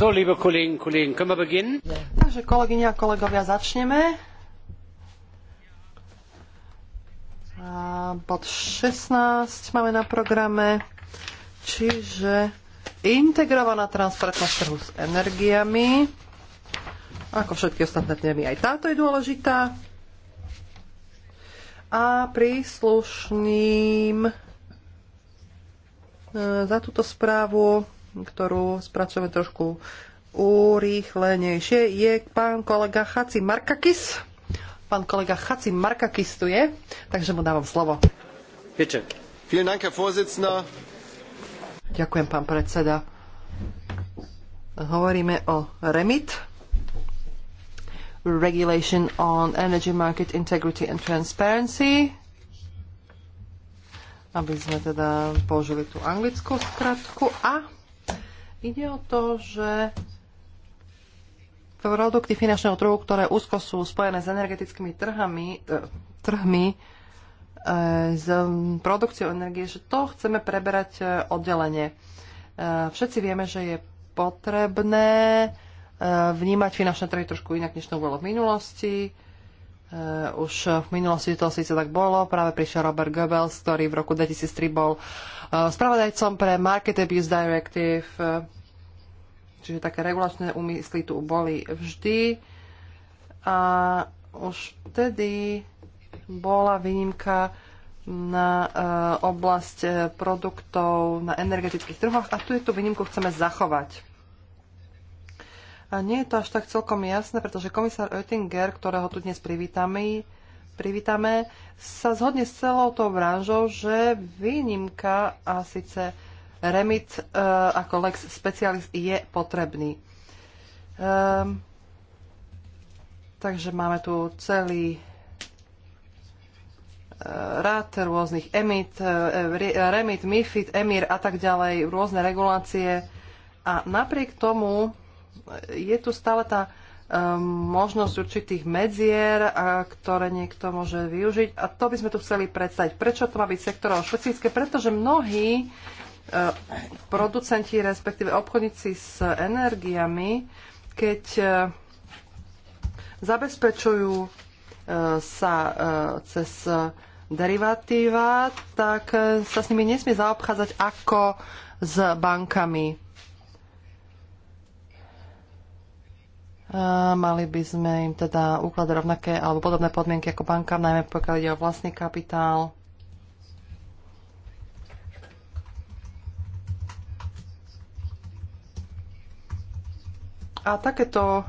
So, liebe Kollegen, Kollegen, können wir beginnen? Takže kolegyne a kolegovia, začneme. A bod 16 máme na programe, čiže integrovaná transparentnosť trhu s energiami. Ako všetky ostatné témy, aj táto je dôležitá. A príslušným e, za túto správu ktorú spracujeme trošku urýchlenejšie, je pán kolega Chaci Markakis. Pán kolega Chaci Markakis tu je, takže mu dávam slovo. Dank, Herr Ďakujem, pán predseda. Hovoríme o REMIT, Regulation on Energy Market Integrity and Transparency, aby sme teda použili tú anglickú skratku a Ide o to, že produkty finančného trhu, ktoré úzko sú spojené s energetickými trhami, e, trhmi, e, s produkciou energie, že to chceme preberať e, oddelenie. Všetci vieme, že je potrebné vnímať finančné trhy trošku inak, než to bolo v minulosti Uh, už v minulosti to síce tak bolo, práve prišiel Robert Goebbels, ktorý v roku 2003 bol uh, spravodajcom pre Market Abuse Directive, uh, čiže také regulačné úmysly tu boli vždy. A už vtedy bola výnimka na oblasť produktov na energetických trhoch a tu je tú výnimku chceme zachovať. A nie je to až tak celkom jasné, pretože komisár Oettinger, ktorého tu dnes privítame, privítame sa zhodne s celou tou branžou, že výnimka a síce remit uh, ako lex specialis je potrebný. Um, takže máme tu celý e, rád rôznych emit, e, remit, MIFID, EMIR a tak ďalej, rôzne regulácie. A napriek tomu je tu stále tá e, možnosť určitých medzier, e, ktoré niekto môže využiť. A to by sme tu chceli predstaviť. Prečo to má byť sektorovo špecifické? Pretože mnohí e, producenti, respektíve obchodníci s energiami, keď zabezpečujú sa cez derivatíva, tak sa s nimi nesmie zaobchádzať ako s bankami Eh, mali by sme im teda ukladať rovnaké alebo podobné podmienky ako bankám, najmä pokiaľ ide o vlastný kapitál. A takéto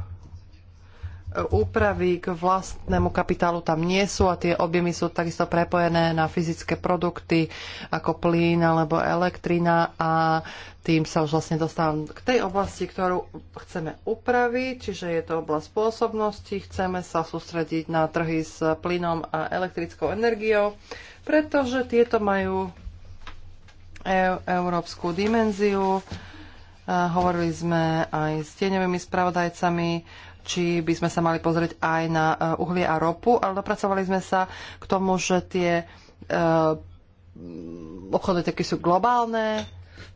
úpravy k vlastnému kapitálu tam nie sú a tie objemy sú takisto prepojené na fyzické produkty ako plyn alebo elektrina a tým sa už vlastne dostávam k tej oblasti, ktorú chceme upraviť, čiže je to oblasť spôsobnosti, chceme sa sústrediť na trhy s plynom a elektrickou energiou, pretože tieto majú e európsku dimenziu. Hovorili sme aj s tieňovými spravodajcami či by sme sa mali pozrieť aj na e, uhlie a ropu, ale dopracovali sme sa k tomu, že tie e, obchodné taky sú globálne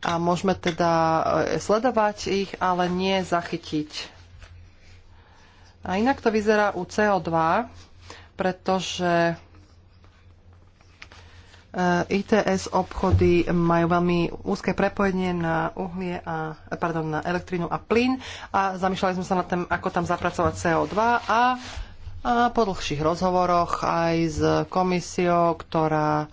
a môžeme teda e, sledovať ich, ale nie zachytiť. A inak to vyzerá u CO2, pretože Eh, ITS obchody majú veľmi úzke prepojenie na uhlie a, pardon, na elektrínu a plyn a zamýšľali sme sa nad tým, ako tam zapracovať CO2 a, a po dlhších rozhovoroch aj s komisiou, ktorá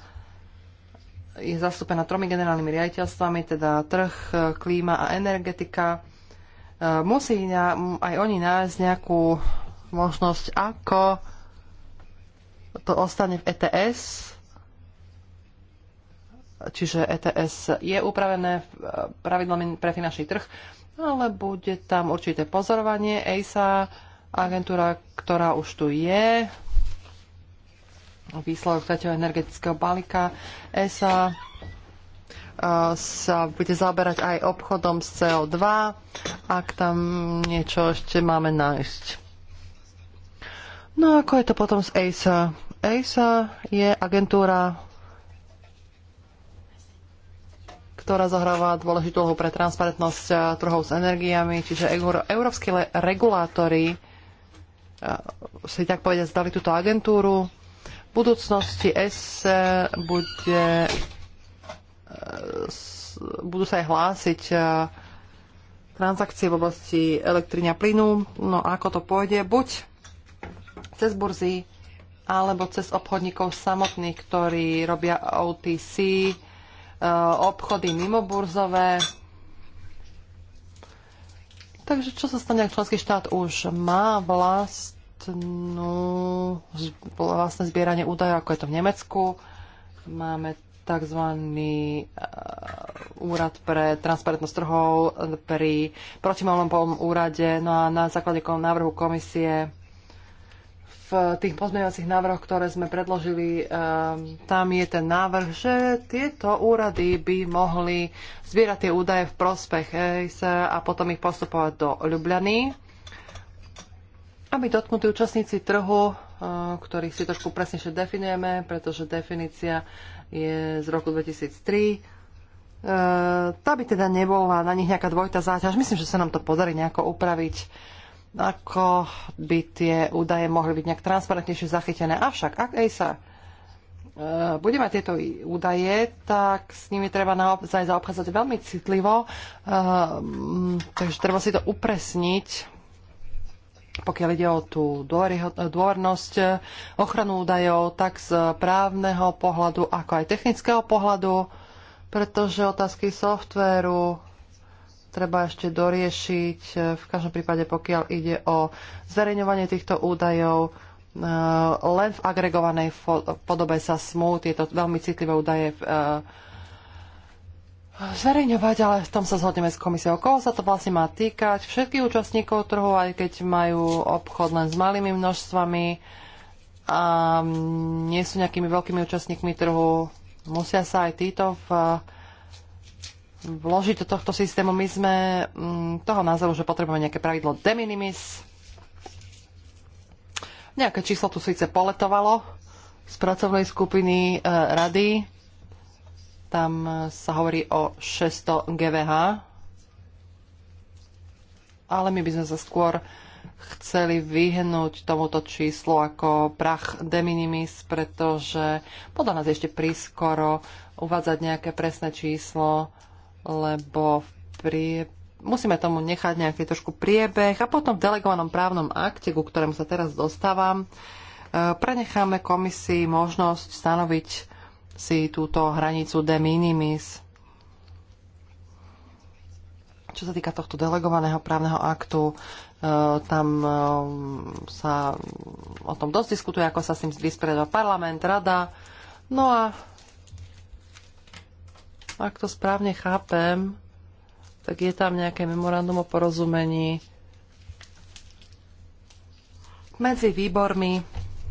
je zastúpená tromi generálnymi riaditeľstvami, teda trh, eh, klíma a energetika. Eh, musí aj oni nájsť nejakú možnosť, ako to ostane v ETS, čiže ETS je upravené e, pravidlami pre finančný trh, ale bude tam určité pozorovanie EISA, agentúra, ktorá už tu je, výsledok tretieho energetického balíka ESA e, sa bude zaoberať aj obchodom s CO2, ak tam niečo ešte máme nájsť. No ako je to potom z ESA? ESA je agentúra ktorá zohráva dôležitú úlohu pre transparentnosť trhov s energiami, čiže európsky regulátori e, si tak povedať zdali túto agentúru. V budúcnosti S e, bude, e, budú sa aj hlásiť transakcie v oblasti elektrina plynu. No a ako to pôjde? Buď cez burzy, alebo cez obchodníkov samotných, ktorí robia OTC, Eh, obchody mimoburzové. Takže čo sa stane, ak členský štát už má vlastnú, vlastné zbieranie údajov, ako je to v Nemecku? Máme tzv. Eh, úrad pre transparentnosť trhov pri protimolnom úrade. No a na základe návrhu komisie tých pozmeňovacích návrhoch, ktoré sme predložili, eh, tam je ten návrh, že tieto úrady by mohli zbierať tie údaje v prospech EISA a potom ich postupovať do Ljubljany, aby dotknutí účastníci trhu, eh, ktorých si trošku presnejšie definujeme, pretože definícia je z roku 2003, eh, tá by teda nebola na nich nejaká dvojitá záťaž. Myslím, že sa nám to podarí nejako upraviť ako by tie údaje mohli byť nejak transparentnejšie zachytené. Avšak, ak ESA e, bude mať tieto údaje, tak s nimi treba naozaj zaobchádzať veľmi citlivo, e, takže treba si to upresniť, pokiaľ ide o tú dôvernosť, e, ochranu údajov, tak z právneho pohľadu, ako aj technického pohľadu, pretože otázky softveru, treba ešte doriešiť. E, v každom prípade, pokiaľ ide o zverejňovanie týchto údajov, e, len v agregovanej podobe sa smú tieto veľmi citlivé údaje e, zverejňovať, ale v tom sa zhodneme s komisiou. Koho sa to vlastne má týkať? Všetkých účastníkov trhu, aj keď majú obchod len s malými množstvami a mm, nie sú nejakými veľkými účastníkmi trhu, musia sa aj títo v vložiť do tohto systému. My sme mm, toho názoru, že potrebujeme nejaké pravidlo de minimis. Nejaké číslo tu síce poletovalo z pracovnej skupiny e, rady. Tam e, sa hovorí o 600 GVH. Ale my by sme sa skôr chceli vyhnúť tomuto číslu ako prach de minimis, pretože podľa nás ešte prískoro uvádzať nejaké presné číslo lebo v prie... musíme tomu nechať nejaký trošku priebeh a potom v delegovanom právnom akte, ku ktorému sa teraz dostávam, e, prenecháme komisii možnosť stanoviť si túto hranicu de minimis. Čo sa týka tohto delegovaného právneho aktu, e, tam e, sa o tom dosť diskutuje, ako sa s tým vysporiadal parlament, rada. No a ak to správne chápem, tak je tam nejaké memorandum o porozumení medzi výbormi,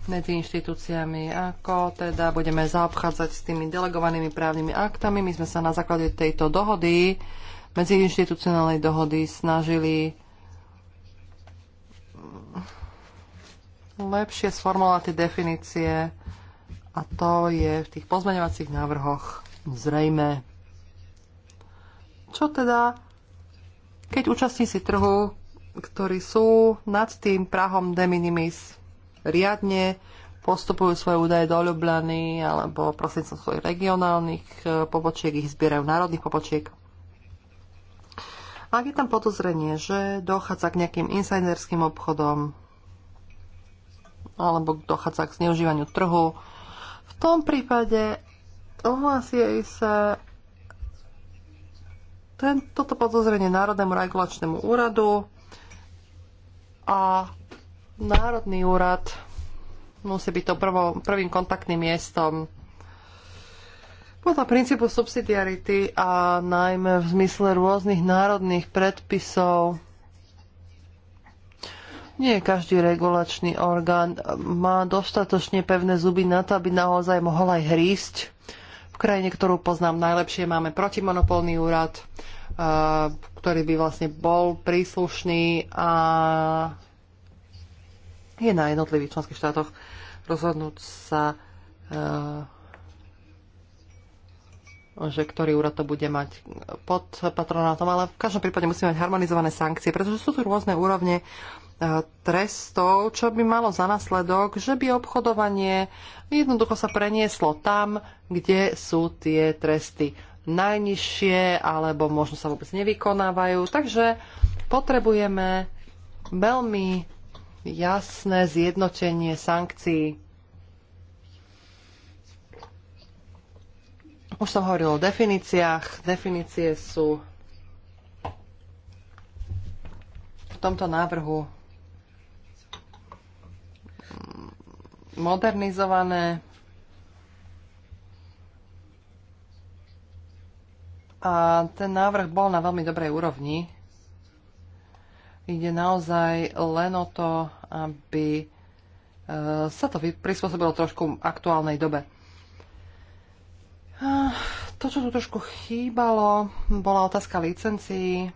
medzi inštitúciami, ako teda budeme zaobchádzať s tými delegovanými právnymi aktami. My sme sa na základe tejto dohody, medzi inštitucionálnej dohody, snažili lepšie sformulovať tie definície a to je v tých pozmeňovacích návrhoch zrejme. Čo teda, keď účastníci trhu, ktorí sú nad tým prahom de minimis, riadne postupujú svoje údaje do Ljubljany alebo prostredníctvom svojich regionálnych eh, pobočiek, ich zbierajú národných pobočiek. Ak je tam podozrenie, že dochádza k nejakým insiderským obchodom alebo dochádza k zneužívaniu trhu, v tom prípade ohlasí sa ten, toto podozrenie Národnému regulačnému úradu a Národný úrad musí byť to prvo, prvým kontaktným miestom podľa princípu subsidiarity a najmä v zmysle rôznych národných predpisov nie každý regulačný orgán má dostatočne pevné zuby na to, aby naozaj mohol aj hrísť krajine, ktorú poznám najlepšie, máme protimonopolný úrad, eh, ktorý by vlastne bol príslušný a je na jednotlivých členských štátoch rozhodnúť sa, eh, že ktorý úrad to bude mať pod patronátom, ale v každom prípade musíme mať harmonizované sankcie, pretože sú tu rôzne úrovne E, trestov, čo by malo za následok, že by obchodovanie jednoducho sa prenieslo tam, kde sú tie tresty najnižšie alebo možno sa vôbec nevykonávajú. Takže potrebujeme veľmi jasné zjednotenie sankcií. Už som hovoril o definíciách. Definície sú v tomto návrhu modernizované a ten návrh bol na veľmi dobrej úrovni. Ide naozaj len o to, aby eh, sa to prispôsobilo trošku aktuálnej dobe. To, čo tu trošku chýbalo, bola otázka licencií.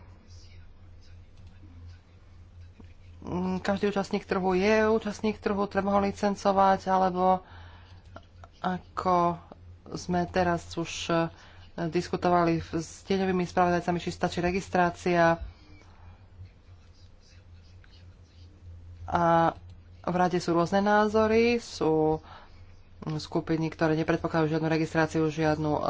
Mm, každý účastník trhu je účastník trhu, treba ho licencovať, alebo ako sme teraz už eh, diskutovali s tieňovými spravodajcami, či stačí registrácia. A v rade sú rôzne názory, sú mm, skupiny, ktoré nepredpokladajú žiadnu registráciu, žiadnu uh,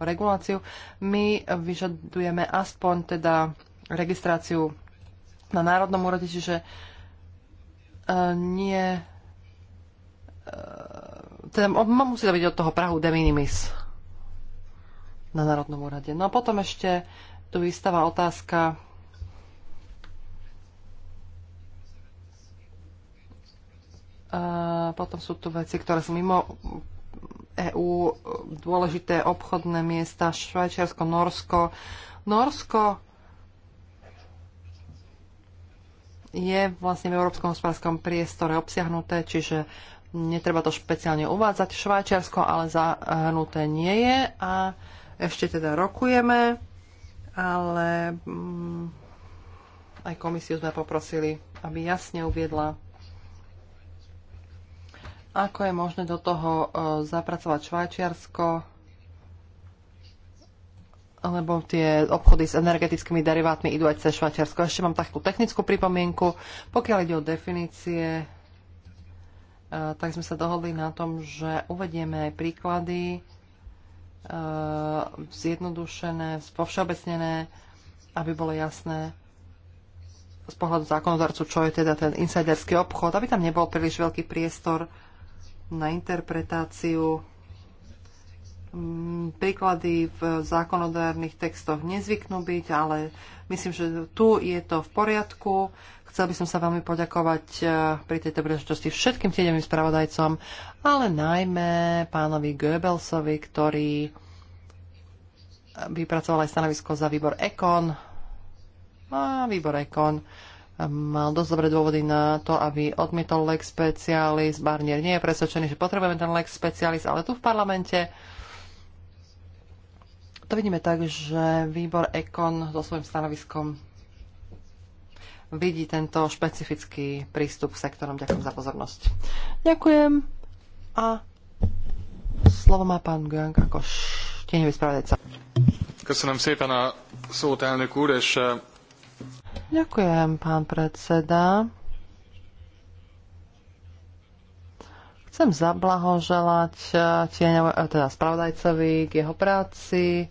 reguláciu. My vyžadujeme aspoň teda registráciu na Národnom úrade, čiže e, nie... E, teda musí to byť od toho Prahu de minimis na Národnom úrade. No a potom ešte tu vystáva otázka A e, potom sú tu veci, ktoré sú mimo EÚ, dôležité obchodné miesta, Švajčiarsko, Norsko. Norsko je vlastne v európskom hospodárskom priestore obsiahnuté, čiže netreba to špeciálne uvádzať. Švajčiarsko ale zahrnuté nie je a ešte teda rokujeme, ale mm, aj komisiu sme poprosili, aby jasne uviedla, ako je možné do toho e, zapracovať Švajčiarsko lebo tie obchody s energetickými derivátmi idú aj cez Švajčiarsko. Ešte mám takú technickú pripomienku. Pokiaľ ide o definície, e, tak sme sa dohodli na tom, že uvedieme aj príklady e, zjednodušené, povšeobecnené, aby bolo jasné z pohľadu zákonodarcu, čo je teda ten insiderský obchod, aby tam nebol príliš veľký priestor na interpretáciu Mm, príklady v zákonodárnych textoch nezvyknú byť, ale myslím, že tu je to v poriadku. Chcel by som sa veľmi poďakovať e, pri tejto príležitosti všetkým tieňovým spravodajcom, ale najmä pánovi Goebbelsovi, ktorý vypracoval aj stanovisko za výbor Ekon. No a výbor Ekon e, mal dosť dobré dôvody na to, aby odmietol lex specialis. Barnier nie je presvedčený, že potrebujeme ten lex specialis, ale tu v parlamente to vidíme tak, že výbor EKON so svojím stanoviskom vidí tento špecifický prístup k sektorom. Ďakujem za pozornosť. Ďakujem a slovo má pán Gujank ako tieňový spravodajca. Ďakujem si, pána szót, elnök eh, Ďakujem, pán predseda. Chcem zablahoželať eh, eh, teda spravodajcovi k jeho práci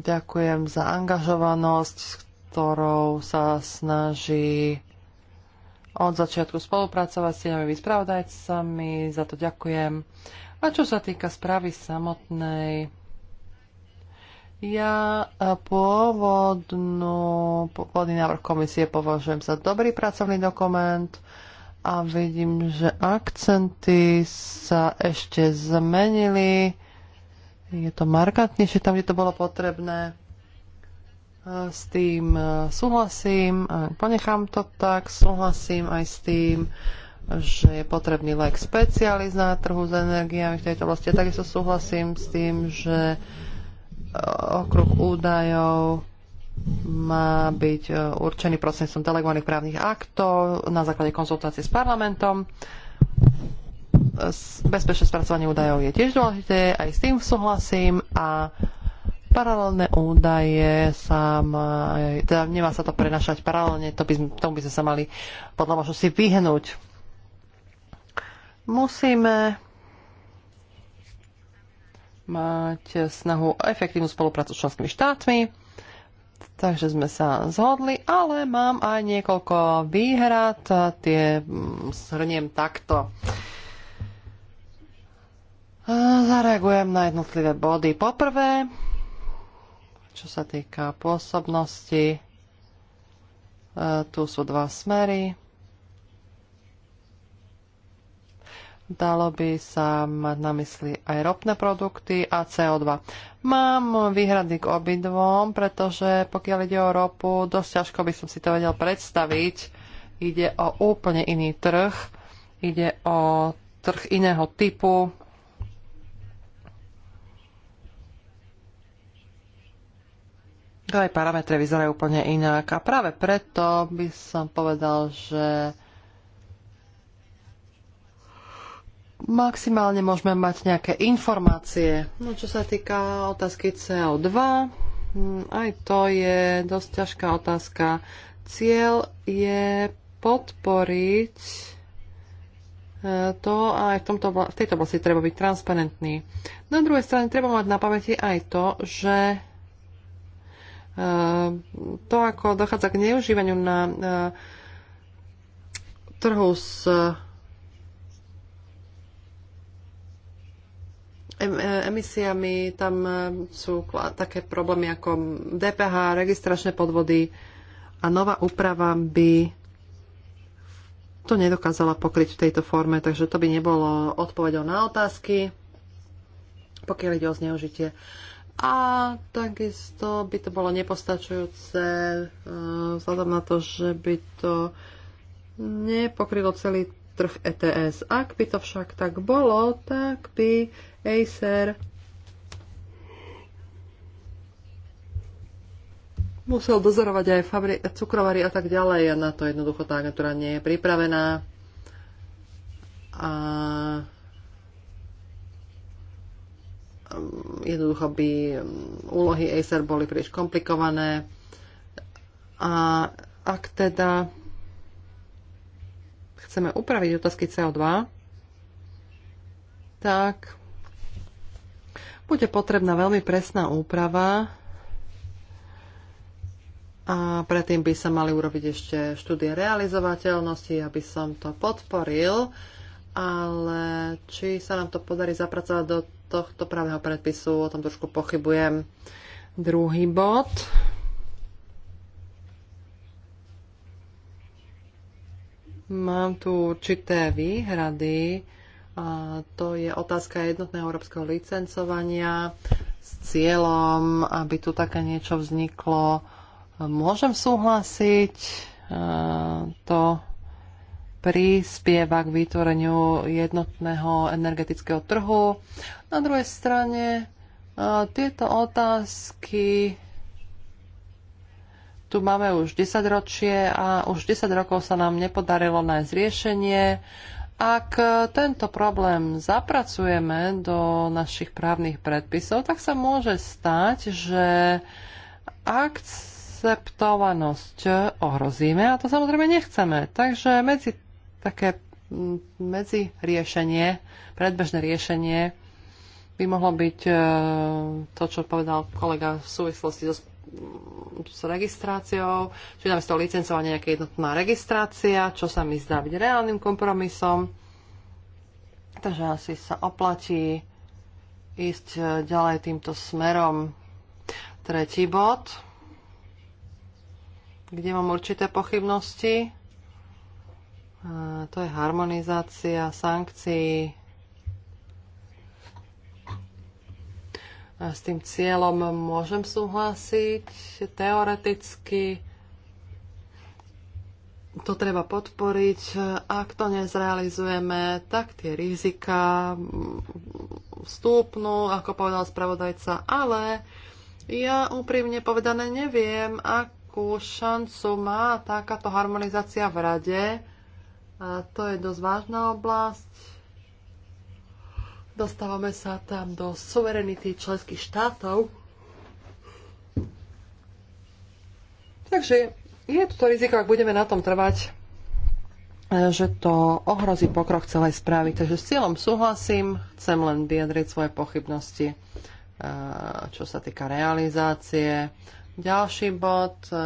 Ďakujem za angažovanosť, s ktorou sa snaží od začiatku spolupracovať s tými spravodajcami. Za to ďakujem. A čo sa týka správy samotnej, ja e, pôvodnú, pôvodný návrh komisie považujem za dobrý pracovný dokument a vidím, že akcenty sa ešte zmenili je to markantnejšie tam, kde to bolo potrebné. E, s tým e, súhlasím, ponechám to tak, súhlasím aj s tým, že je potrebný lek specialis na trhu s energiami v tejto oblasti. Ja takisto súhlasím s tým, že e, okruh údajov má byť určený prostredníctvom delegovaných právnych aktov na základe konzultácií s parlamentom bezpečné spracovanie údajov je tiež dôležité, aj s tým súhlasím a paralelné údaje sa má, teda nemá sa to prenašať paralelne, to by, tomu by sme sa mali podľa možnosti vyhnúť. Musíme mať snahu o efektívnu spoluprácu s členskými štátmi, takže sme sa zhodli, ale mám aj niekoľko výhrad, tie shrniem mm, takto. Uh, Zareagujem na jednotlivé body. Poprvé, čo sa týka pôsobnosti, e, tu sú dva smery. Dalo by sa mať na mysli aj ropné produkty a CO2. Mám výhrady k obidvom, pretože pokiaľ ide o ropu, dosť ťažko by som si to vedel predstaviť. Ide o úplne iný trh, ide o trh iného typu, aj parametre vyzerajú úplne inak. A práve preto by som povedal, že maximálne môžeme mať nejaké informácie. No čo sa týka otázky CO2, aj to je dosť ťažká otázka. Cieľ je podporiť e, to a aj v, tomto, v tejto oblasti treba byť transparentný. Na druhej strane treba mať na pamäti aj to, že Eh, to, ako dochádza k neužívaniu na eh, trhu s eh, emisiami, tam sú také problémy ako DPH, registračné podvody a nová úprava by to nedokázala pokryť v tejto forme, takže to by nebolo odpovedou na otázky, pokiaľ ide o zneužitie a takisto by to bolo nepostačujúce e, vzhľadom na to, že by to nepokrylo celý trh ETS. Ak by to však tak bolo, tak by Acer musel dozorovať aj fabri- cukrovary a tak ďalej a na to jednoducho tá agentúra nie je pripravená. A jednoducho by mm, úlohy Acer boli príliš komplikované a ak teda chceme upraviť otázky CO2, tak bude potrebná veľmi presná úprava a predtým by sa mali urobiť ešte štúdie realizovateľnosti, aby som to podporil. Uh, ale či sa nám to podarí zapracovať do tohto právneho predpisu, o tom trošku pochybujem. Druhý bod. Mám tu určité výhrady. A to je otázka jednotného európskeho licencovania s cieľom, aby tu také niečo vzniklo. Môžem súhlasiť. E, to prispieva k vytvoreniu jednotného energetického trhu. Na druhej strane tieto otázky tu máme už 10 ročie a už 10 rokov sa nám nepodarilo nájsť riešenie. Ak tento problém zapracujeme do našich právnych predpisov, tak sa môže stať, že akceptovanosť ohrozíme a to samozrejme nechceme. Takže medzi také mm, medzi riešenie, predbežné riešenie by mohlo byť e, to, čo povedal kolega v súvislosti so, s mm, registráciou, či tam z toho licencovania nejaká jednotná registrácia, čo sa mi zdá byť reálnym kompromisom. Takže asi sa oplatí ísť e, ďalej týmto smerom. Tretí bod, kde mám určité pochybnosti to je harmonizácia sankcií A s tým cieľom môžem súhlasiť teoreticky. To treba podporiť. Ak to nezrealizujeme, tak tie rizika vstúpnú, ako povedal spravodajca, ale ja úprimne povedané neviem, akú šancu má takáto harmonizácia v rade a to je dosť vážna oblasť. Dostávame sa tam do suverenity členských štátov. Takže je tu to riziko, ak budeme na tom trvať, e, že to ohrozí pokrok celej správy. Takže s cieľom súhlasím, chcem len vyjadriť svoje pochybnosti, e, čo sa týka realizácie. Ďalší bod, e,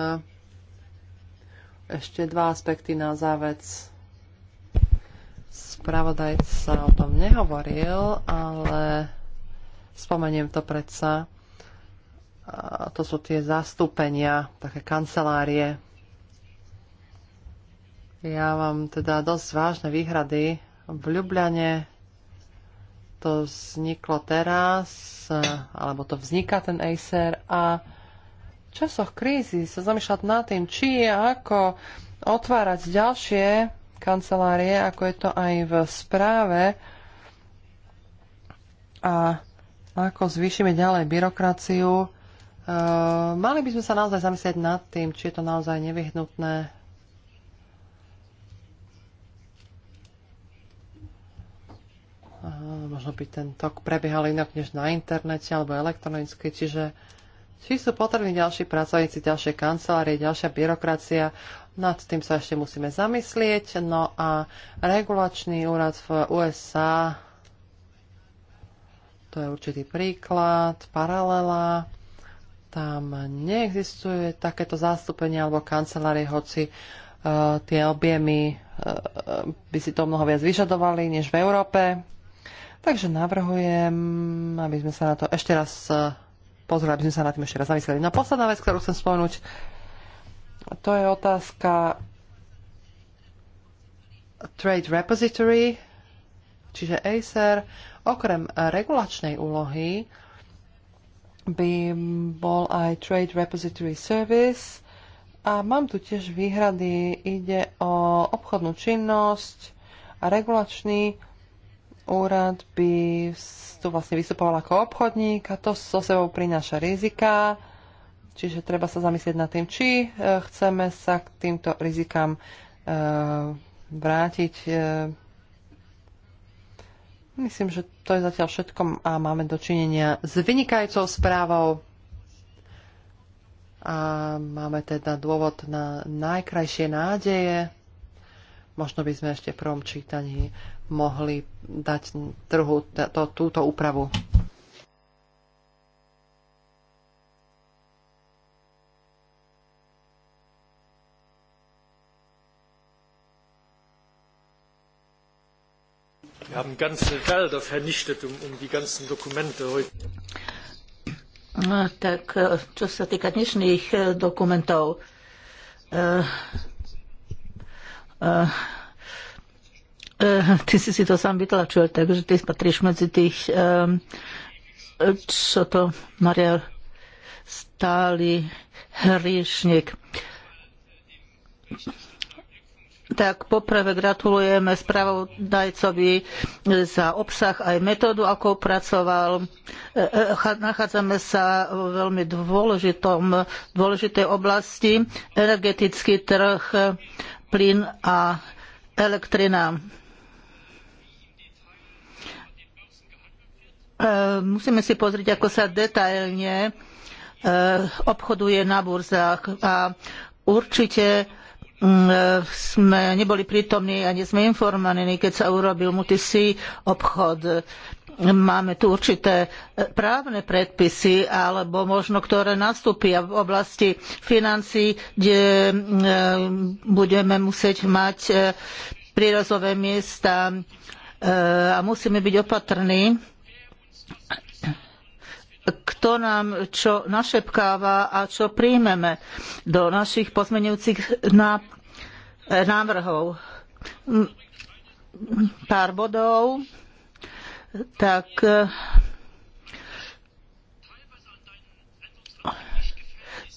ešte dva aspekty na závec spravodajca o tom nehovoril, ale spomeniem to predsa. to sú tie zastúpenia, také kancelárie. Ja mám teda dosť vážne výhrady. V Ljubljane to vzniklo teraz, alebo to vzniká ten Acer a v časoch krízy sa zamýšľať nad tým, či je ako otvárať ďalšie kancelárie, ako je to aj v správe. A ako zvýšime ďalej byrokraciu, e, mali by sme sa naozaj zamyslieť nad tým, či je to naozaj nevyhnutné. E, možno by ten tok prebiehal inak než na internete alebo elektronicky, čiže či sú potrební ďalší pracovníci, ďalšie kancelárie, ďalšia byrokracia. Nad tým sa ešte musíme zamyslieť. No a regulačný úrad v USA, to je určitý príklad, paralela, tam neexistuje takéto zástupenie alebo kancelárie, hoci uh, tie objemy uh, by si to mnoho viac vyžadovali než v Európe. Takže navrhujem, aby sme sa na to ešte raz e, pozreli, aby sme sa na tým ešte raz zamysleli. No posledná vec, ktorú chcem spomenúť, to je otázka Trade Repository, čiže Acer, okrem regulačnej úlohy by bol aj Trade Repository Service a mám tu tiež výhrady, ide o obchodnú činnosť a regulačný úrad by tu vlastne vystupoval ako obchodník a to so sebou prináša rizika Čiže treba sa zamyslieť nad tým, či e, chceme sa k týmto rizikám e, vrátiť. E. Myslím, že to je zatiaľ všetko a máme dočinenia s vynikajúcou správou a máme teda dôvod na najkrajšie nádeje. Možno by sme ešte v prvom čítaní mohli dať trhu túto úpravu. Wir haben ganze Wälder vernichtet um, um die ganzen Dokumente heute. No, tak e, čo sa týka dnešných e, dokumentov, uh, uh, uh, ty si si to sám vytlačil, takže ty patríš medzi tých, um, čo to Maria stály hriešnik tak poprvé gratulujeme spravodajcovi za obsah aj metódu, ako pracoval. E, e, nachádzame sa vo veľmi dôležitom, dôležitej oblasti energetický trh, plyn a elektrina. E, musíme si pozrieť, ako sa detailne obchoduje na burzách a určite Mm, e, sme neboli prítomní a nie sme informovaní, keď sa urobil Mutisi obchod. Máme tu určité e, právne predpisy, alebo možno ktoré nastúpia v oblasti financií, kde mm, e, budeme musieť mať prírazové miesta a musíme byť opatrní kto nám čo našepkáva a čo príjmeme do našich pozmenujúcich eh, návrhov. Pár bodov, tak eh,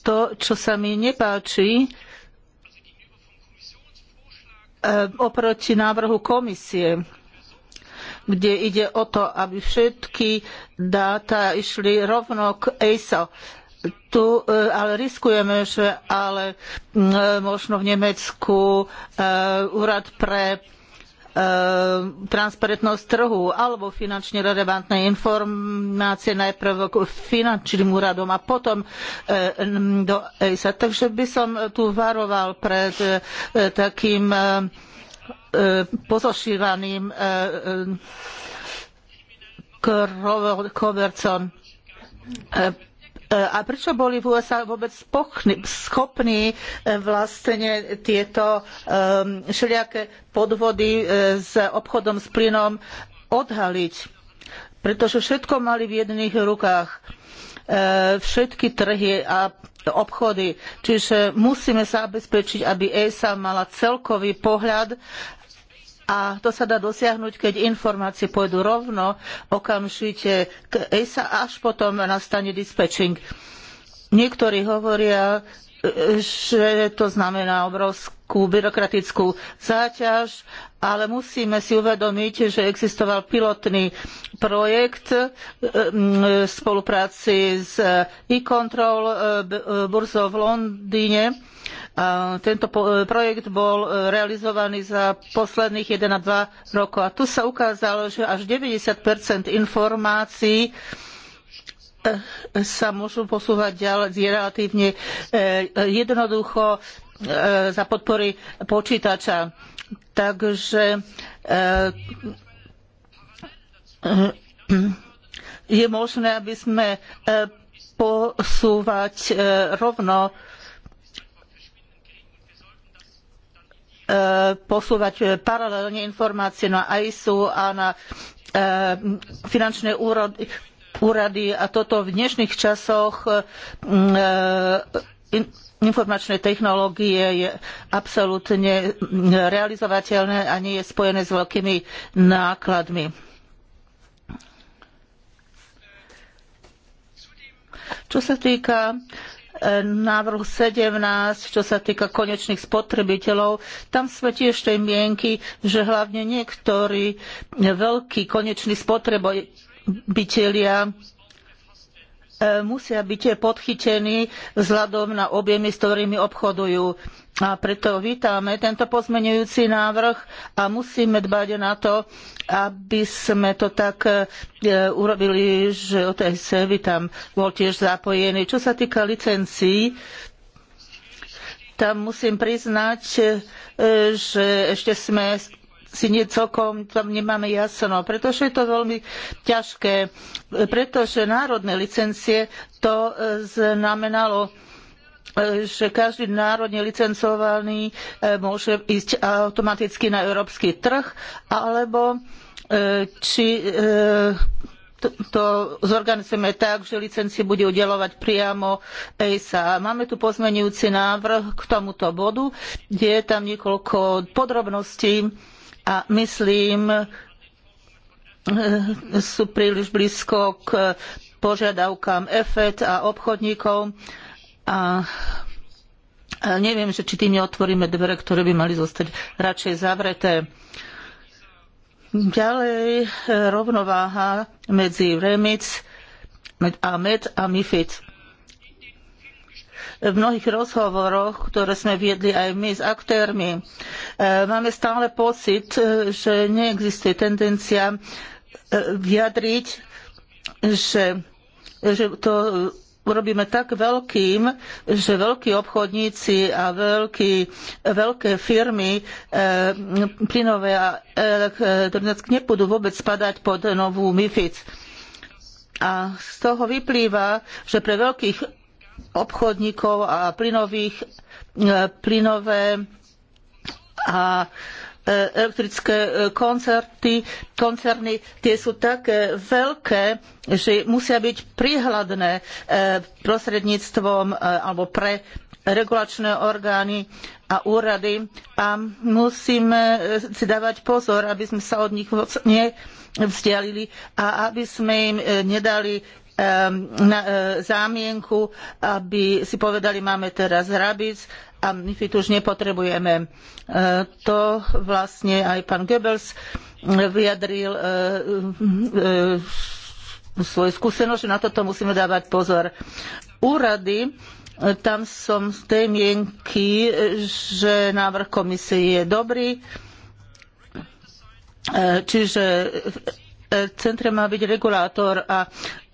to, čo sa mi nepáči, eh, oproti návrhu komisie kde ide o to, aby všetky dáta išli rovno k ESO. Tu eh, ale riskujeme, že ale mm, možno v Nemecku eh, úrad pre eh, transparentnosť trhu alebo finančne relevantné informácie najprv k finančným úradom a potom do ESA. Takže by som tu varoval pred takým E, pozošívaným e, e, kovercom. A prečo boli v USA vôbec schopní vlastne tieto všelijaké podvody s obchodom s plynom odhaliť? Pretože všetko mali v jedných rukách. Všetky trhy a obchody. Čiže musíme sa zabezpečiť, aby ESA mala celkový pohľad a to sa dá dosiahnuť, keď informácie pôjdu rovno, okamžite k ESA, až potom nastane dispečing. Niektorí hovoria, e, e, že to znamená obrovské veľkú byrokratickú záťaž, ale musíme si uvedomiť, že existoval pilotný projekt v e, e, spolupráci s e, e-control burzou v Londýne. A tento projekt bol realizovaný za posledných 1 a 2 rokov. A tu sa ukázalo, že až 90 informácií sa môžu posúvať ďalej relatívne jednoducho E, za podpory počítača. Takže e, je možné, aby sme e, posúvať rovno posúvať paralelne informácie na ISU a na finančné úrody, úrady a toto v dnešných časoch informačné technológie je absolútne realizovateľné a nie je spojené s veľkými nákladmi. Čo sa týka e, návrhu 17, čo sa týka konečných spotrebiteľov, tam sme tiež tej mienky, že hlavne niektorí veľkí koneční spotrebitelia E, musia byť podchytení vzhľadom na objemy, s ktorými obchodujú. A preto vítame tento pozmenujúci návrh a musíme dbať na to, aby sme to tak e, urobili, že OTS by tam bol tiež zapojený. Čo sa týka licencií, tam musím priznať, e, že ešte sme si nie celkom tam nemáme jasno, pretože je to veľmi ťažké, pretože národné licencie to e, znamenalo e, že každý národne licencovaný e, môže ísť automaticky na európsky trh, alebo či to zorganizujeme tak, že licencie bude udelovať priamo ESA. Máme tu pozmenujúci návrh k tomuto bodu, kde je tam niekoľko podrobností, a myslím, eh, sú príliš blízko k požiadavkám EFET a obchodníkov a neviem, že či tým neotvoríme dvere, ktoré by mali zostať radšej zavreté. Ďalej eh, rovnováha medzi REMIC a MED a MIFID v mnohých rozhovoroch, ktoré sme viedli aj my s aktérmi. E, máme stále pocit, e, že neexistuje tendencia e, vyjadriť, že, že to urobíme tak veľkým, že veľkí obchodníci a veľký, veľké firmy e, plynové a elektronické nebudú vôbec spadať pod novú MIFIC. A z toho vyplýva, že pre veľkých obchodníkov a plynových, e, plynové a e, elektrické e, koncerty, koncerny, tie sú také veľké, že musia byť prihľadné prostredníctvom alebo pre regulačné orgány a úrady a musíme si dávať pozor, aby sme sa od nich nevzdialili a aby sme im nedali Ehm, e, zámienku, aby si povedali, máme teraz hrabic a MIFID už nepotrebujeme. E, to vlastne aj pán Goebbels e, vyjadril svoju skúsenosť, že na toto musíme dávať pozor. Úrady tam som z tej mienky, že návrh komisie je dobrý, čiže centre má byť regulátor a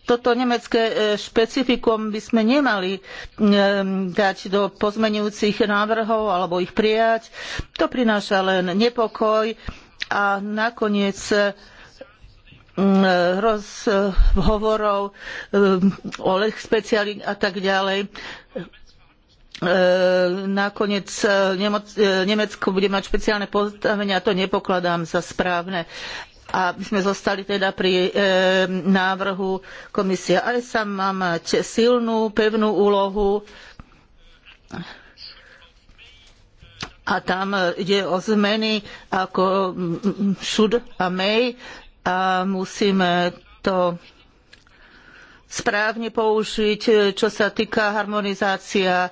toto nemecké e, špecifikum by sme nemali e, dať do pozmenujúcich návrhov alebo ich prijať. To prináša len nepokoj a nakoniec e, rozhovorov o lech speciáli a tak ďalej nakoniec Nemecko bude mať špeciálne postavenie a to nepokladám za správne a my sme zostali teda pri e, návrhu komisie. ASA má mať silnú, pevnú úlohu a tam ide o zmeny ako should a may a musíme to správne použiť, čo sa týka harmonizácia e,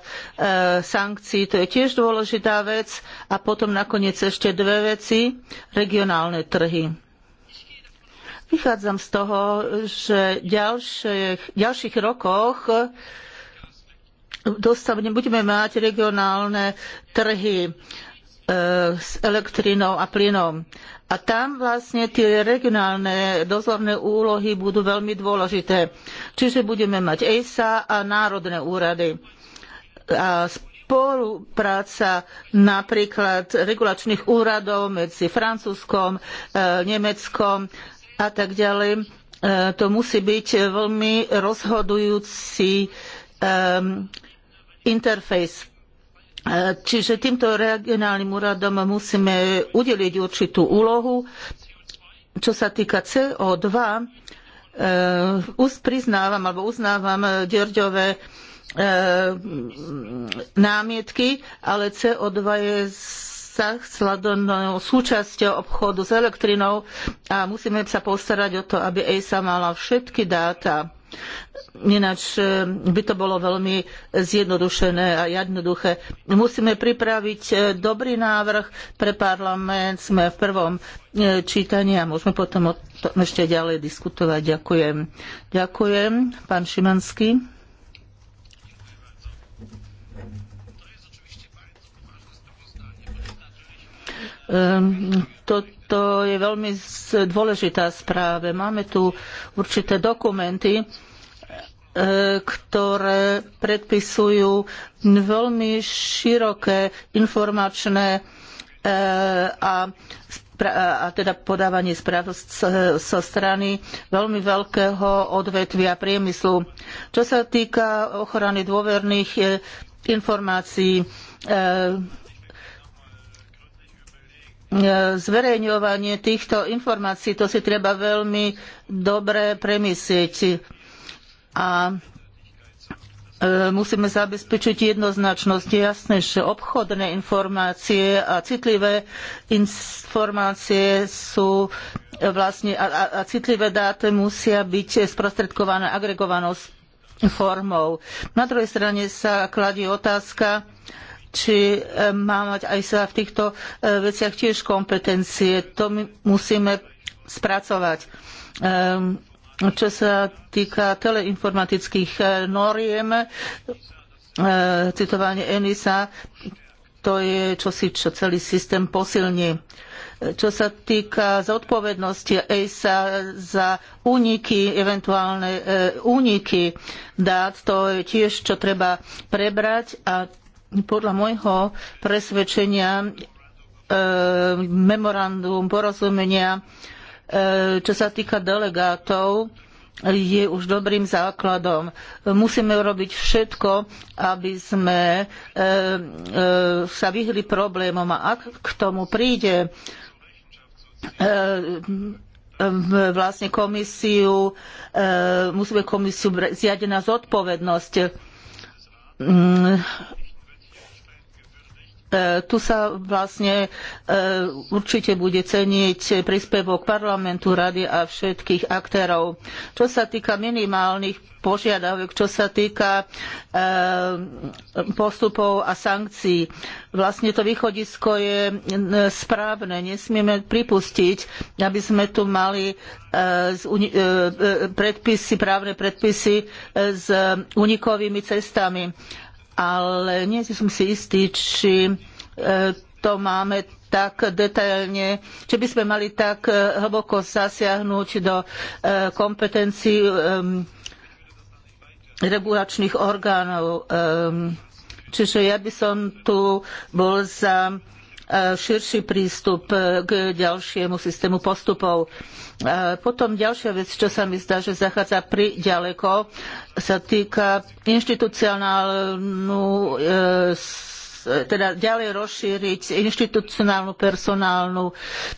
sankcií, to je tiež dôležitá vec. A potom nakoniec ešte dve veci, regionálne trhy Vychádzam z toho, že v ďalších, ďalších rokoch dostavne budeme mať regionálne trhy e, s elektrinou a plynom. A tam vlastne tie regionálne dozorné úlohy budú veľmi dôležité. Čiže budeme mať ESA a národné úrady. A spolupráca napríklad regulačných úradov medzi Francúzskom, e, Nemeckom, a tak ďalej. E, to musí byť veľmi rozhodujúci interfejs. E, čiže týmto regionálnym úradom musíme udeliť určitú úlohu. Čo sa týka CO2, e, priznávam alebo uznávam Ďorďové námietky, ale CO2 je sa sladnou súčasťou obchodu s elektrinou a musíme sa postarať o to, aby ESA mala všetky dáta. Ináč e, by to bolo veľmi zjednodušené a jednoduché. Musíme pripraviť e, dobrý návrh pre parlament. Sme v prvom e, čítaní a môžeme potom o tom ešte ďalej diskutovať. Ďakujem. Ďakujem, pán Šimanský. Ehm, toto je veľmi dôležitá správa. Máme tu určité dokumenty, e, ktoré predpisujú veľmi široké informačné e, a a teda podávanie správ so strany veľmi veľkého odvetvia priemyslu. Čo sa týka ochrany dôverných e, informácií, E, zverejňovanie týchto informácií, to si treba veľmi dobre premyslieť. A e, musíme zabezpečiť jednoznačnosť. Je jasné, že obchodné informácie a citlivé informácie sú vlastne a, a, a citlivé dáta musia byť sprostredkované agregovanou formou. Na druhej strane sa kladie otázka, či e, má mať aj sa v týchto e, veciach tiež kompetencie. To my musíme spracovať. Ehm, čo sa týka teleinformatických e, noriem, citovanie Enisa, to je čosi, čo celý systém posilní. Čo sa týka zodpovednosti ESA za úniky, eventuálne úniky dát, to je tiež, čo treba prebrať a podľa môjho presvedčenia e, memorandum porozumenia, e, čo sa týka delegátov, je už dobrým základom. Musíme robiť všetko, aby sme e, sa vyhli problémom a ak k tomu príde vlastne komisiu, musíme komisiu zjať na zodpovednosť mm, E, tu sa vlastne e, určite bude ceniť príspevok parlamentu, rady a všetkých aktérov. Čo sa týka minimálnych požiadavek, čo sa týka e, postupov a sankcií, vlastne to východisko je správne. Nesmieme pripustiť, aby sme tu mali predpisy, právne predpisy s unikovými cestami ale nie som si istý, či e, to máme tak detailne, či by sme mali tak e, hlboko zasiahnuť do e, kompetencií regulačných orgánov. Čiže ja by som tu bol za E, širší prístup e, k ďalšiemu systému postupov. E, potom ďalšia vec, čo sa mi zdá, že zachádza pri ďaleko, sa týka inštitucionálnu teda ďalej rozšíriť inštitucionálnu personálnu,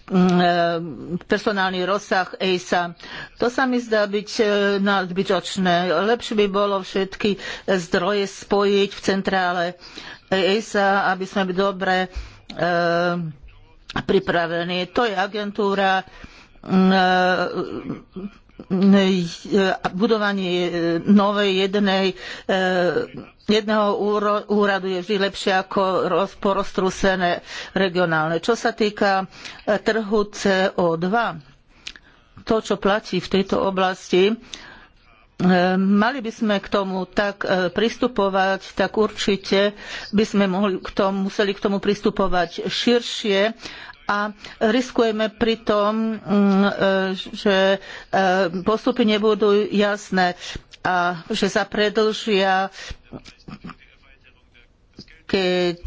mm, personálny rozsah EISA. To sa mi zdá byť nadbytočné. Lepšie by bolo všetky zdroje spojiť v centrále EISA, aby sme dobre E, pripravený. To je agentúra e, e, budovanie novej jednej, jedného úradu je vždy lepšie ako porostrusené regionálne. Čo sa týka trhu CO2, to, čo platí v tejto oblasti, Ehm, mali by sme k tomu tak e, pristupovať, tak určite by sme mohli k tomu, museli k tomu pristupovať širšie a riskujeme pri tom, mm, e, že e, postupy nebudú jasné a že sa predlžia, keď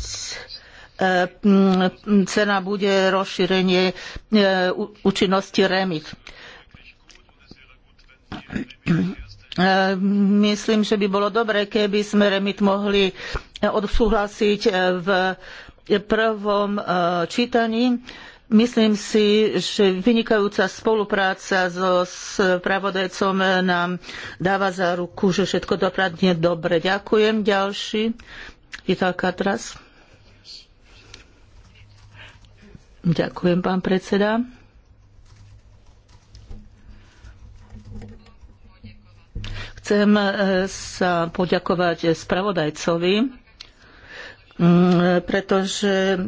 mm, cena bude rozšírenie účinnosti REMIT Ehm, myslím, že by bolo dobré, keby sme remit mohli eh, odsúhlasiť eh, v prvom eh, čítaní. Myslím si, že vynikajúca spolupráca so spravodajcom nám dáva za ruku, že všetko dopadne dobre. Ďakujem. Ďalší. Vital Katras. Ďakujem, pán predseda. Chcem e, sa poďakovať spravodajcovi, pretože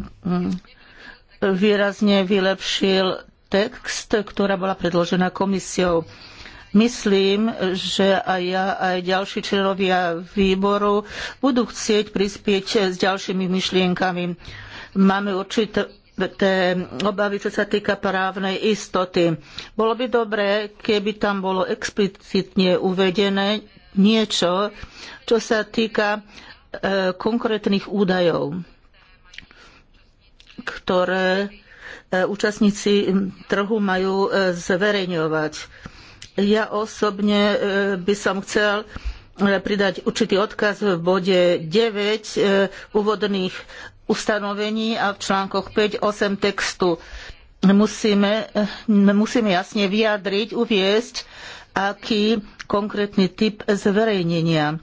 výrazne vylepšil text, ktorá bola predložená komisiou. Myslím, že aj ja, aj ďalší členovia výboru budú chcieť prispieť s ďalšími myšlienkami. Máme určité tie obavy, čo sa týka právnej istoty. Bolo by dobré, keby tam bolo explicitne uvedené niečo, čo sa týka e, konkrétnych údajov, ktoré e, účastníci trhu majú e, zverejňovať. Ja osobne by som chcel pridať určitý odkaz v bode 9 úvodných ustanovení a v článkoch 5, 8 textu musíme, eh, musíme jasne vyjadriť, uviesť, aký konkrétny typ zverejnenia,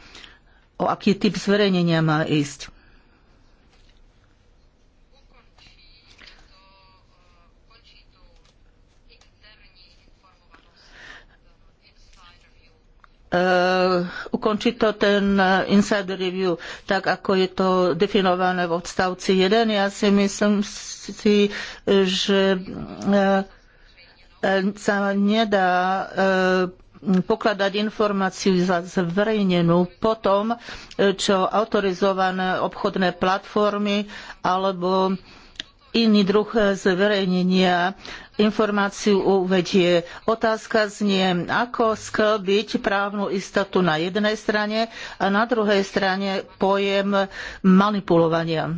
o aký typ zverejnenia má ísť. Eh, ukončiť to ten eh, inside review, tak ako je to definované v odstavci 1. Ja si myslím si, že eh, sa nedá pokladať informáciu za zverejnenú po tom, čo autorizované obchodné platformy alebo iný druh zverejnenia informáciu uvedie. Otázka znie, ako sklbiť právnu istotu na jednej strane a na druhej strane pojem manipulovania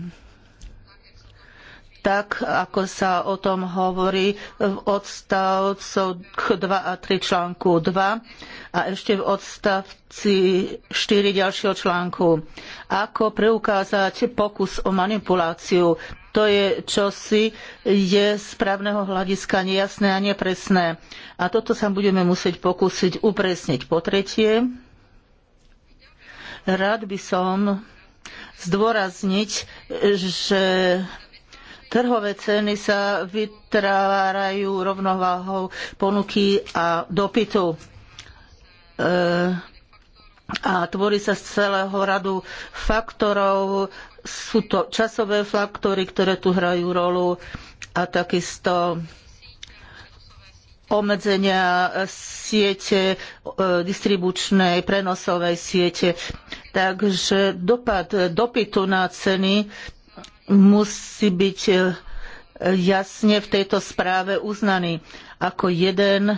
tak, ako sa o tom hovorí v odstavcoch 2 a 3 článku 2 a ešte v odstavci 4 ďalšieho článku. Ako preukázať pokus o manipuláciu? to je čosi, je z právneho hľadiska nejasné a nepresné. A toto sa budeme musieť pokúsiť upresniť. Po tretie, rád by som zdôrazniť, že trhové ceny sa vytvárajú rovnováhou ponuky a dopytu. E, a tvorí sa z celého radu faktorov sú to časové faktory, ktoré tu hrajú rolu a takisto obmedzenia siete, e, distribučnej, prenosovej siete. Takže dopad dopytu na ceny musí byť jasne v tejto správe uznaný ako jeden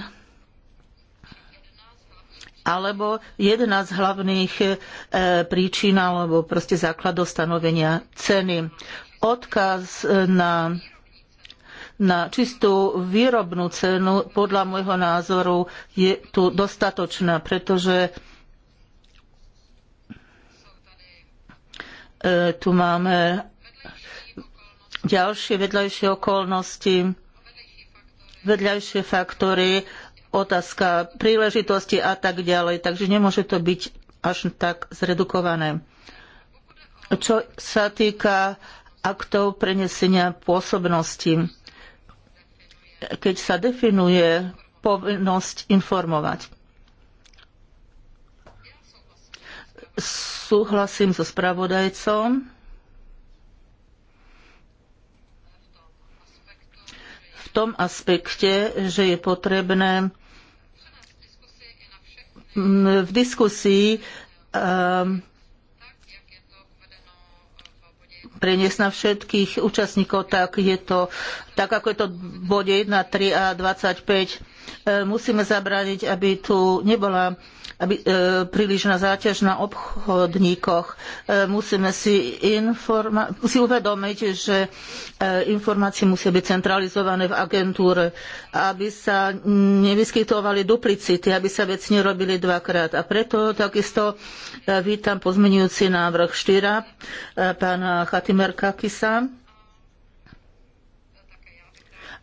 alebo jedna z hlavných e, príčin alebo proste základov stanovenia ceny. Odkaz e, na na čistú výrobnú cenu podľa môjho názoru je tu dostatočná, pretože e, tu máme ďalšie vedľajšie okolnosti, vedľajšie faktory otázka príležitosti a tak ďalej. Takže nemôže to byť až tak zredukované. Čo sa týka aktov prenesenia pôsobnosti, keď sa definuje povinnosť informovať. Súhlasím so spravodajcom. V tom aspekte, že je potrebné v diskusii um, preniesť na všetkých účastníkov, tak je to tak ako je to v bode 1, 3 a 25. E, musíme zabrániť, aby tu nebola aby, e, prílišná záťaž na obchodníkoch. E, musíme si, informa- si uvedomiť, že informácie musia byť centralizované v agentúre, aby sa nevyskytovali duplicity, aby sa veci nerobili dvakrát. A preto takisto vítam pozmenujúci návrh 4 pána Chatimerka Kisa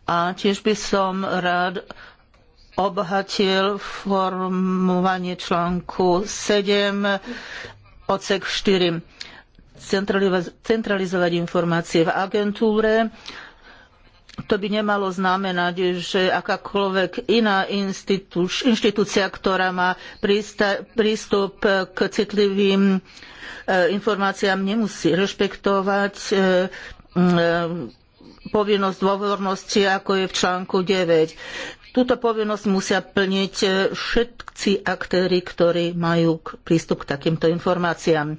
a tiež by som rád obhatil formovanie článku 7 odsek 4 centralizovať informácie v agentúre. To by nemalo znamenať, že akákoľvek iná inštitúcia, ktorá má prístup k citlivým e, informáciám, nemusí rešpektovať e, e, povinnosť dôvernosti, ako je v článku 9. Túto povinnosť musia plniť e, všetci aktéry, ktorí majú prístup k takýmto informáciám.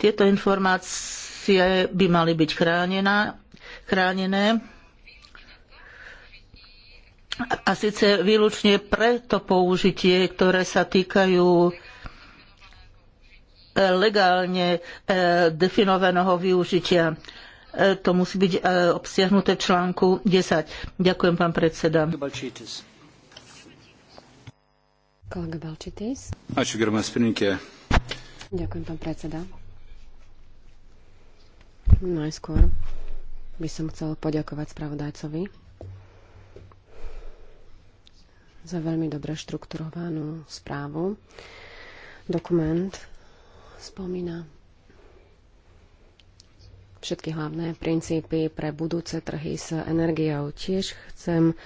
Tieto informácie by mali byť chránená, chránené a síce výlučne pre to použitie, ktoré sa týkajú e, legálne e, definovaného využitia. E, to musí byť e, obsiahnuté v článku 10. Ďakujem, pán predseda. Kolega Balčitis. Ďakujem, pán predseda. Najskôr by som chcel poďakovať spravodajcovi za veľmi dobre štrukturovanú správu. Dokument spomína všetky hlavné princípy pre budúce trhy s energiou. Tiež chcem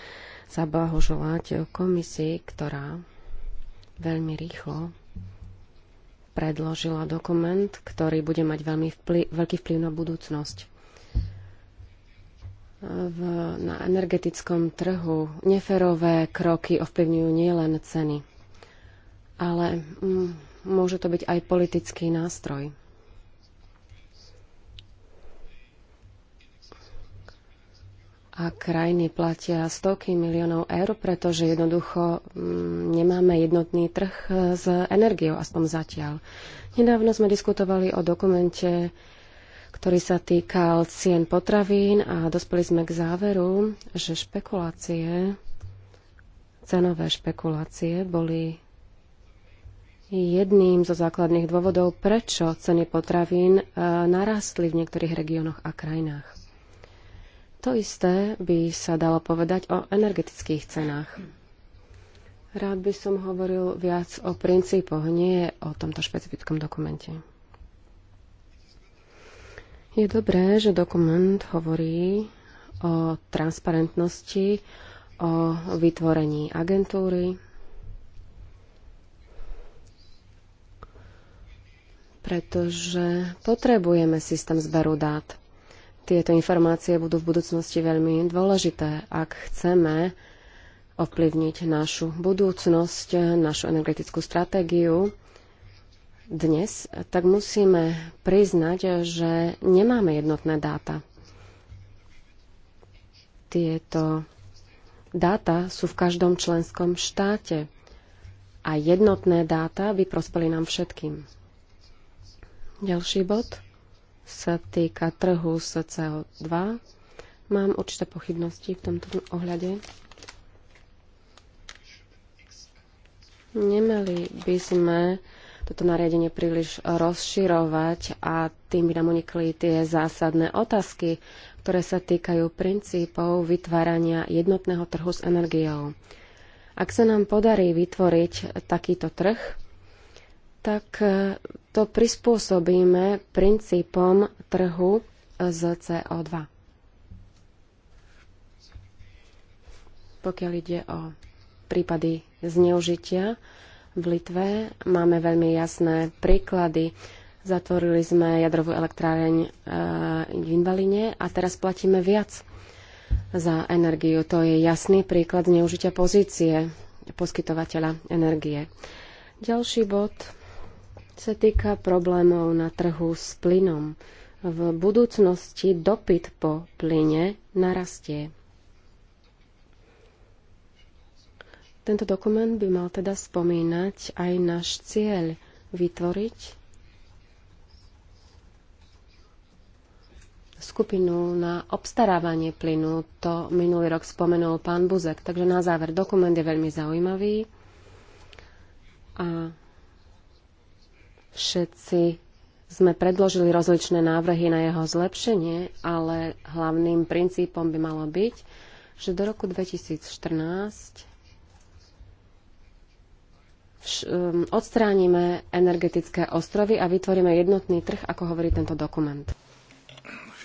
zablahoželať komisii, ktorá veľmi rýchlo predložila dokument, ktorý bude mať veľmi vplyv, veľký vplyv na budúcnosť. V, na energetickom trhu neferové kroky ovplyvňujú nielen ceny, ale m, mm, môže to byť aj politický nástroj a krajiny platia stovky miliónov eur, pretože jednoducho mm, nemáme jednotný trh e, s energiou, aspoň zatiaľ. Nedávno sme diskutovali o dokumente, ktorý sa týkal cien potravín a dospeli sme k záveru, že špekulácie, cenové špekulácie boli jedným zo základných dôvodov, prečo ceny potravín e, narastli v niektorých regiónoch a krajinách. To isté by sa dalo povedať o energetických cenách. Rád by som hovoril viac o princípoch, nie o tomto špecifickom dokumente. Je dobré, že dokument hovorí o transparentnosti, o vytvorení agentúry, pretože potrebujeme systém zberu dát. Tieto informácie budú v budúcnosti veľmi dôležité, ak chceme ovplyvniť našu budúcnosť, našu energetickú stratégiu dnes, tak musíme priznať, že nemáme jednotné dáta. Tieto dáta sú v každom členskom štáte a jednotné dáta by prospeli nám všetkým. Ďalší bod sa týka trhu s CO2, mám určité pochybnosti v tomto ohľade. Nemali by sme toto nariadenie príliš rozširovať a tým by nám unikli tie zásadné otázky, ktoré sa týkajú princípov vytvárania jednotného trhu s energiou. Ak sa nám podarí vytvoriť takýto trh, tak e, to prispôsobíme princípom trhu z CO2. Pokiaľ ide o prípady zneužitia v Litve, máme veľmi jasné príklady. Zatvorili sme jadrovú elektráreň e, v Invaline a teraz platíme viac za energiu. To je jasný príklad zneužitia pozície poskytovateľa energie. Ďalší bod sa týka problémov na trhu s plynom. V budúcnosti dopyt po plyne narastie. Tento dokument by mal teda spomínať aj náš cieľ vytvoriť skupinu na obstarávanie plynu. To minulý rok spomenul pán Buzek. Takže na záver, dokument je veľmi zaujímavý a Všetci sme predložili rozličné návrhy na jeho zlepšenie, ale hlavným princípom by malo byť, že do roku 2014 um, odstránime energetické ostrovy a vytvoríme jednotný trh, ako hovorí tento dokument.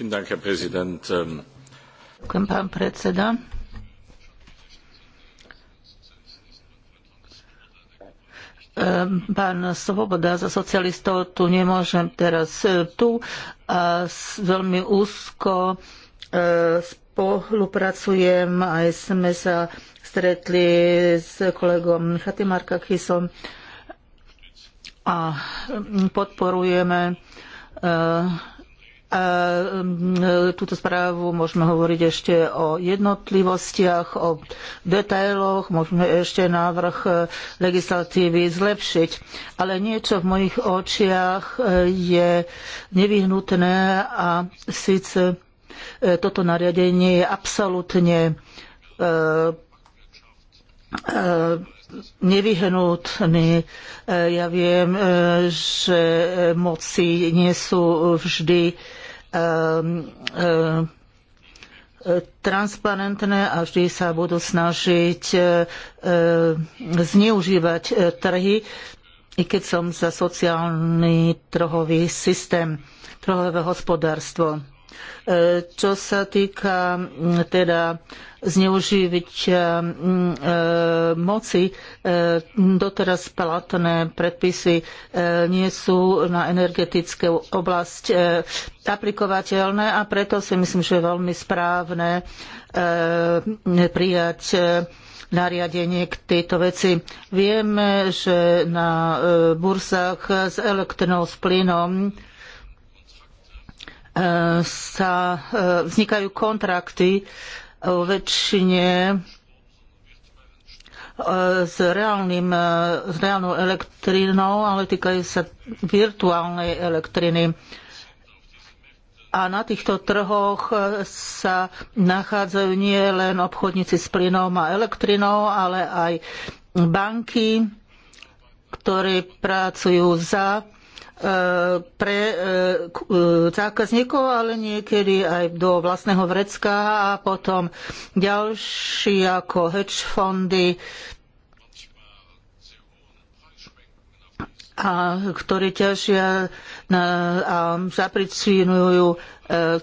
Ähm, Ďakujem, pán predseda. Ehm, pán Svoboda za socialistov tu nemôžem teraz e, tu a veľmi úzko e, spolupracujem aj sme sa stretli s kolegom Chatimarka Kisom a podporujeme e, a túto správu môžeme hovoriť ešte o jednotlivostiach, o detailoch, môžeme ešte návrh e, legislatívy zlepšiť. Ale niečo v mojich očiach e, je nevyhnutné a síce e, toto nariadenie je absolútne nevyhnutný. Ja viem, že moci nie sú vždy Ehm, ehm, transparentné a vždy sa budú snažiť e, e, zneužívať e, trhy, i keď som za sociálny trhový systém, trhové hospodárstvo. E, čo sa týka teda zneužívať e, e, moci, doteraz platné predpisy nie sú na energetické oblasť aplikovateľné a preto si myslím, že je veľmi správne prijať nariadenie k tejto veci. Vieme, že na burzách s elektrinou, s plynom sa e, vznikajú kontrakty väčšine e, s, reálnym, e, s reálnou elektrínou, ale týkajú sa virtuálnej elektriny. A na týchto trhoch sa nachádzajú nie len obchodníci s plynom a elektrinou, ale aj banky, ktoré pracujú za pre e, e, zákazníkov, ale niekedy aj do vlastného vrecka a potom ďalší ako hedge fondy, a ktorí ťažia na, a zapricinujú e,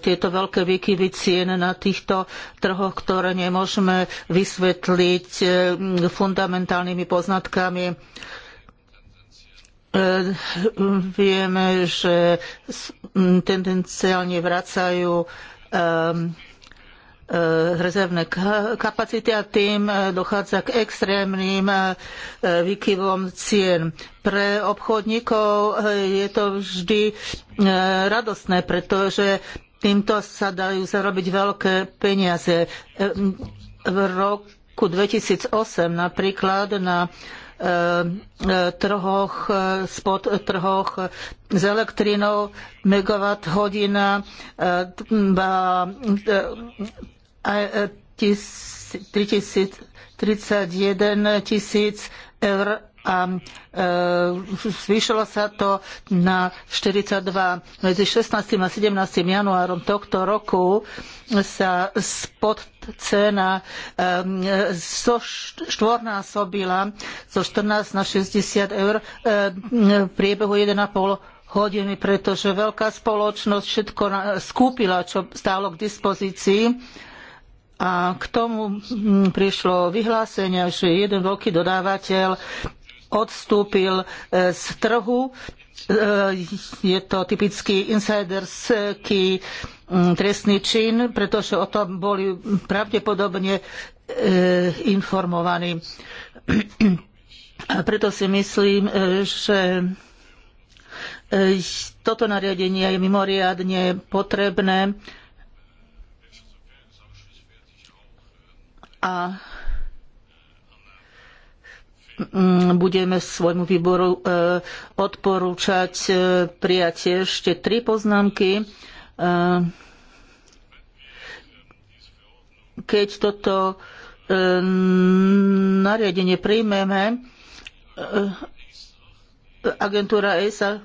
tieto veľké výkyvy cien na týchto trhoch, ktoré nemôžeme vysvetliť fundamentálnymi poznatkami E, vieme, že tendenciálne vracajú e, rezervné kapacity a tým e, dochádza k extrémnym výkyvom cien. Pre obchodníkov je to vždy radostné, pretože týmto sa dajú zarobiť veľké peniaze. V roku 2008 napríklad na Eh, eh, trhoch, eh, spod trhoch s elektrinou megawatt hodina, 31 tisíc eur a e, zvýšilo sa to na 42. Medzi 16. a 17. januárom tohto roku sa spod cena e, zo štvornásobila zo 14 na 60 eur e, v priebehu 1,5 hodiny, pretože veľká spoločnosť všetko skúpila, čo stálo k dispozícii. A k tomu prišlo vyhlásenie, že jeden veľký dodávateľ odstúpil e, z trhu. E, je to typický insiderský mm, trestný čin, pretože o tom boli pravdepodobne e, informovaní. A preto si myslím, že toto nariadenie je mimoriadne potrebné a Mm, budeme svojmu výboru e, odporúčať e, prijatie ešte tri poznámky. E, keď toto nariadenie príjmeme, agentúra ESA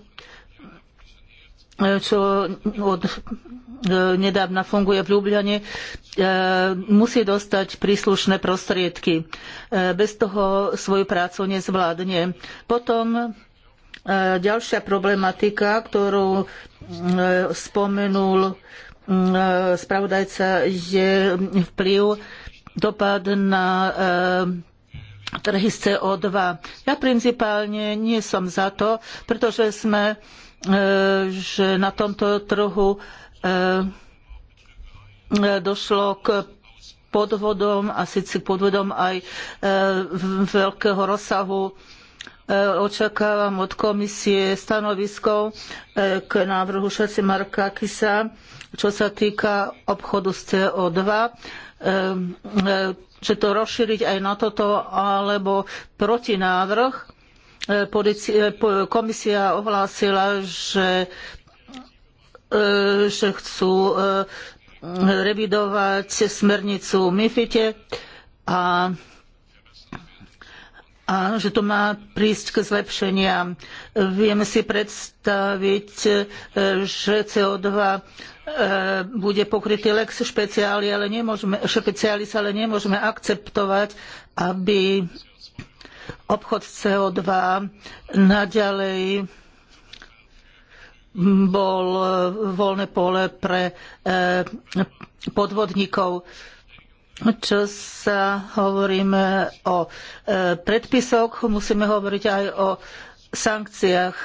čo od e, nedávna funguje v Ljubljane, e, musí dostať príslušné prostriedky. E, bez toho svoju prácu nezvládne. Potom ďalšia problematika, ktorú spomenul mm, spravodajca, je vplyv dopad na trhy z CO2. Ja principálne nie som za to, pretože sme E, že na tomto trhu e, e, došlo k podvodom a síce podvodom aj veľkého rozsahu. Očakávam od komisie stanovisko k návrhu šaci Marka Kisa, čo sa týka obchodu s CO2 že to rozšíriť aj na toto, alebo protinávrh, E, e, komisia ohlásila, že, e, že chcú revidovať smernicu MIFITE a a že to má prísť k zlepšeniam. Vieme si predstaviť, že CO2 bude pokrytý lex špeciális, ale ale nemôžeme akceptovať, aby obchod CO2 naďalej bol e, voľné pole pre e, podvodníkov. Čo sa hovoríme o e, predpisoch, musíme hovoriť aj o sankciách.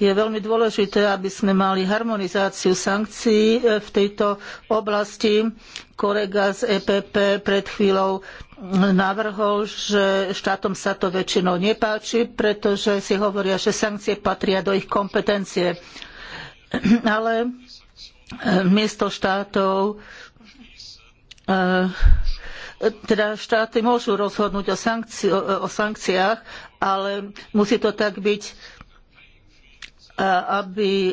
Je veľmi dôležité, aby sme mali harmonizáciu sankcií eh, v tejto oblasti. Kolega z EPP pred chvíľou eh, navrhol, že štátom sa to väčšinou nepáči, pretože si hovoria, že sankcie patria do ich kompetencie. Ale eh, miesto štátov teda štáty môžu rozhodnúť o, sankci- o sankciách, ale musí to tak byť, e, aby e,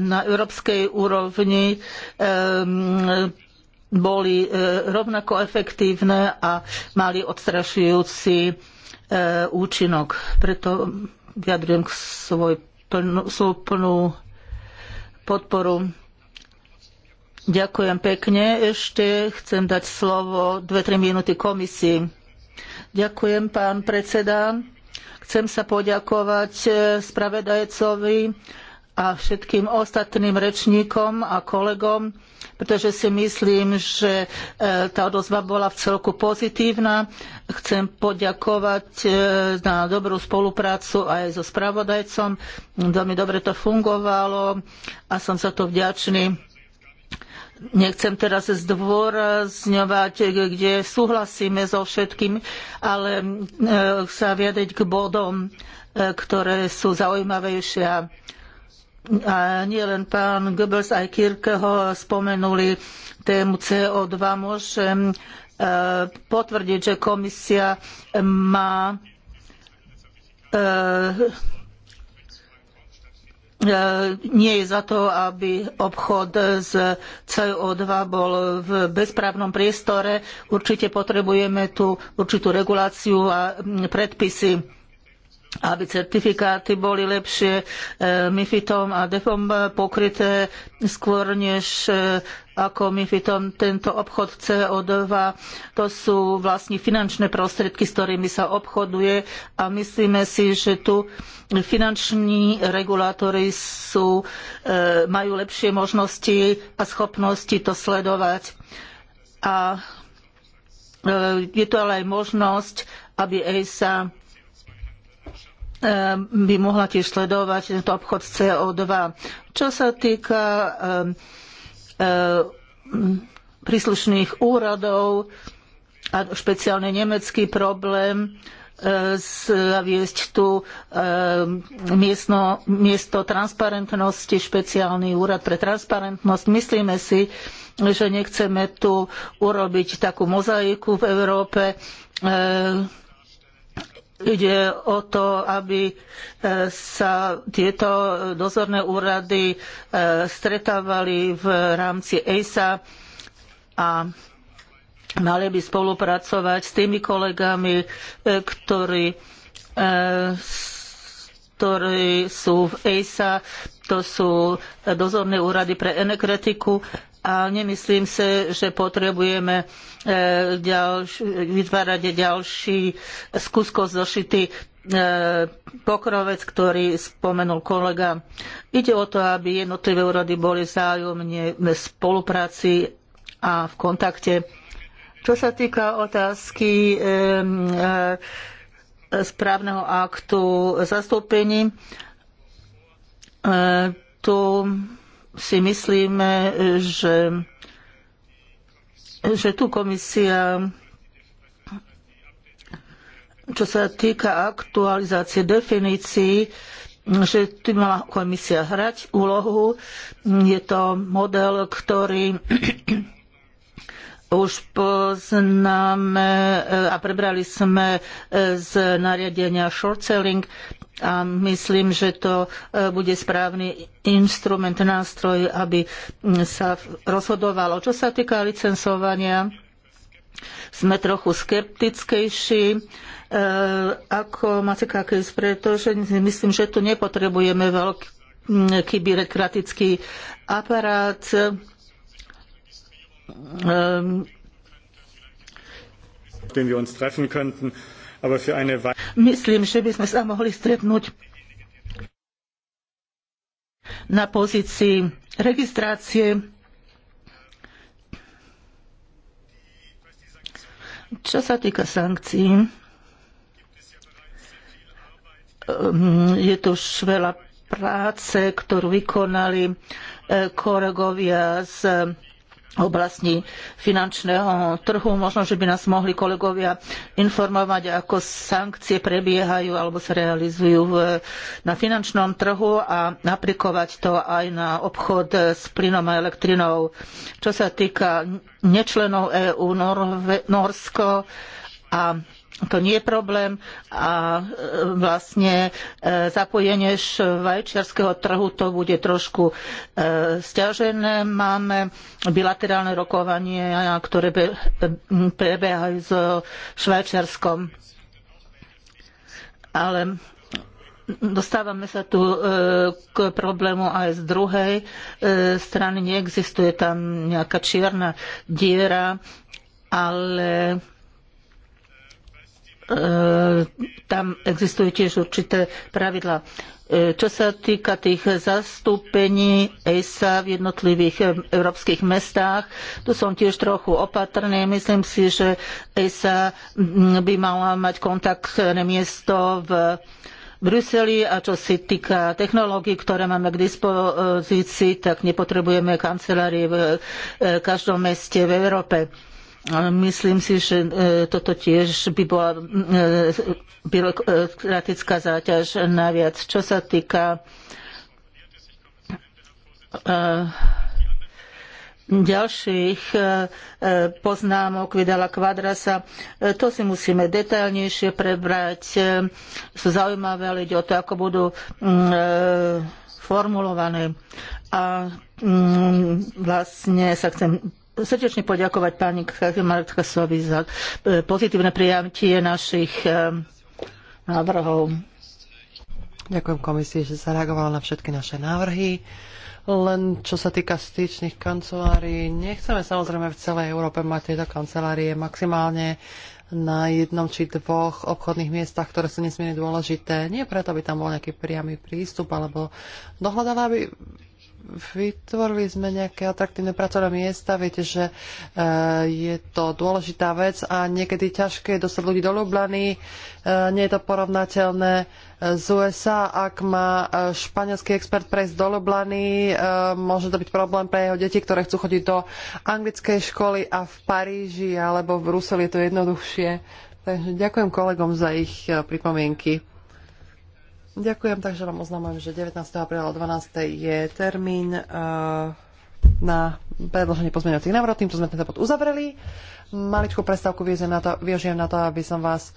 na európskej úrovni e, boli rovnako efektívne a mali odstrašujúci účinok. Preto vyjadrujem svoju plnú podporu Ďakujem pekne. Ešte chcem dať slovo 2-3 minúty komisii. Ďakujem, pán predseda. Chcem sa poďakovať e, spravedajcovi a všetkým ostatným rečníkom a kolegom, pretože si myslím, že e, tá odozva bola v celku pozitívna. Chcem poďakovať na e, dobrú spoluprácu aj so spravodajcom. Veľmi dobre to fungovalo a som za to vďačný Nechcem teraz zdôrazňovať, kde súhlasíme so všetkým, ale e, sa viadeť k bodom, e, ktoré sú zaujímavejšie. A nie len pán Goebbels, aj Kirkeho spomenuli tému CO2. Môžem e, potvrdiť, že komisia má E, nie je za to, aby obchod s CO2 bol v bezprávnom priestore. Určite potrebujeme tu určitú reguláciu a predpisy aby certifikáty boli lepšie e, MIFITom a DEFom pokryté skôr než e, ako MIFITom tento obchod CO2. To sú vlastne finančné prostriedky, s ktorými sa obchoduje a myslíme si, že tu finanční regulátori sú, e, majú lepšie možnosti a schopnosti to sledovať. A je tu ale aj možnosť, aby ESA Ehm, by mohla tiež sledovať tento obchod s CO2. Čo sa týka ehm, ehm, príslušných úradov a špeciálne nemecký problém, zaviesť tu miestno, miesto transparentnosti, špeciálny úrad pre transparentnosť. Myslíme si, že nechceme tu urobiť takú mozaiku v Európe, Ide o to, aby e, sa tieto dozorné úrady e, stretávali v rámci ESA a mali by spolupracovať s tými kolegami, e, ktorí, ktorí sú v ESA, to sú dozorné úrady pre energetiku a nemyslím si, že potrebujeme e, ďalš, vytvárať ďalší skúsko zošitý e, pokrovec, ktorý spomenul kolega. Ide o to, aby jednotlivé úrady boli vzájomne v spolupráci a v kontakte. Čo sa týka otázky e, správneho aktu zastúpení, tu si myslíme, že, že tu komisia čo sa týka aktualizácie definícií, že tu mala komisia hrať úlohu. Je to model, ktorý už poznáme e, a prebrali sme e, z nariadenia short selling a myslím, že to e, bude správny instrument, nástroj, aby sa rozhodovalo. Čo sa týka licencovania, sme trochu skeptickejší ako Macekakis, pretože myslím, že tu nepotrebujeme veľký byrokratický aparát Ehm, myslím, že by sme sa mohli stretnúť na pozícii registrácie. Čo sa týka sankcií, ehm, je tu už veľa práce, ktorú vykonali eh, kolegovia z oblasti finančného trhu. Možno, že by nás mohli kolegovia informovať, ako sankcie prebiehajú alebo sa realizujú v, na finančnom trhu a aplikovať to aj na obchod s plynom a elektrinou. Čo sa týka nečlenov EÚ, Norve, Norsko a to nie je problém a e, vlastne e, zapojenie švajčiarského trhu to bude trošku e, stiažené. Máme bilaterálne rokovanie, ktoré prebiehajú so Švajčiarskom. Ale dostávame sa tu k problému aj z druhej strany. Neexistuje tam nejaká čierna diera, ale E, tam existujú tiež určité pravidlá. E, čo sa týka tých zastúpení ESA v jednotlivých e, európskych mestách, tu som tiež trochu opatrný. Myslím si, že ESA by mala mať kontaktné miesto v Bruseli a čo sa týka technológií, ktoré máme k dispozícii, tak nepotrebujeme kancelárie v každom meste v Európe Myslím si, že e, toto tiež by bola e, byrokratická záťaž naviac. Čo sa týka e, ďalších poznámok vydala Kvadrasa. To si musíme detailnejšie prebrať. Sú zaujímavé lidi o to, ako budú formulované. A vlastne sa chcem srdečne poďakovať pani Markasovi za e, pozitívne prijatie našich e, návrhov. Ďakujem komisii, že zareagovala na všetky naše návrhy. Len čo sa týka styčných kancelárií, nechceme samozrejme v celej Európe mať tieto kancelárie maximálne na jednom či dvoch obchodných miestach, ktoré sú nesmierne dôležité. Nie preto, aby tam bol nejaký priamy prístup, alebo dohľadala, by vytvorili sme nejaké atraktívne pracovné miesta. Viete, že eh, je to dôležitá vec a niekedy ťažké dostať ľudí do Lublany. Eh, nie je to porovnateľné eh, z USA. Ak má španielský expert prejsť do Lublany, môže to byť problém pre jeho deti, ktoré chcú chodiť do anglickej školy a v Paríži alebo v Bruseli je to jednoduchšie. Takže ďakujem kolegom za ich pripomienky. Ďakujem, takže vám oznámujem, že 19. apríla o 12. je termín uh, na predloženie pozmeňovacích návrhov. Týmto sme tento bod uzavreli. Maličkú prestávku využijem na, to, využijem na to, aby som vás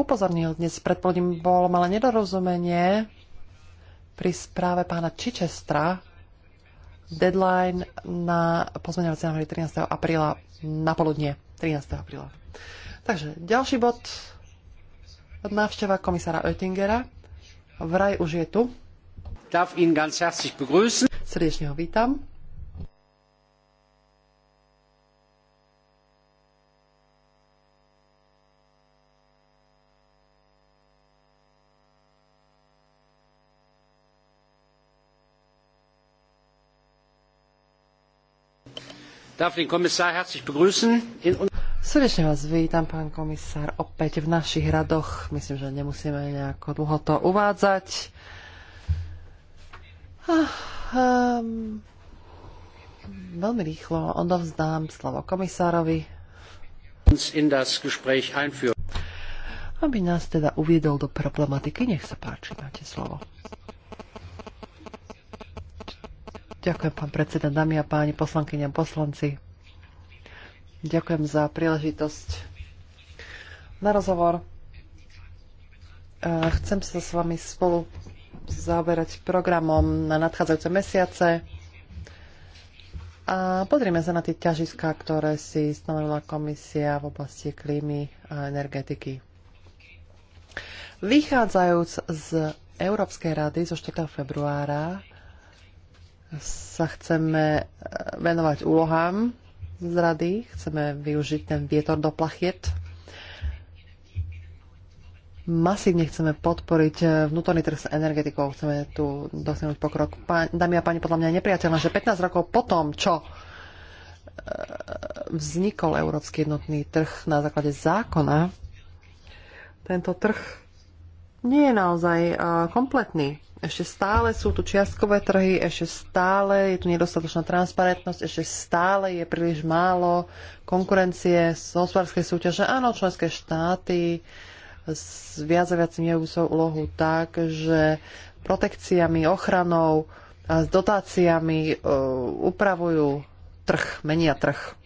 upozornil. Dnes predpoludím bolo malé nedorozumenie pri správe pána Čičestra. Deadline na pozmeňovacie návrhy 13. apríla na poludnie 13. apríla. Takže ďalší bod návšteva komisára Oettingera Vraj už je tu. Darf ihn ganz herzlich begrüßen. Srdečne ho vítam. darf den kommissar herzlich begrüßen. Srdečne vás vítam, pán komisár, opäť v našich radoch. Myslím, že nemusíme nejako dlho to uvádzať. Ah, um, veľmi rýchlo odovzdám slovo komisárovi. Aby nás teda uviedol do problematiky, nech sa páči, máte slovo. Ďakujem, pán predseda, dámy a páni, poslankyňa, poslanci. Ďakujem za príležitosť na rozhovor. E, chcem sa s vami spolu zaoberať programom na nadchádzajúce mesiace a pozrieme sa na tie ťažiska, ktoré si stanovila komisia v oblasti klímy a energetiky. Vychádzajúc z Európskej rady zo 4. februára sa chceme e, venovať úlohám z rady. Chceme využiť ten vietor do plachiet. Masívne chceme podporiť eh, vnútorný trh s energetikou. Chceme tu dosiahnuť pokrok. Pán, dámy a páni, podľa mňa je nepriateľné, že 15 rokov po čo eh, vznikol Európsky jednotný trh na základe zákona, tento trh nie je naozaj eh, kompletný. Ešte stále sú tu čiastkové trhy, ešte stále je tu nedostatočná transparentnosť, ešte stále je príliš málo konkurencie z hospodárskej súťaže. Áno, členské štáty viac a viac svoju úlohu tak, že protekciami, ochranou a s dotáciami e, upravujú trh, menia trh.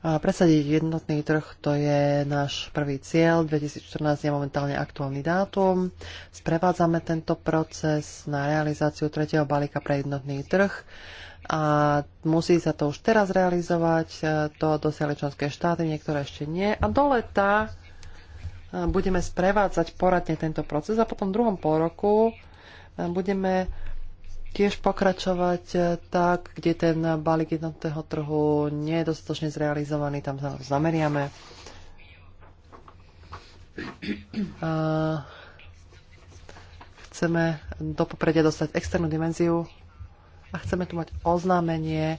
presadiť jednotný trh to je náš prvý cieľ. 2014 je momentálne aktuálny dátum. Sprevádzame tento proces na realizáciu tretieho balíka pre jednotný trh a musí sa to už teraz realizovať. E, to dosiahli členské štáty, niektoré ešte nie. A do leta e, budeme sprevádzať poradne tento proces a potom v druhom pol roku e, budeme tiež pokračovať e, tak, kde ten balík jednotného trhu nie je dostatočne zrealizovaný, tam sa zameriame. A chceme do popredia dostať externú dimenziu a chceme tu mať oznámenie e,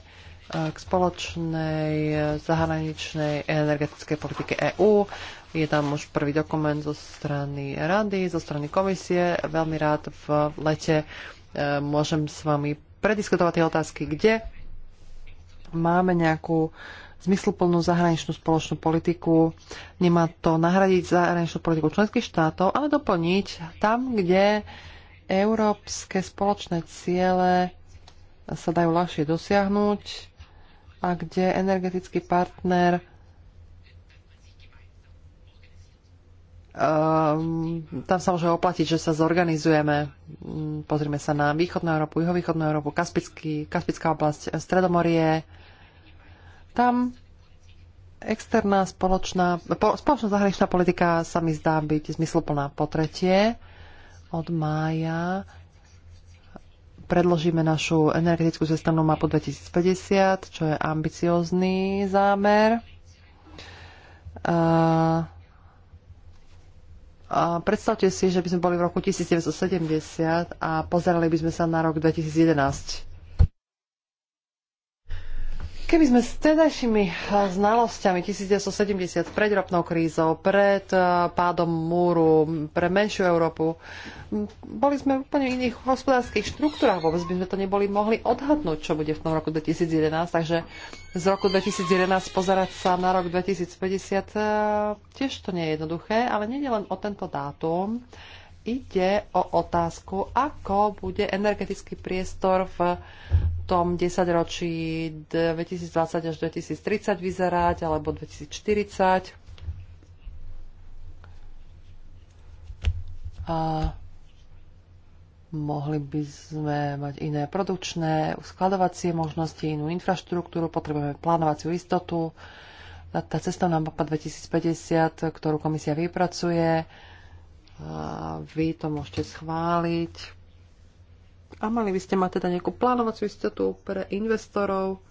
k spoločnej e, zahraničnej energetickej politike EÚ. Je tam už prvý dokument zo strany Rady, zo strany komisie. Veľmi rád v lete Eh, môžem s vami prediskutovať tie otázky, kde máme nejakú zmysluplnú zahraničnú spoločnú politiku. Nemá to nahradiť zahraničnú politiku členských štátov, ale doplniť tam, kde európske spoločné ciele sa dajú ľahšie dosiahnuť a kde energetický partner Um, tam sa môže oplatiť, že sa zorganizujeme. Mm, pozrime sa na východnú Európu, juhovýchodnú Európu, Kaspický, Kaspická oblasť, Stredomorie. Tam externá spoločná, po, spoločná zahraničná politika sa mi zdá byť zmysluplná po tretie. Od mája predložíme našu energetickú zestavnú mapu 2050, čo je ambiciózny zámer. Uh, Predstavte si, že by sme boli v roku 1970 a pozerali by sme sa na rok 2011. Keby sme s tedajšími eh, znalosťami 1970 pred ropnou krízou, pred eh, pádom múru, pre menšiu Európu, boli sme v úplne iných hospodárskych štruktúrach, vôbec by sme to neboli mohli odhadnúť, čo bude v tom roku 2011, takže z roku 2011 pozerať sa na rok 2050 e, tiež to nie je jednoduché, ale nie je len o tento dátum, ide o otázku, ako bude energetický priestor v tom 10 ročí 2020 až 2030 vyzerať, alebo 2040. Mohli by sme mať iné produkčné, skladovacie možnosti, inú infraštruktúru, potrebujeme plánovaciu istotu. Tá cestovná mapa 2050, ktorú komisia vypracuje, a vy to môžete schváliť. A mali by ste mať teda nejakú plánovaciu istotu pre investorov.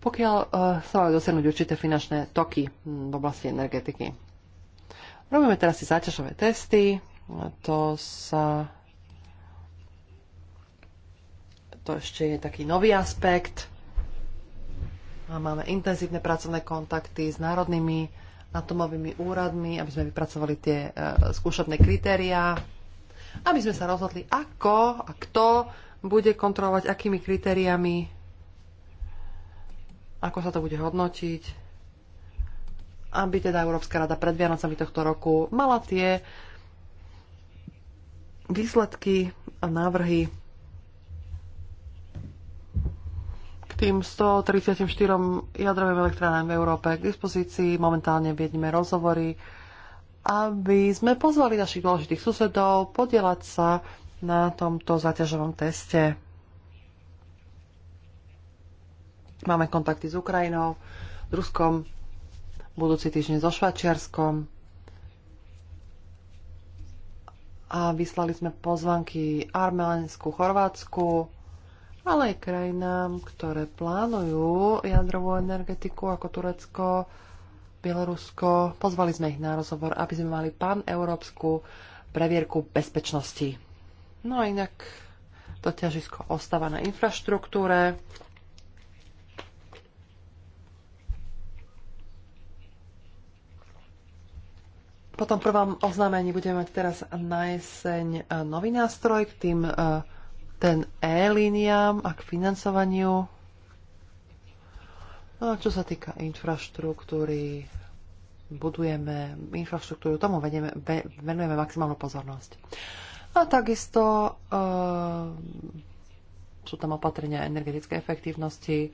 pokiaľ eh, sa majú dosiahnuť určité finančné toky hm, v oblasti energetiky. Robíme teraz si záťažové testy, to sa to ešte je taký nový aspekt. A máme intenzívne pracovné kontakty s národnými atomovými úradmi, aby sme vypracovali tie e, skúšobné kritériá, aby sme sa rozhodli, ako a kto bude kontrolovať, akými kritériami ako sa to bude hodnotiť, aby teda Európska rada pred Vianocami tohto roku mala tie výsledky a návrhy k tým 134 jadrovým elektrárám v Európe k dispozícii. Momentálne viedneme rozhovory, aby sme pozvali našich dôležitých susedov podielať sa na tomto zaťažovom teste. Máme kontakty s Ukrajinou, s Ruskom, budúci týždeň so Švačiarskom. A vyslali sme pozvanky Arménsku, Chorvátsku, ale aj krajinám, ktoré plánujú jadrovú energetiku ako Turecko, Bielorusko. Pozvali sme ich na rozhovor, aby sme mali pan-európsku previerku bezpečnosti. No a inak to ťažisko ostáva na infraštruktúre. Po tom prvom oznámení budeme mať teraz na jeseň e, nový nástroj k tým e, ten e-líniám a k financovaniu. No a čo sa týka infraštruktúry, budujeme infraštruktúru, tomu vedieme, ve, venujeme maximálnu pozornosť. A takisto e, sú tam opatrenia energetickej efektívnosti,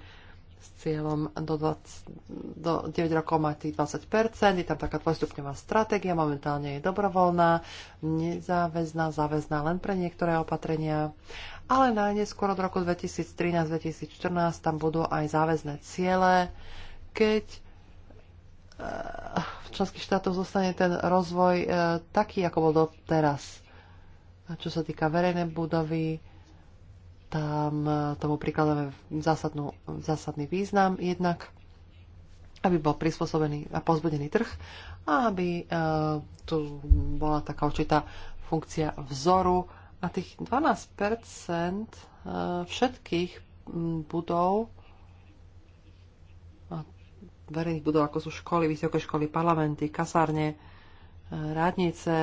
s cieľom do, 20, do 9 rokov mať tých 20 Je tam taká dvojstupňová stratégia, momentálne je dobrovoľná, nezáväzná, záväzná len pre niektoré opatrenia, ale najneskôr od roku 2013-2014 tam budú aj záväzné ciele, keď eh, v členských štátoch zostane ten rozvoj eh, taký, ako bol doteraz. Čo sa týka verejnej budovy, tam e, tomu prikladáme zásadnú, zásadný význam jednak, aby bol prispôsobený a pozbudený trh a aby e, tu bola taká určitá funkcia vzoru a tých 12 e, všetkých budov a verejných budov, ako sú školy, vysoké školy, parlamenty, kasárne, rádnice,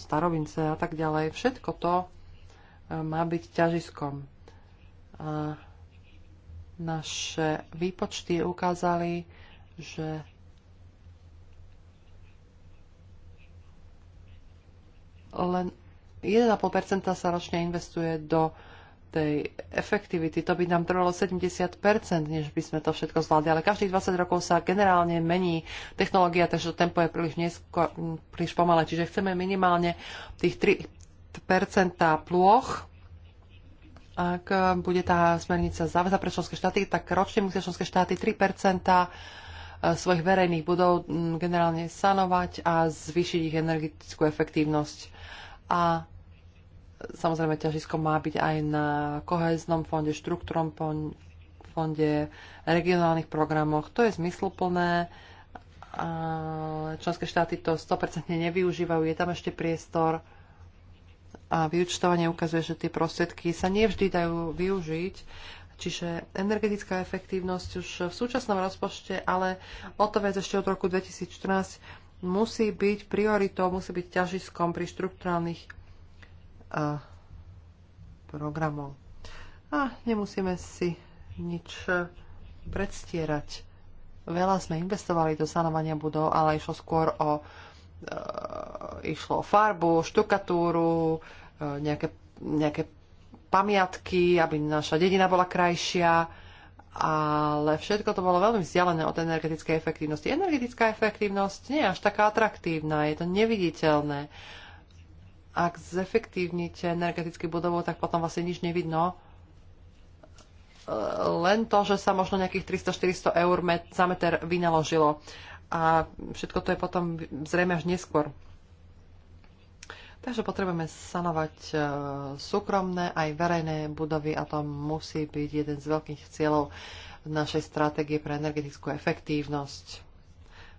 starovince a tak ďalej. Všetko to má byť ťažiskom. A naše výpočty ukázali, že len 1,5% sa ročne investuje do tej efektivity. To by nám trvalo 70%, než by sme to všetko zvládli. Ale každých 20 rokov sa generálne mení technológia, takže to tempo je príliš, nesko, príliš pomalé. Čiže chceme minimálne tých plôch. Ak bude tá smernica záväzná pre členské štáty, tak ročne musia členské štáty 3 e, svojich verejných budov generálne sanovať a zvýšiť ich energetickú efektívnosť. A samozrejme ťažisko má byť aj na koheznom fonde, štruktúrom fonde, regionálnych programoch. To je zmysluplné. Členské štáty to 100% nevyužívajú. Je tam ešte priestor a vyučtovanie ukazuje, že tie prostriedky sa nevždy dajú využiť. Čiže energetická efektívnosť už v súčasnom rozpočte, ale o to vec ešte od roku 2014 musí byť prioritou, musí byť ťažiskom pri štruktúrálnych uh, programov. A nemusíme si nič predstierať. Veľa sme investovali do sanovania budov, ale išlo skôr o Eh, išlo o farbu, štukatúru, eh, nejaké, nejaké pamiatky, aby naša dedina bola krajšia, ale všetko to bolo veľmi vzdialené od energetickej efektívnosti. Energetická efektívnosť nie je až taká atraktívna, je to neviditeľné. Ak zefektívnite energetický budovu, tak potom vlastne nič nevidno. Eh, len to, že sa možno nejakých 300-400 eur za meter vynaložilo a všetko to je potom zrejme až neskôr. Takže potrebujeme sanovať e, súkromné aj verejné budovy a to musí byť jeden z veľkých cieľov našej stratégie pre energetickú efektívnosť.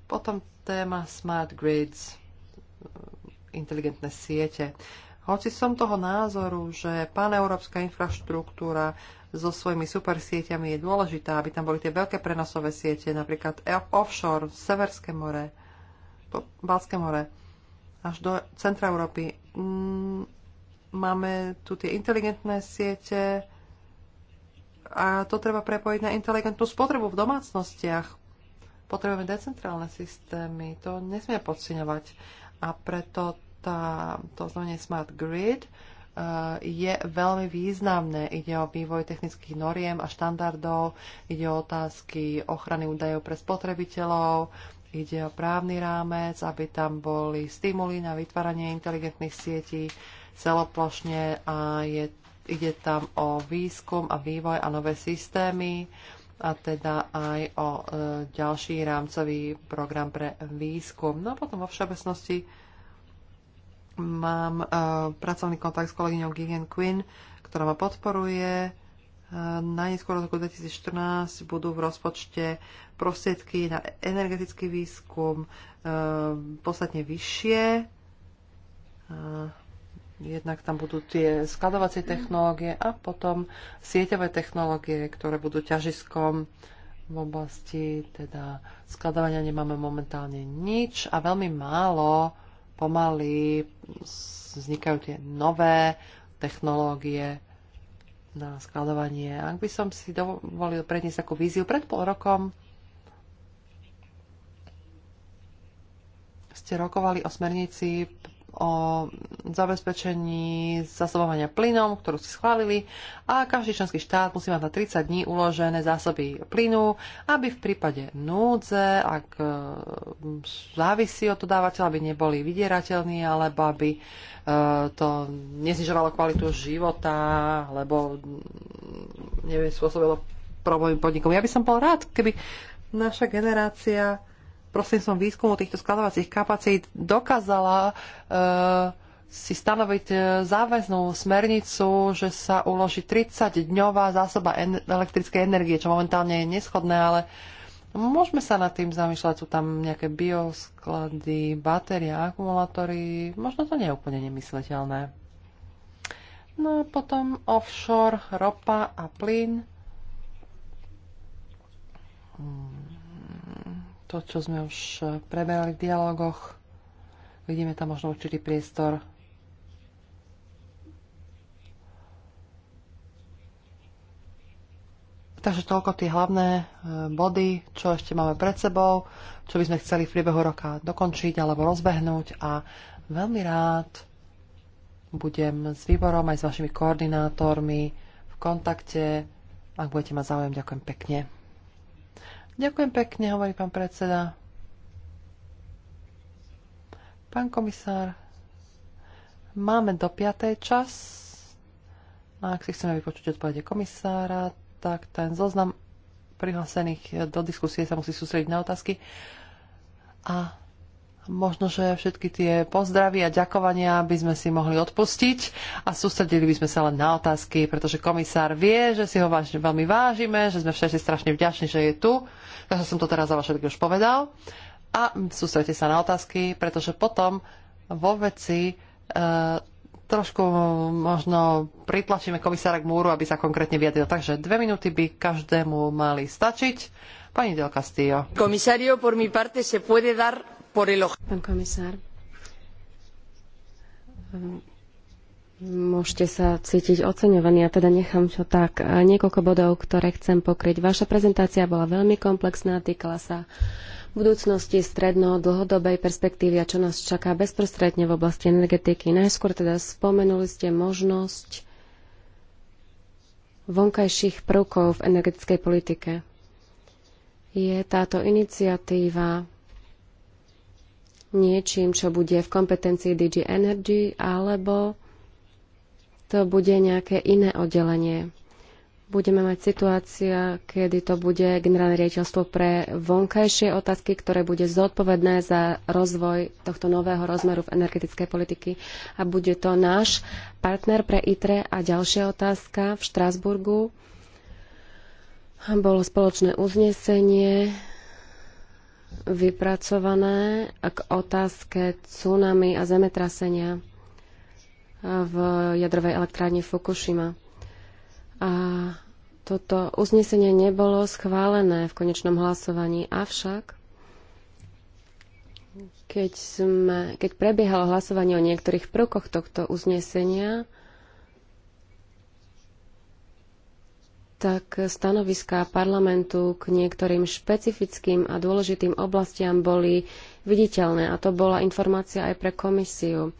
Potom téma smart grids, e, inteligentné siete. Hoci som toho názoru, že paneurópska infraštruktúra so svojimi supersieťami je dôležitá, aby tam boli tie veľké prenosové siete, napríklad e- offshore, Severské more, Balské more, až do centra Európy. Mm, máme tu tie inteligentné siete a to treba prepojiť na inteligentnú spotrebu v domácnostiach. Potrebujeme decentrálne systémy, to nesmie podceňovať. A preto tá, to znamenie Smart Grid e, je veľmi významné. Ide o vývoj technických noriem a štandardov, ide o otázky ochrany údajov pre spotrebiteľov, ide o právny rámec, aby tam boli stimuly na vytváranie inteligentných sietí celoplošne a je, ide tam o výskum a vývoj a nové systémy a teda aj o e, ďalší rámcový program pre výskum. No a potom vo všeobecnosti Mám uh, pracovný kontakt s kolegyňou Gigan Quinn, ktorá ma podporuje. Uh, najneskôr v roku 2014 budú v rozpočte prostriedky na energetický výskum uh, podstatne vyššie. Uh, jednak tam budú tie skladovacie technológie a potom sieťové technológie, ktoré budú ťažiskom v oblasti teda skladovania nemáme momentálne nič a veľmi málo pomaly vznikajú tie nové technológie na skladovanie. Ak by som si dovolil predniesť takú víziu, pred pol rokom ste rokovali o smernici o zabezpečení zásobovania plynom, ktorú si schválili a každý členský štát musí mať na 30 dní uložené zásoby plynu, aby v prípade núdze, ak e, závisí od dodávateľa, aby neboli vydierateľní alebo aby e, to neznižovalo kvalitu života, alebo neviem, spôsobilo problémy podnikom. Ja by som bol rád, keby naša generácia prostredníctvom výskumu týchto skladovacích kapacít dokázala e, si stanoviť eh, záväznú smernicu, že sa uloží 30-dňová zásoba en- elektrickej energie, čo momentálne je neschodné, ale môžeme sa nad tým zamýšľať. Sú tam nejaké biosklady, batérie, akumulátory. Možno to nie je úplne nemysliteľné. No a potom offshore, ropa a plyn. Hmm to, čo sme už eh, preberali v dialogoch. Vidíme tam možno určitý priestor. Takže toľko tie hlavné eh, body, čo ešte máme pred sebou, čo by sme chceli v priebehu roka dokončiť alebo rozbehnúť a veľmi rád budem s výborom aj s vašimi koordinátormi v kontakte. Ak budete mať záujem, ďakujem pekne. Ďakujem pekne, hovorí pán predseda. Pán komisár, máme do 5. čas. A ak si chceme vypočuť odpovede komisára, tak ten zoznam prihlásených do diskusie sa musí sústrediť na otázky. A Možno, že všetky tie pozdravy a ďakovania by sme si mohli odpustiť a sústredili by sme sa len na otázky, pretože komisár vie, že si ho vážne, veľmi vážime, že sme všetci strašne vďační, že je tu. Takže som to teraz za vaše už povedal. A sústredite sa na otázky, pretože potom vo veci e, trošku možno pritlačíme komisára k múru, aby sa konkrétne vyjadril. Takže dve minúty by každému mali stačiť. Pani Del Castillo. Komisario, por mi parte se puede dar por Pán komisár, Môžete sa cítiť oceňovaní, ja teda nechám to tak. Niekoľko bodov, ktoré chcem pokryť. Vaša prezentácia bola veľmi komplexná, týkala sa budúcnosti stredno dlhodobej perspektívy a čo nás čaká bezprostredne v oblasti energetiky. Najskôr teda spomenuli ste možnosť vonkajších prvkov v energetickej politike. Je táto iniciatíva niečím, čo bude v kompetencii DG Energy, alebo to bude nejaké iné oddelenie. Budeme mať situácia, kedy to bude generálne riaditeľstvo pre vonkajšie otázky, ktoré bude zodpovedné za rozvoj tohto nového rozmeru v energetickej politiky. A bude to náš partner pre ITRE a ďalšia otázka v Štrásburgu. Bolo spoločné uznesenie vypracované k otázke tsunami a zemetrasenia v jadrovej elektrárni Fukushima. A toto uznesenie nebolo schválené v konečnom hlasovaní, avšak keď, sme, keď prebiehalo hlasovanie o niektorých prvkoch tohto uznesenia, tak stanoviská parlamentu k niektorým špecifickým a dôležitým oblastiam boli viditeľné a to bola informácia aj pre komisiu.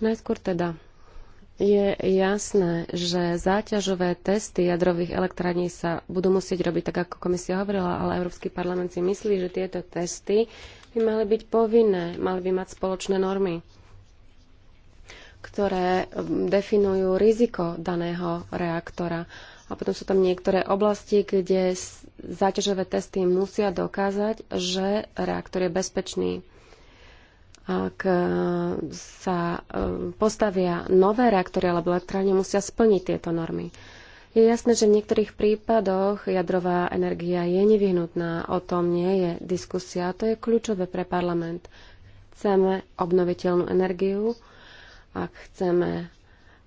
Najskôr teda je jasné, že záťažové testy jadrových elektrární sa budú musieť robiť tak, ako komisia hovorila, ale Európsky parlament si myslí, že tieto testy by mali byť povinné, mali by mať spoločné normy ktoré mm, definujú riziko daného reaktora a potom sú tam niektoré oblasti, kde záťažové testy musia dokázať, že reaktor je bezpečný. Ak e, sa e, postavia nové reaktory alebo elektrárne, musia splniť tieto normy. Je jasné, že v niektorých prípadoch jadrová energia je nevyhnutná. O tom nie je diskusia. To je kľúčové pre parlament. Chceme obnoviteľnú energiu, ak chceme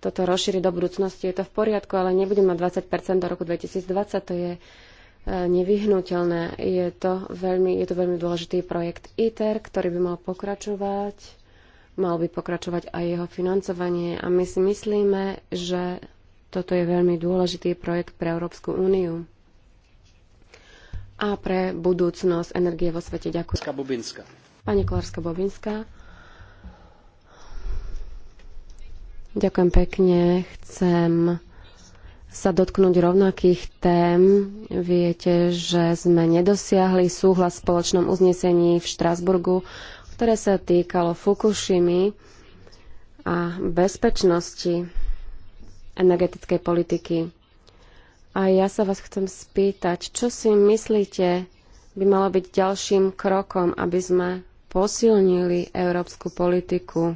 toto rozšíri do budúcnosti, je to v poriadku, ale nebudeme mať 20% do roku 2020, to je e, nevyhnutelné. Je to, veľmi, je to veľmi dôležitý projekt ITER, ktorý by mal pokračovať, mal by pokračovať aj jeho financovanie a my si myslíme, že toto je veľmi dôležitý projekt pre Európsku úniu a pre budúcnosť energie vo svete. Ďakujem. Pani Kolárska-Bobinská. Ďakujem pekne. Chcem sa dotknúť rovnakých tém. Viete, že sme nedosiahli súhlas v spoločnom uznesení v Štrasburgu, ktoré sa týkalo Fukushimy a bezpečnosti energetickej politiky. A ja sa vás chcem spýtať, čo si myslíte by malo byť ďalším krokom, aby sme posilnili európsku politiku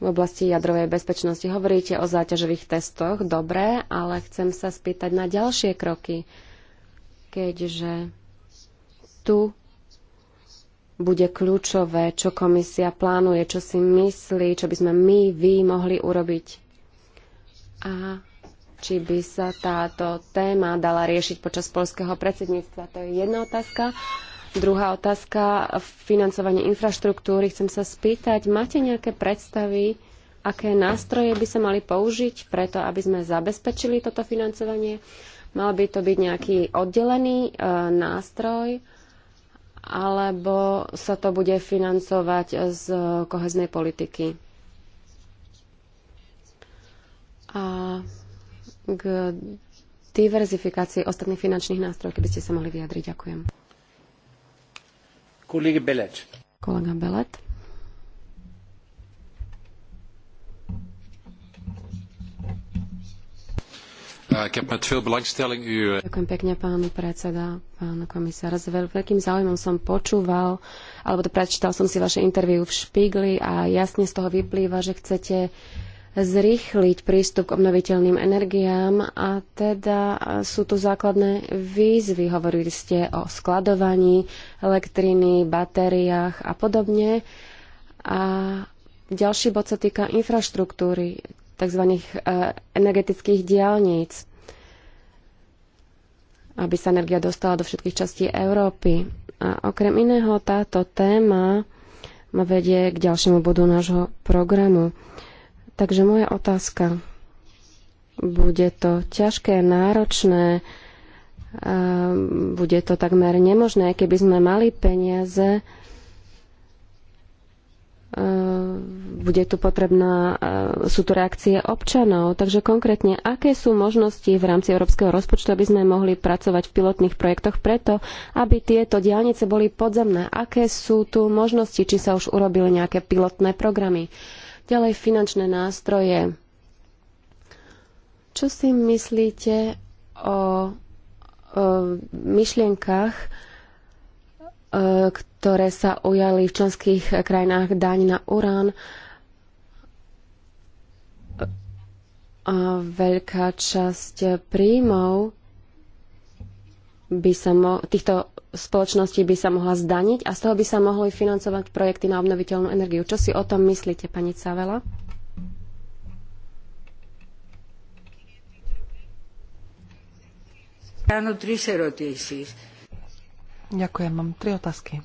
v oblasti jadrovej bezpečnosti. Hovoríte o záťažových testoch, dobre, ale chcem sa spýtať na ďalšie kroky, keďže tu bude kľúčové, čo komisia plánuje, čo si myslí, čo by sme my, vy mohli urobiť. A či by sa táto téma dala riešiť počas polského predsedníctva. To je jedna otázka. Druhá otázka, financovanie infraštruktúry. Chcem sa spýtať, máte nejaké predstavy, aké nástroje by sa mali použiť preto, aby sme zabezpečili toto financovanie? Mal by to byť nejaký oddelený e, nástroj, alebo sa to bude financovať z koheznej politiky? A k diverzifikácii ostatných finančných nástrojov, keby ste sa mohli vyjadriť. Ďakujem. Kolega Ďakujem pekne, pán predseda, pán komisár. S veľkým záujmom som počúval, alebo teda prečítal som si vaše interviu v Špigli a jasne z toho vyplýva, že chcete zrýchliť prístup k obnoviteľným energiám a teda sú tu základné výzvy. Hovorili ste o skladovaní elektriny, batériách a podobne. A ďalší bod sa týka infraštruktúry, tzv. E, energetických diálnic, aby sa energia dostala do všetkých častí Európy. A okrem iného táto téma ma vedie k ďalšiemu bodu nášho programu. Uh, Takže moja otázka. Bude to ťažké, náročné, ehm, bude to takmer nemožné, keby sme mali peniaze, ehm, bude tu potrebná, ehm, sú tu reakcie občanov. Takže konkrétne, aké sú možnosti v rámci európskeho rozpočtu, aby sme mohli pracovať v pilotných projektoch preto, aby tieto diálnice boli podzemné? Aké sú tu možnosti? Či sa už urobili nejaké pilotné programy? Ďalej finančné nástroje. Čo si myslíte o, o myšlienkach, e, ktoré sa ujali v členských krajinách daň na urán? A veľká časť príjmov by sa mo- týchto spoločností by sa mohla zdaniť a z toho by sa mohli financovať projekty na obnoviteľnú energiu. Čo si o tom myslíte, pani Cavela? Ďakujem, mám tri otázky.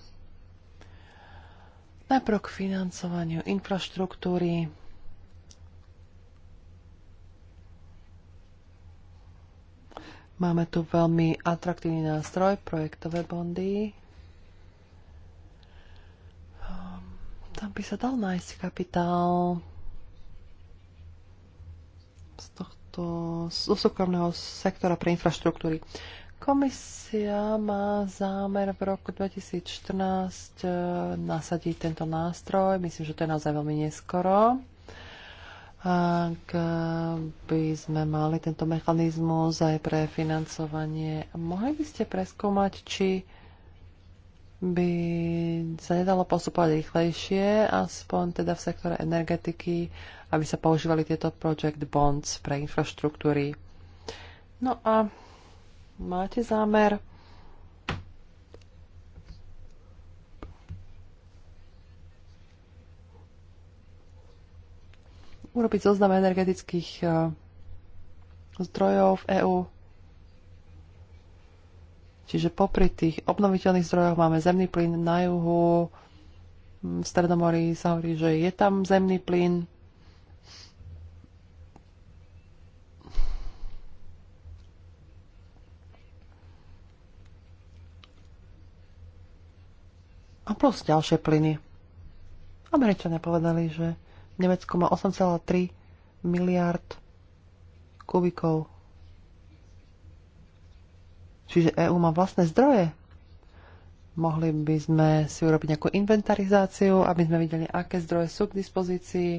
Najprv k financovaniu infraštruktúry Máme tu veľmi atraktívny nástroj, projektové bondy. Ehm, tam by sa dal nájsť kapitál z tohto z súkromného sektora pre infraštruktúry. Komisia má zámer v roku 2014 eh, nasadiť tento nástroj. Myslím, že to je naozaj veľmi neskoro ak by sme mali tento mechanizmus aj pre financovanie, mohli by ste preskúmať, či by sa nedalo postupovať rýchlejšie, aspoň teda v sektore energetiky, aby sa používali tieto project bonds pre infraštruktúry. No a máte zámer urobiť zoznam energetických e, zdrojov v EÚ. Čiže popri tých obnoviteľných zdrojoch máme zemný plyn na juhu, v Stredomorí sa hovorí, že je tam zemný plyn. A plus ďalšie plyny. Američania povedali, že Nemecko má 8,3 miliard kubikov. Čiže EÚ má vlastné zdroje. Mohli by sme si urobiť nejakú inventarizáciu, aby sme videli, aké zdroje sú k dispozícii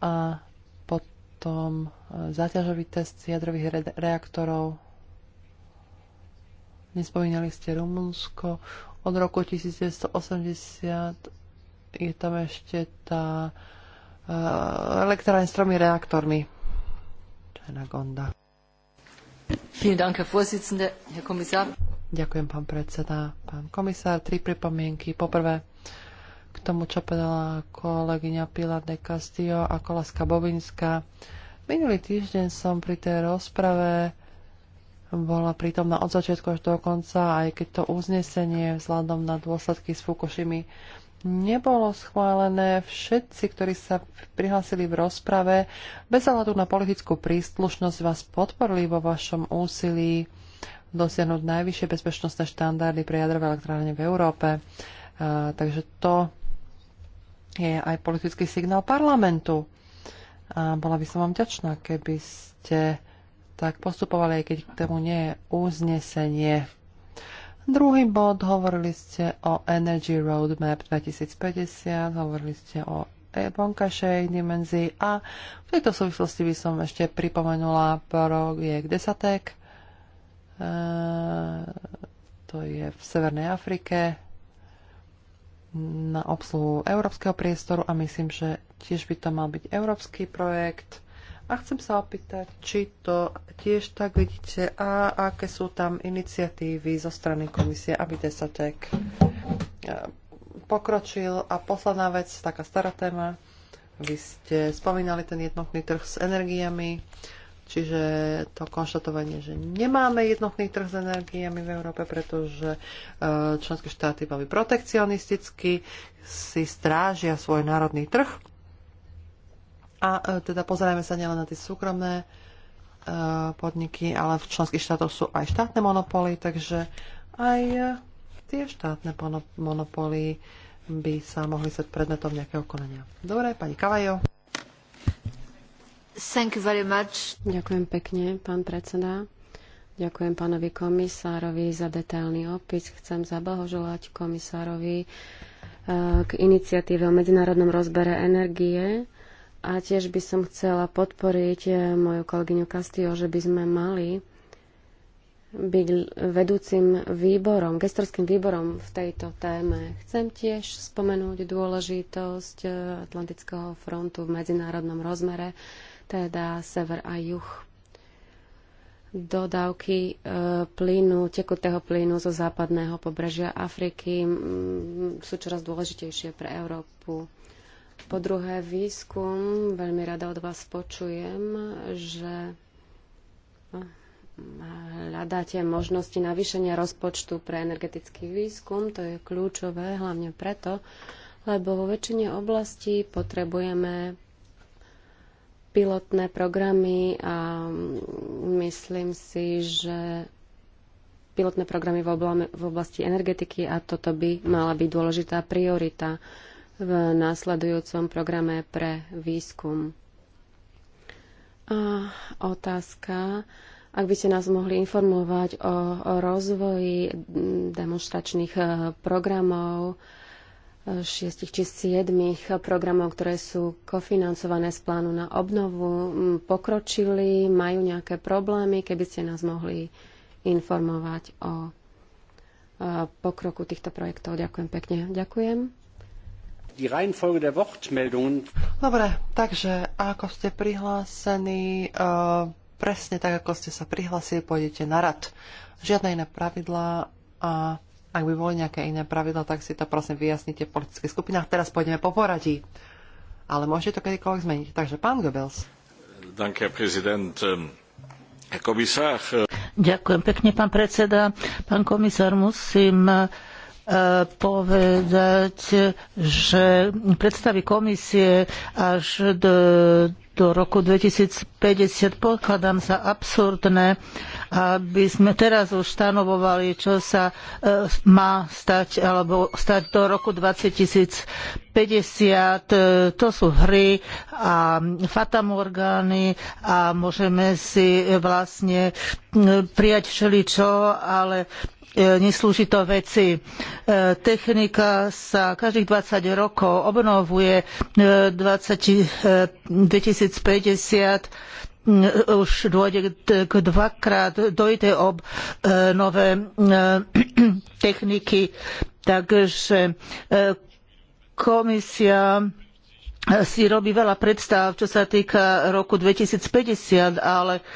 a potom e, záťažový test jadrových re reaktorov. Nespomínali ste Rumunsko od roku 1980 je tam ešte tá uh, e, elektráreň s tromi reaktormi. na Gonda. Ďakujem, pán predseda. Pán komisár, tri pripomienky. Poprvé, k tomu, čo povedala kolegyňa Pilar de Castillo a Kolaska Bovinská. Minulý týždeň som pri tej rozprave bola prítomná od začiatku až do konca, aj keď to uznesenie vzhľadom na dôsledky s Fukushimi nebolo schválené. Všetci, ktorí sa prihlásili v rozprave, bez ohľadu na politickú príslušnosť vás podporili vo vašom úsilí dosiahnuť najvyššie bezpečnostné štandardy pre jadrové elektrárne v Európe. A, takže to je aj politický signál parlamentu. A bola by som vám ťačná, keby ste tak postupovali, aj keď k tomu nie je uznesenie Druhý bod, hovorili ste o Energy Roadmap 2050, hovorili ste o e, vonkajšej dimenzii a v tejto súvislosti by som ešte pripomenula projekt Desatek. E, to je v Severnej Afrike na obsluhu európskeho priestoru a myslím, že tiež by to mal byť európsky projekt. A chcem sa opýtať, či to tiež tak vidíte a aké sú tam iniciatívy zo strany komisie, aby Desatek eh, pokročil. A posledná vec, taká stará téma. Vy ste spomínali ten jednotný trh s energiami, čiže to konštatovanie, že nemáme jednotný trh s energiami v Európe, pretože eh, členské štáty boli protekcionisticky, si strážia svoj národný trh a e, teda pozerajme sa nielen na tie súkromné e, podniky, ale v členských štátoch sú aj štátne monopoly, takže aj e, tie štátne monopoly by sa mohli stať predmetom nejakého konania. Dobre, pani Kavajo. Thank you very much. Ďakujem pekne, pán predseda. Ďakujem pánovi komisárovi za detailný opis. Chcem zablahoželať komisárovi k iniciatíve o medzinárodnom rozbere energie a tiež by som chcela podporiť eh, moju kolegyňu Castillo, že by sme mali byť vedúcim výborom, gestorským výborom v tejto téme. Chcem tiež spomenúť dôležitosť eh, Atlantického frontu v medzinárodnom rozmere, teda sever a juh. Dodávky eh, plynu, tekutého plynu zo západného pobrežia Afriky mm, sú čoraz dôležitejšie pre Európu po druhé, výskum. Veľmi rada od vás počujem, že no, hľadáte možnosti navýšenia rozpočtu pre energetický výskum. To je kľúčové, hlavne preto, lebo vo väčšine oblastí potrebujeme pilotné programy a mm, myslím si, že pilotné programy v oblasti energetiky a toto by mala byť dôležitá priorita v následujúcom programe pre výskum. A otázka, ak by ste nás mohli informovať o, rozvoji demonstračných eh, programov, eh, šiestich či siedmých programov, ktoré sú kofinancované z plánu na obnovu, mm, pokročili, majú nejaké problémy, keby ste nás mohli informovať o eh, pokroku týchto projektov. Ďakujem pekne. Ďakujem. Dobre, takže ako ste prihlásení, uh, presne tak, ako ste sa prihlásili, pôjdete na rad. Žiadne iné pravidlá a ak by boli nejaké iné pravidlá, tak si to prosím vyjasnite v politických skupinách. Teraz pôjdeme po poradí. Ale môžete to kedykoľvek zmeniť. Takže pán Goebbels. Danke, prezident. Ähm, komisár. Äh, Ďakujem pekne, pán predseda. Pán komisár, musím E, povedať, že predstavy komisie až do, do roku 2050 pokladám za absurdné, aby sme teraz už stanovovali, čo sa e, má stať alebo stať do roku 2050. E, to sú hry a fatamorgány a môžeme si vlastne prijať všeličo, ale E, neslúži to veci. E, technika sa každých 20 rokov obnovuje 20, e, 2050 mm, už dôjde k dvakrát, dojde ob nové techniky, takže komisia si robí veľa predstav, čo sa týka roku 2050, ale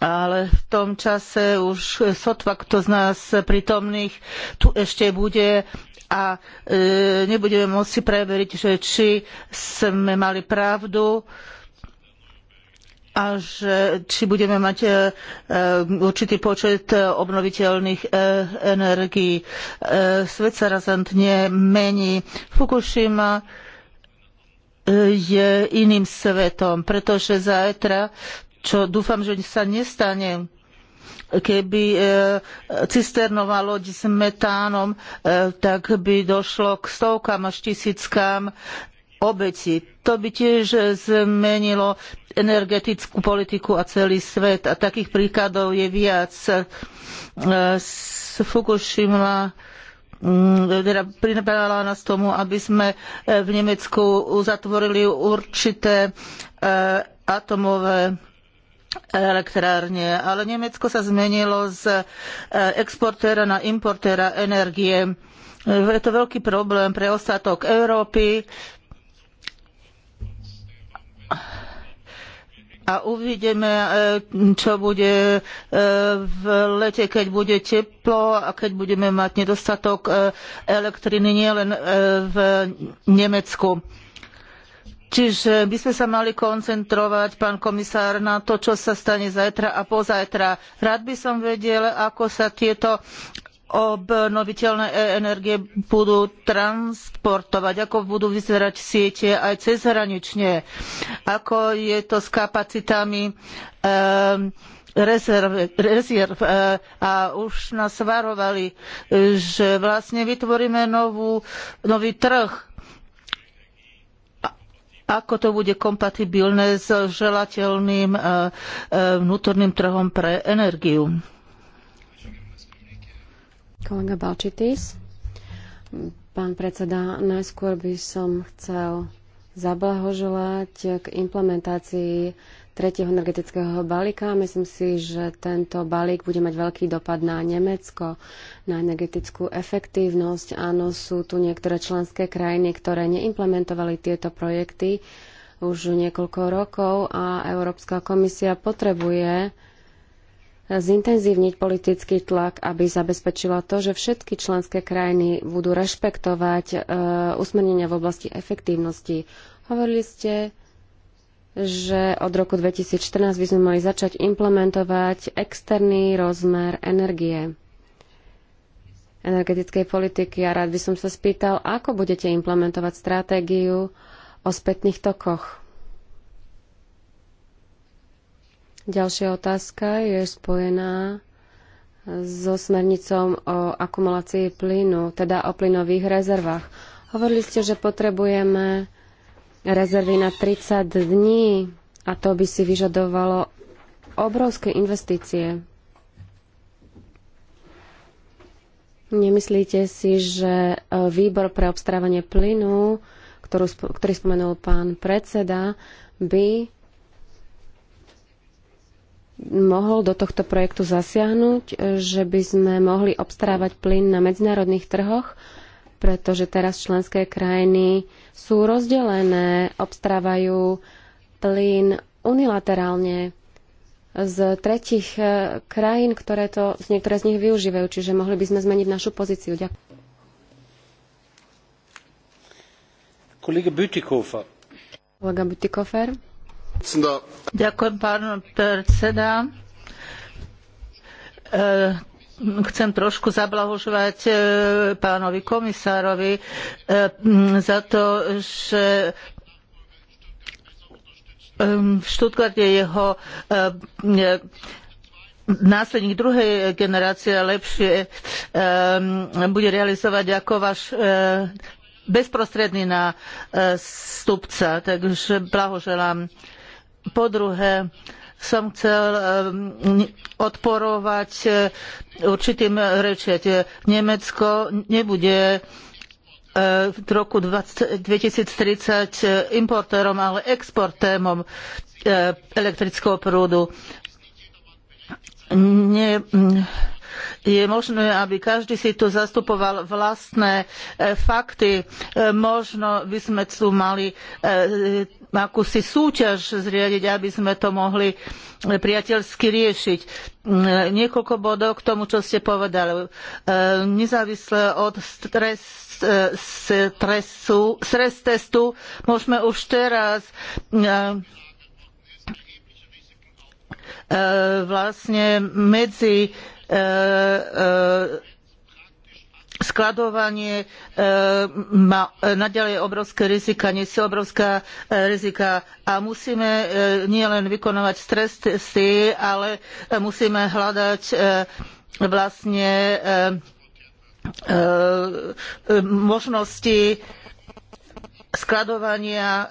ale v tom čase už sotva kto z nás prítomných tu ešte bude a e, nebudeme môcť si preveriť, že či sme mali pravdu a že či budeme mať e, e, určitý počet obnoviteľných energií. Svet sa razantne mení. Fukushima je iným svetom, pretože zajtra čo dúfam, že sa nestane keby e, cisternová loď s metánom, e, tak by došlo k stovkám až tisíckám obeti. To by tiež zmenilo energetickú politiku a celý svet. A takých príkladov je viac. E, s Fukushima mm, teda pripravila nás tomu, aby sme v Nemecku uzatvorili určité atomové elektrárne, ale Nemecko sa zmenilo z e, exportéra na importéra energie. Je to veľký problém pre ostatok Európy. A uvidíme, e, čo bude e, v lete, keď bude teplo a keď budeme mať nedostatok elektriny nielen v Nemecku. Čiže by sme sa mali koncentrovať, pán komisár, na to, čo sa stane zajtra a pozajtra. Rád by som vedel, ako sa tieto obnoviteľné e- energie budú transportovať, ako budú vyzerať siete aj cezhranične, ako je to s kapacitami um, rezerv, e- a už nás varovali, že vlastne vytvoríme novú, nový trh ako to bude kompatibilné s želateľným e, e, vnútorným trhom pre energiu. Kolega Balčitis, pán predseda, najskôr by som chcel zablahoželať k implementácii tretieho energetického balíka. Myslím si, že tento balík bude mať veľký dopad na Nemecko, na energetickú efektívnosť. Áno, sú tu niektoré členské krajiny, ktoré neimplementovali tieto projekty už niekoľko rokov a Európska komisia potrebuje zintenzívniť politický tlak, aby zabezpečila to, že všetky členské krajiny budú rešpektovať e, usmernenia v oblasti efektívnosti. Hovorili ste že od roku 2014 by sme mali začať implementovať externý rozmer energie energetickej politiky a rád by som sa spýtal, ako budete implementovať stratégiu o spätných tokoch. Ďalšia otázka je spojená so smernicou o akumulácii plynu, teda o plynových rezervách. Hovorili ste, že potrebujeme rezervy na 30 dní a to by si vyžadovalo obrovské investície. Nemyslíte si, že e, výbor pre obstarávanie plynu, ktorú, ktorý spomenul pán predseda, by mohol do tohto projektu zasiahnuť, e, že by sme mohli obstarávať plyn na medzinárodných trhoch pretože teraz členské krajiny sú rozdelené, obstrávajú plyn unilaterálne z tretich eh, krajín, ktoré to, niektoré z nich využívajú, čiže mohli by sme zmeniť našu pozíciu. Ďakujem. Kolega Bütikofer. Kolega Bütikofer. Ďakujem, pán predseda eh, chcem trošku zablahožovať e, pánovi komisárovi e, za to, že v Štutgarte jeho e, následník druhej generácie lepšie bude realizovať ako váš bezprostredný nástupca. Takže blahoželám. Po druhé, som chcel ehm, odporovať e, určitým rečiať. Nemecko nebude e, v roku 2030 e, importérom, ale exportérom elektrického prúdu. Nie, je možné, aby každý si tu zastupoval vlastné e, fakty. E, možno by sme tu mali e, akúsi súťaž zriadiť, aby sme to mohli priateľsky riešiť. Mm, niekoľko bodov k tomu, čo ste povedali. Nezávisle od stres stresu, stres testu môžeme už teraz mm, vlastne medzi E, e, skladovanie e, má naďalej obrovské rizika, nesie obrovská rizika a musíme nielen vykonávať stres ale musíme hľadať vlastne možnosti skladovania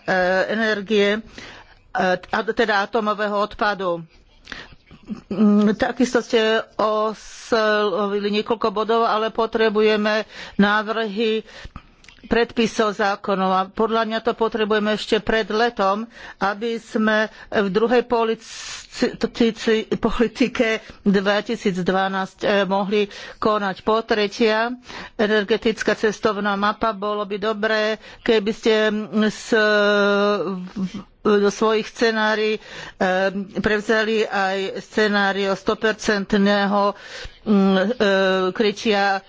energie, teda atómového odpadu Mm, takisto ste oslovili niekoľko bodov, ale potrebujeme návrhy predpisov zákonov a podľa mňa to potrebujeme ešte pred letom, aby sme v druhej politike 2012 eh, mohli konať. Po tretia, energetická cestovná mapa, bolo by dobré, keby ste mm, s do svojich scenárií eh, prevzali aj scenário 100-percentného mm, eh, krytia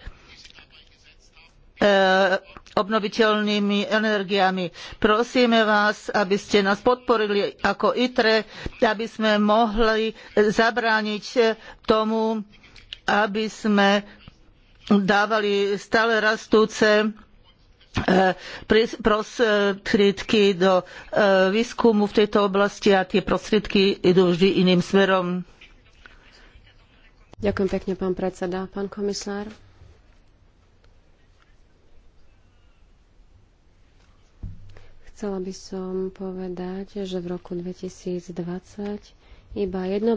obnoviteľnými energiami. Prosíme vás, aby ste nás podporili ako ITRE, aby sme mohli zabrániť tomu, aby sme dávali stále rastúce eh, prostriedky do eh, výskumu v tejto oblasti a tie prostriedky idú vždy iným smerom. Ďakujem pekne, pán predseda. Pán komisár. Chcela by som povedať, že v roku 2020 iba 1%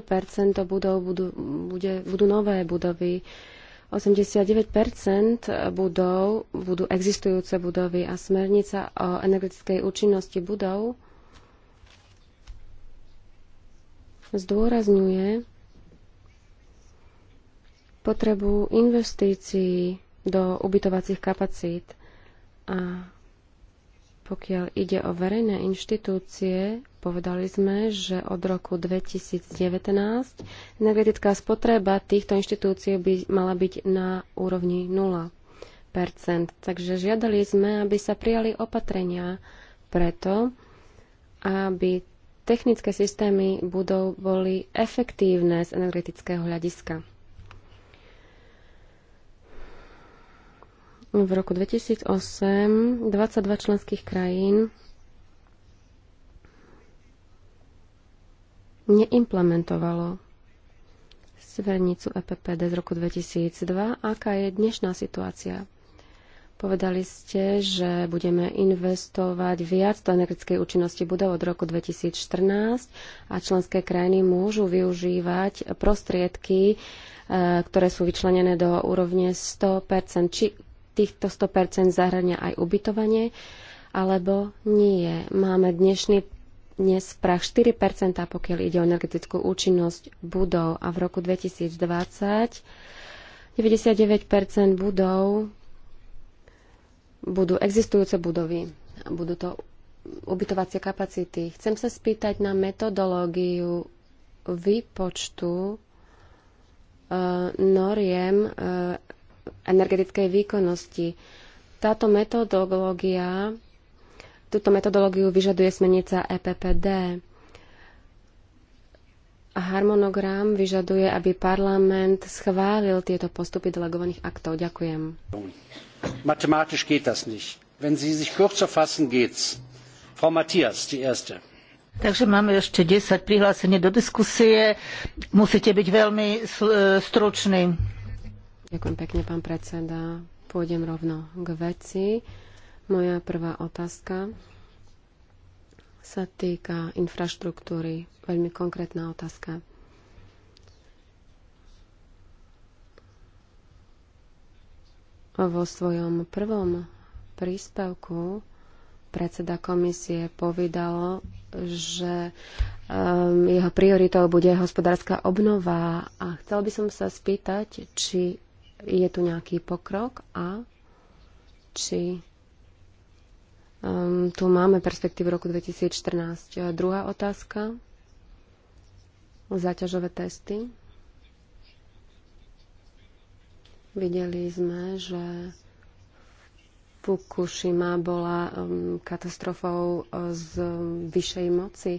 budov budú, bude, budú nové budovy. 89 budov budú existujúce budovy a smernica o energetickej účinnosti budov zdôrazňuje potrebu investícií do ubytovacích kapacít a pokiaľ ide o verejné inštitúcie, povedali sme, že od roku 2019 energetická spotreba týchto inštitúcií by mala byť na úrovni 0 Takže žiadali sme, aby sa prijali opatrenia preto, aby technické systémy budov boli efektívne z energetického hľadiska. v roku 2008 22 členských krajín neimplementovalo svernicu EPPD z roku 2002. Aká je dnešná situácia? Povedali ste, že budeme investovať viac do energetickej účinnosti budov od roku 2014 a členské krajiny môžu využívať prostriedky, e, ktoré sú vyčlenené do úrovne 100%. Či týchto 100% zahrania aj ubytovanie, alebo nie. Máme dnešný dnes prach 4%, pokiaľ ide o energetickú účinnosť budov a v roku 2020 99% budov budú existujúce budovy. Budú to ubytovacie kapacity. Chcem sa spýtať na metodológiu výpočtu eh, noriem eh, energetickej výkonnosti. Táto metodológia, túto metodológiu vyžaduje smernica EPPD. A harmonogram vyžaduje, aby parlament schválil tieto postupy delegovaných aktov. Ďakujem. Matematisch geht das nicht. Wenn Sie sich kürzer fassen, geht's. Frau Matthias, die erste. Takže máme ešte 10 prihlásení do diskusie. Musíte byť veľmi e, stručný. Ďakujem pekne, pán predseda. Pôjdem rovno k veci. Moja prvá otázka sa týka infraštruktúry. Veľmi konkrétna otázka. Vo svojom prvom príspevku predseda komisie povedal, že um, jeho prioritou bude hospodárska obnova a chcel by som sa spýtať, či je tu nejaký pokrok a či um, tu máme perspektívu roku 2014. Druhá otázka. Záťažové testy. Videli sme, že Fukushima bola um, katastrofou uh, z um, vyššej moci.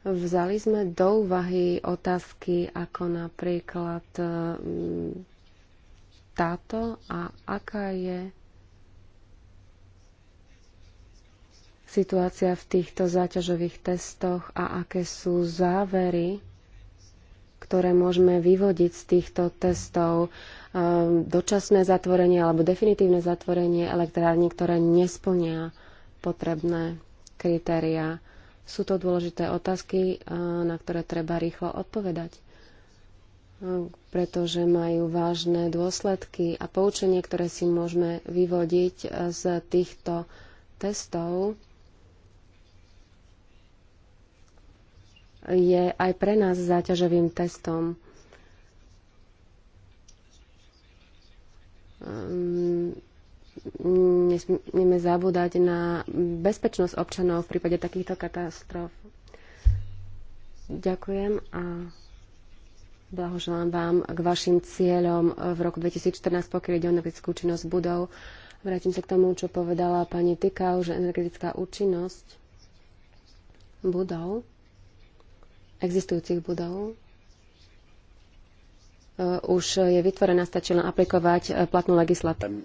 Vzali sme do úvahy otázky ako napríklad um, táto a aká je situácia v týchto záťažových testoch a aké sú závery, ktoré môžeme vyvodiť z týchto testov um, dočasné zatvorenie alebo definitívne zatvorenie elektrární, ktoré nesplnia potrebné kritériá. Sú to dôležité otázky, uh, na ktoré treba rýchlo odpovedať pretože majú vážne dôsledky a poučenie, ktoré si môžeme vyvodiť e, z týchto testov, je aj pre nás záťažovým testom. Ehm, nesmieme zabúdať na bezpečnosť občanov v prípade takýchto katastrof. Ďakujem a Blahoželám vám k vašim cieľom v roku 2014, pokiaľ ide o energetickú činnosť budov. Vrátim sa k tomu, čo povedala pani Tykau, že energetická účinnosť budov, existujúcich budov, eh, už je vytvorená, stačí len aplikovať eh, platnú legislatívu.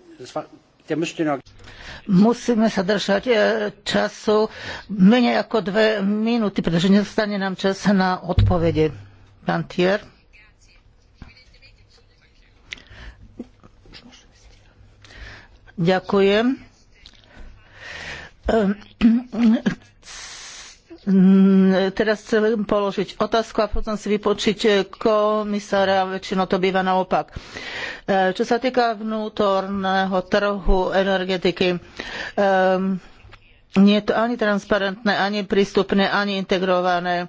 Musíme sa držať eh, času menej ako dve minúty, pretože nedostane nám čas na odpovede. Pán Tier. Ďakujem. Ehm, teraz chcem položiť otázku a potom si vypočiť eh, komisára, väčšinou to býva naopak. Eh, čo sa týka vnútorného trhu energetiky, ehm, nie je to ani transparentné, ani prístupné, ani integrované.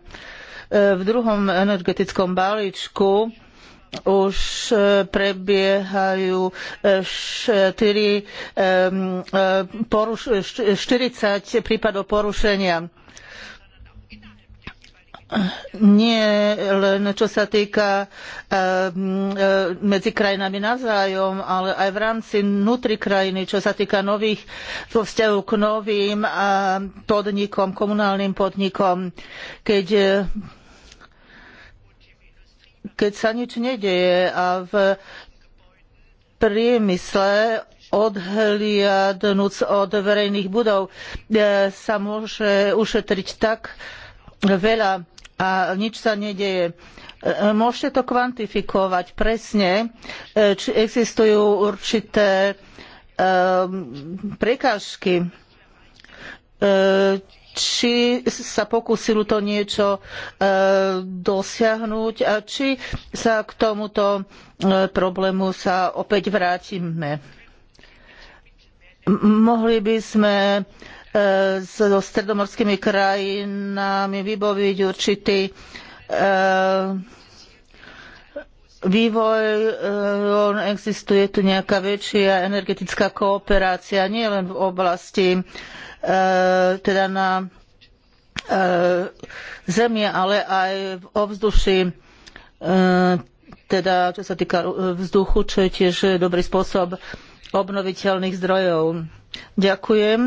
Eh, v druhom energetickom balíčku už e, prebiehajú 4, e, 40 e, prípadov porušenia nie len čo sa týka medzi krajinami navzájom, ale aj v rámci vnútri krajiny, čo sa týka nových vo vzťahu k novým podnikom, komunálnym podnikom, keď keď sa nič nedeje a v priemysle odhliadnúc od verejných budov e, sa môže ušetriť tak veľa a nič sa nedeje. E, môžete to kvantifikovať presne, e, či existujú určité prekážky, či sa pokúsilo to niečo e, dosiahnuť a či sa k tomuto e, problému sa opäť vrátime. Mohli by sme e, so stredomorskými krajinami vybaviť určitý vývoj, existuje tu nejaká väčšia energetická kooperácia nielen v oblasti E, teda na e, zemi, ale aj v ovzduši e, teda čo sa týka vzduchu, čo je tiež dobrý spôsob obnoviteľných zdrojov. Ďakujem.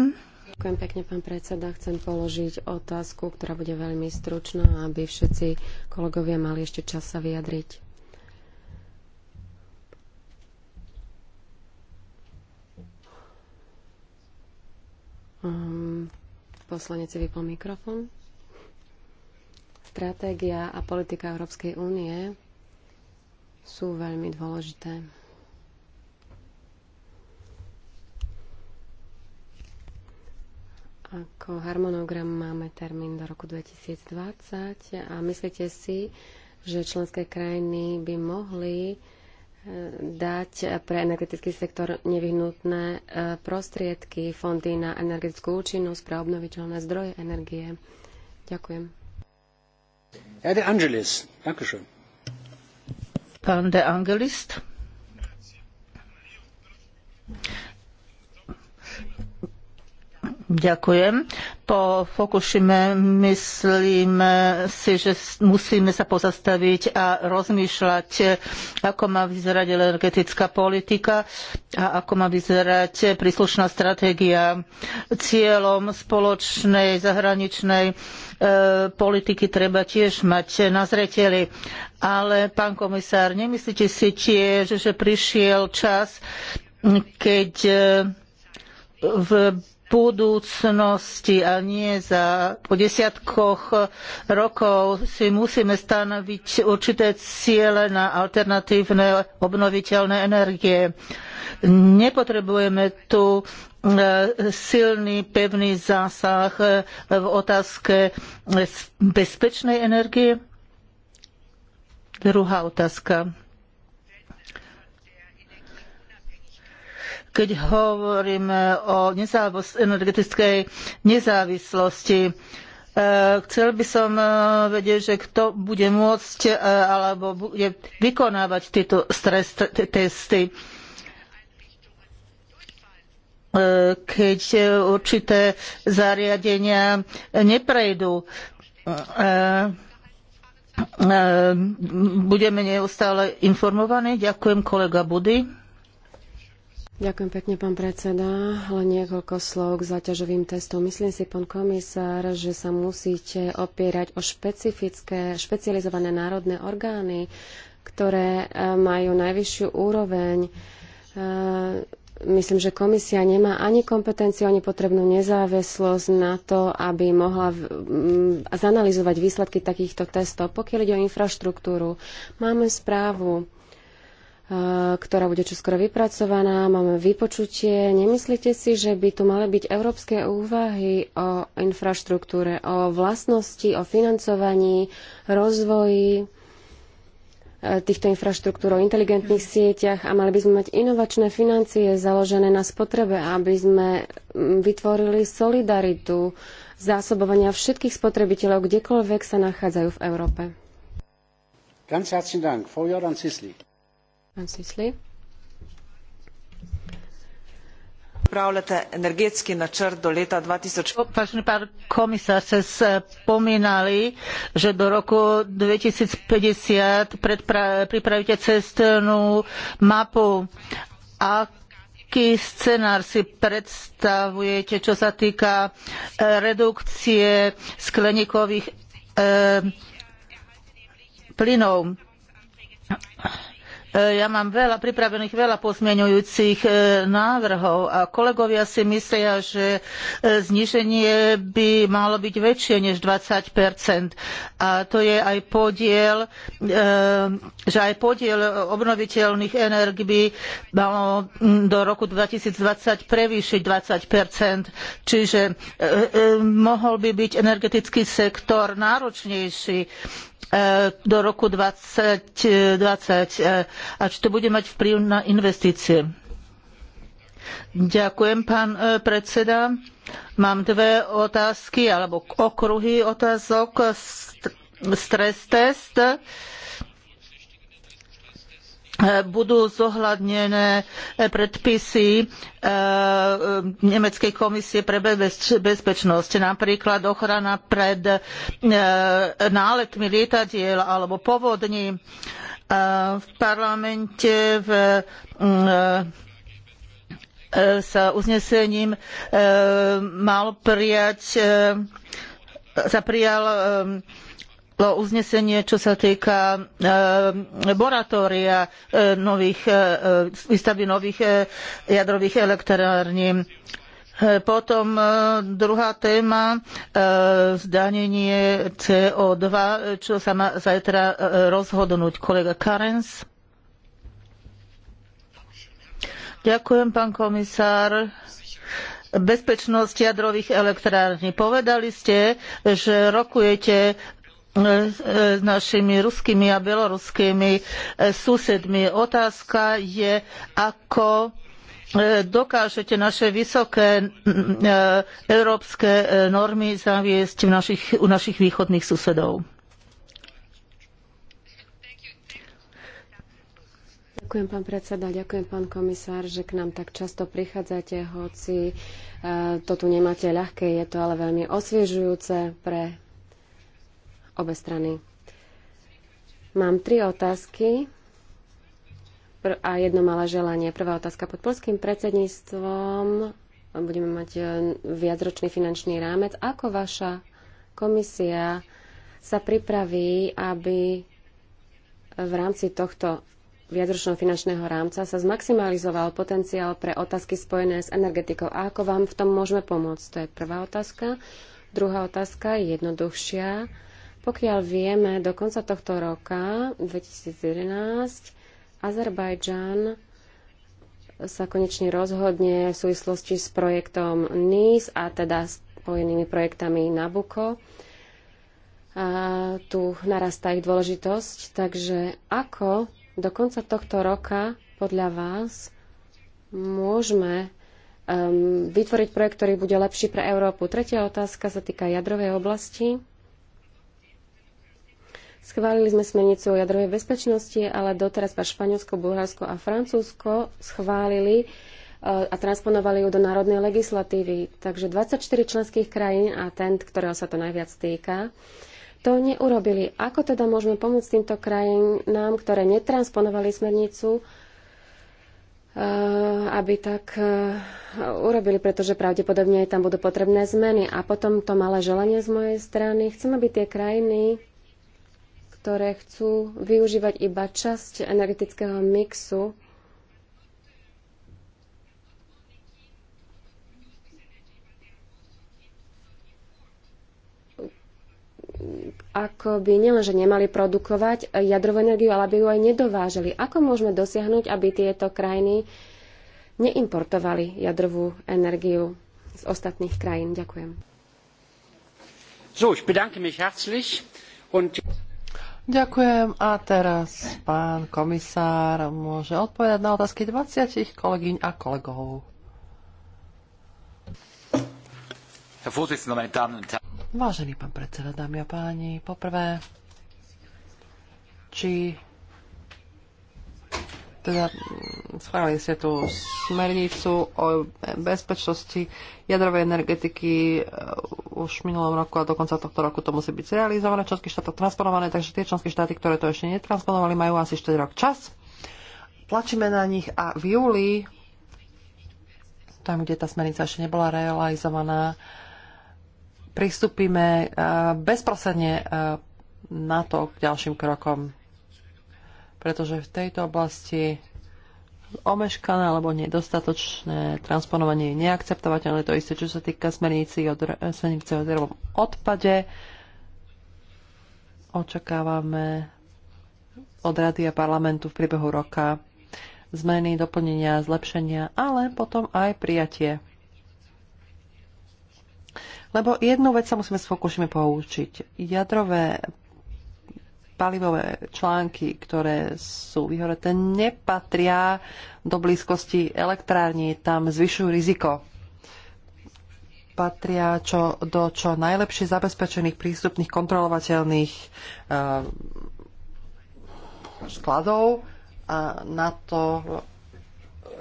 Ďakujem pekne, pán predseda. Chcem položiť otázku, ktorá bude veľmi stručná, aby všetci kolegovia mali ešte čas sa vyjadriť. Um, poslanec si vypol mikrofón. Stratégia a politika Európskej únie sú veľmi dôležité. Ako harmonogram máme termín do roku 2020 a myslíte si, že členské krajiny by mohli dať pre energetický sektor nevyhnutné e, prostriedky, fondy na energetickú účinnosť pre obnoviteľné zdroje energie. Ďakujem. Herr de Angelis, Dankeschön. Pán de Angelis. Ďakujem. Po Fukushime myslím si, že musíme sa pozastaviť a rozmýšľať, ako má vyzerať energetická politika a ako má vyzerať príslušná stratégia. Cieľom spoločnej zahraničnej e, politiky treba tiež mať na zreteli. Ale, pán komisár, nemyslíte si tiež, že prišiel čas, keď e, v budúcnosti a nie za po desiatkoch rokov si musíme stanoviť určité ciele na alternatívne obnoviteľné energie. Nepotrebujeme tu e, silný, pevný zásah v otázke bezpečnej energie? Druhá otázka keď hovoríme o energetickej nezávislosti. E, chcel by som e, vedieť, že kto bude môcť e, alebo bude vykonávať tieto stres testy keď určité zariadenia neprejdú. Budeme neustále informovaní. Ďakujem kolega Budy. Ďakujem pekne, pán predseda. Len niekoľko slov k záťažovým testom. Myslím si, pán komisár, že sa musíte opierať o špecifické, špecializované národné orgány, ktoré e, majú najvyššiu úroveň. E, myslím, že komisia nemá ani kompetenciu, ani potrebnú nezávislosť na to, aby mohla zanalizovať výsledky takýchto testov. Pokiaľ ide o infraštruktúru, máme správu ktorá bude čoskoro vypracovaná. Máme vypočutie. Nemyslíte si, že by tu mali byť európske úvahy o infraštruktúre, o vlastnosti, o financovaní, rozvoji e, týchto infraštruktúr, o inteligentných sieťach a mali by sme mať inovačné financie založené na spotrebe, aby sme vytvorili solidaritu zásobovania všetkých spotrebiteľov, kdekoľvek sa nachádzajú v Európe. Ganz herzlichen Dank, Frau Jordan Pán pripravljate energetski načrt do leta Vážený pán komisár, ste spomínali, že do roku 2050 pripravíte cestnú mapu. Aký scenár si predstavujete, čo sa týka e, redukcie skleníkových e, plynov? E, ja mám veľa pripravených veľa pozmeňujúcich e, návrhov a kolegovia si myslia, že e, zníženie by malo byť väčšie než 20 A to je aj podiel, že aj podiel obnoviteľných energií by malo do roku 2020 prevýšiť 20 Čiže mohol by byť energetický sektor náročnejší E, do roku 2020, e, e, a či to bude mať vplyv na investície. Ďakujem, pán predseda. Mám dve otázky alebo okruhy otázok. Stres test budú zohľadnené predpisy e, Nemeckej komisie pre bezpečnosť, napríklad ochrana pred e, náletmi lietadiel alebo povodní. E, v parlamente v sa uznesením mal prijať sa prijal uznesenie, čo sa týka eh, moratória eh, nových, eh, výstavby nových jadrových elektrární. Potom druhá téma, zdanenie CO2, čo sa má zajtra rozhodnúť kolega Karens. Ďakujem, pán komisár bezpečnosť jadrových elektrární. Povedali ste, že rokujete s našimi ruskými a bieloruskými e, susedmi. Otázka je, ako e, dokážete naše vysoké e, európske normy zaviesť našich, u našich východných susedov. Ďakujem, pán predseda, ďakujem, pán komisár, že k nám tak často prichádzate, hoci to tu nemáte ľahké, je to ale veľmi osviežujúce pre obe strany. Mám tri otázky a jedno malé želanie. Prvá otázka. Pod polským predsedníctvom budeme mať e, viacročný finančný rámec. Ako vaša komisia sa pripraví, aby v rámci tohto viacročného finančného rámca sa zmaximalizoval potenciál pre otázky spojené s energetikou a ako vám v tom môžeme pomôcť? To je prvá otázka. Druhá otázka je jednoduchšia pokiaľ vieme, do konca tohto roka, 2011, Azerbajdžan sa konečne rozhodne v súvislosti s projektom NIS a teda spojenými projektami Nabuko. A tu narastá ich dôležitosť, takže ako do konca tohto roka podľa vás môžeme um, vytvoriť projekt, ktorý bude lepší pre Európu? Tretia otázka sa týka jadrovej oblasti. Schválili sme smernicu o jadrovej bezpečnosti, ale doteraz pa Španielsko, Bulharsko a Francúzsko schválili e, a transponovali ju do národnej legislatívy. Takže 24 členských krajín a ten, ktorého sa to najviac týka, to neurobili. Ako teda môžeme pomôcť týmto krajinám, ktoré netransponovali smernicu, e, aby tak e, urobili, pretože pravdepodobne aj tam budú potrebné zmeny. A potom to malé želanie z mojej strany. Chcem, aby tie krajiny ktoré chcú využívať iba časť energetického mixu, ako by nielenže nemali produkovať jadrovú energiu, ale aby ju aj nedovážali. Ako môžeme dosiahnuť, aby tieto krajiny neimportovali jadrovú energiu z ostatných krajín? Ďakujem. So, ich bedanke mich herzlich und Ďakujem. A teraz pán komisár môže odpovedať na otázky 20 kolegyň a kolegov. Vážený pán predseda, dámy a páni, poprvé, či teda mm, schválili ste tú smernicu o bezpečnosti jadrovej energetiky e, už v minulom roku a dokonca tohto roku to musí byť zrealizované členské štáty transponované, takže tie členské štáty, ktoré to ešte netransponovali, majú asi 4 rok čas. Tlačíme na nich a v júli, tam, kde tá smernica ešte nebola realizovaná, pristúpime e, bezprostredne e, na to k ďalším krokom pretože v tejto oblasti omeškané alebo nedostatočné transponovanie je neakceptovateľné. To isté, čo sa týka smernice o, smernice o odpade. Očakávame od Rady a parlamentu v priebehu roka zmeny, doplnenia, zlepšenia, ale potom aj prijatie. Lebo jednu vec sa musíme s poučiť. Jadrové palivové články, ktoré sú vyhoreté, nepatria do blízkosti elektrárni, tam zvyšujú riziko. Patria čo, do čo najlepšie zabezpečených prístupných kontrolovateľných uh, skladov a na to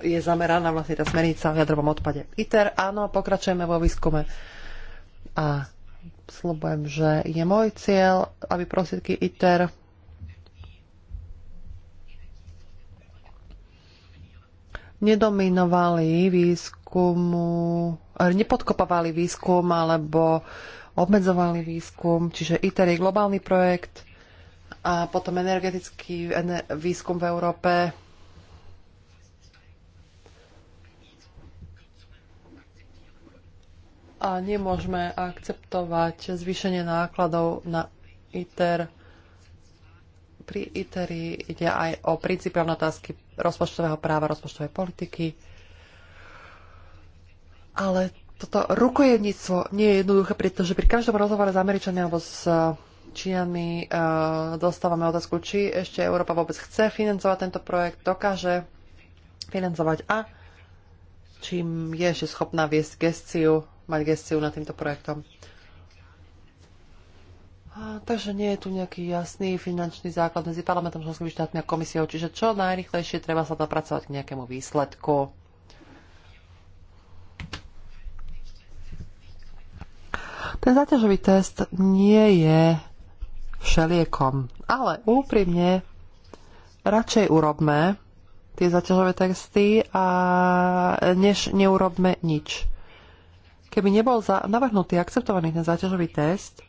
je zameraná vlastne tá smernica v jadrovom odpade. ITER, áno, pokračujeme vo výskume. A slobujem, že je môj cieľ, aby prostriedky ITER nedominovali výskumu, eh, nepodkopovali výskum alebo obmedzovali výskum, čiže ITER je globálny projekt a potom energetický výskum v Európe a nemôžeme akceptovať zvýšenie nákladov na ITER. Pri ITERi ide aj o principiálne otázky rozpočtového práva, rozpočtovej politiky. Ale toto rukojevníctvo nie je jednoduché, pretože pri každom rozhovore s Američanmi alebo s eh, Číňanmi e, dostávame otázku, či ešte Európa vôbec chce financovať tento projekt, dokáže financovať a čím je ešte schopná viesť gestiu mať gestiu nad týmto projektom. A, takže nie je tu nejaký jasný finančný základ medzi parlamentom členskými štátmi a komisiou, čiže čo najrychlejšie treba sa dopracovať k nejakému výsledku. Ten záťažový test nie je všeliekom, ale úprimne radšej urobme tie zaťažové testy a než neurobme nič. Keby nebol za, navrhnutý, akceptovaný ten záťažový test,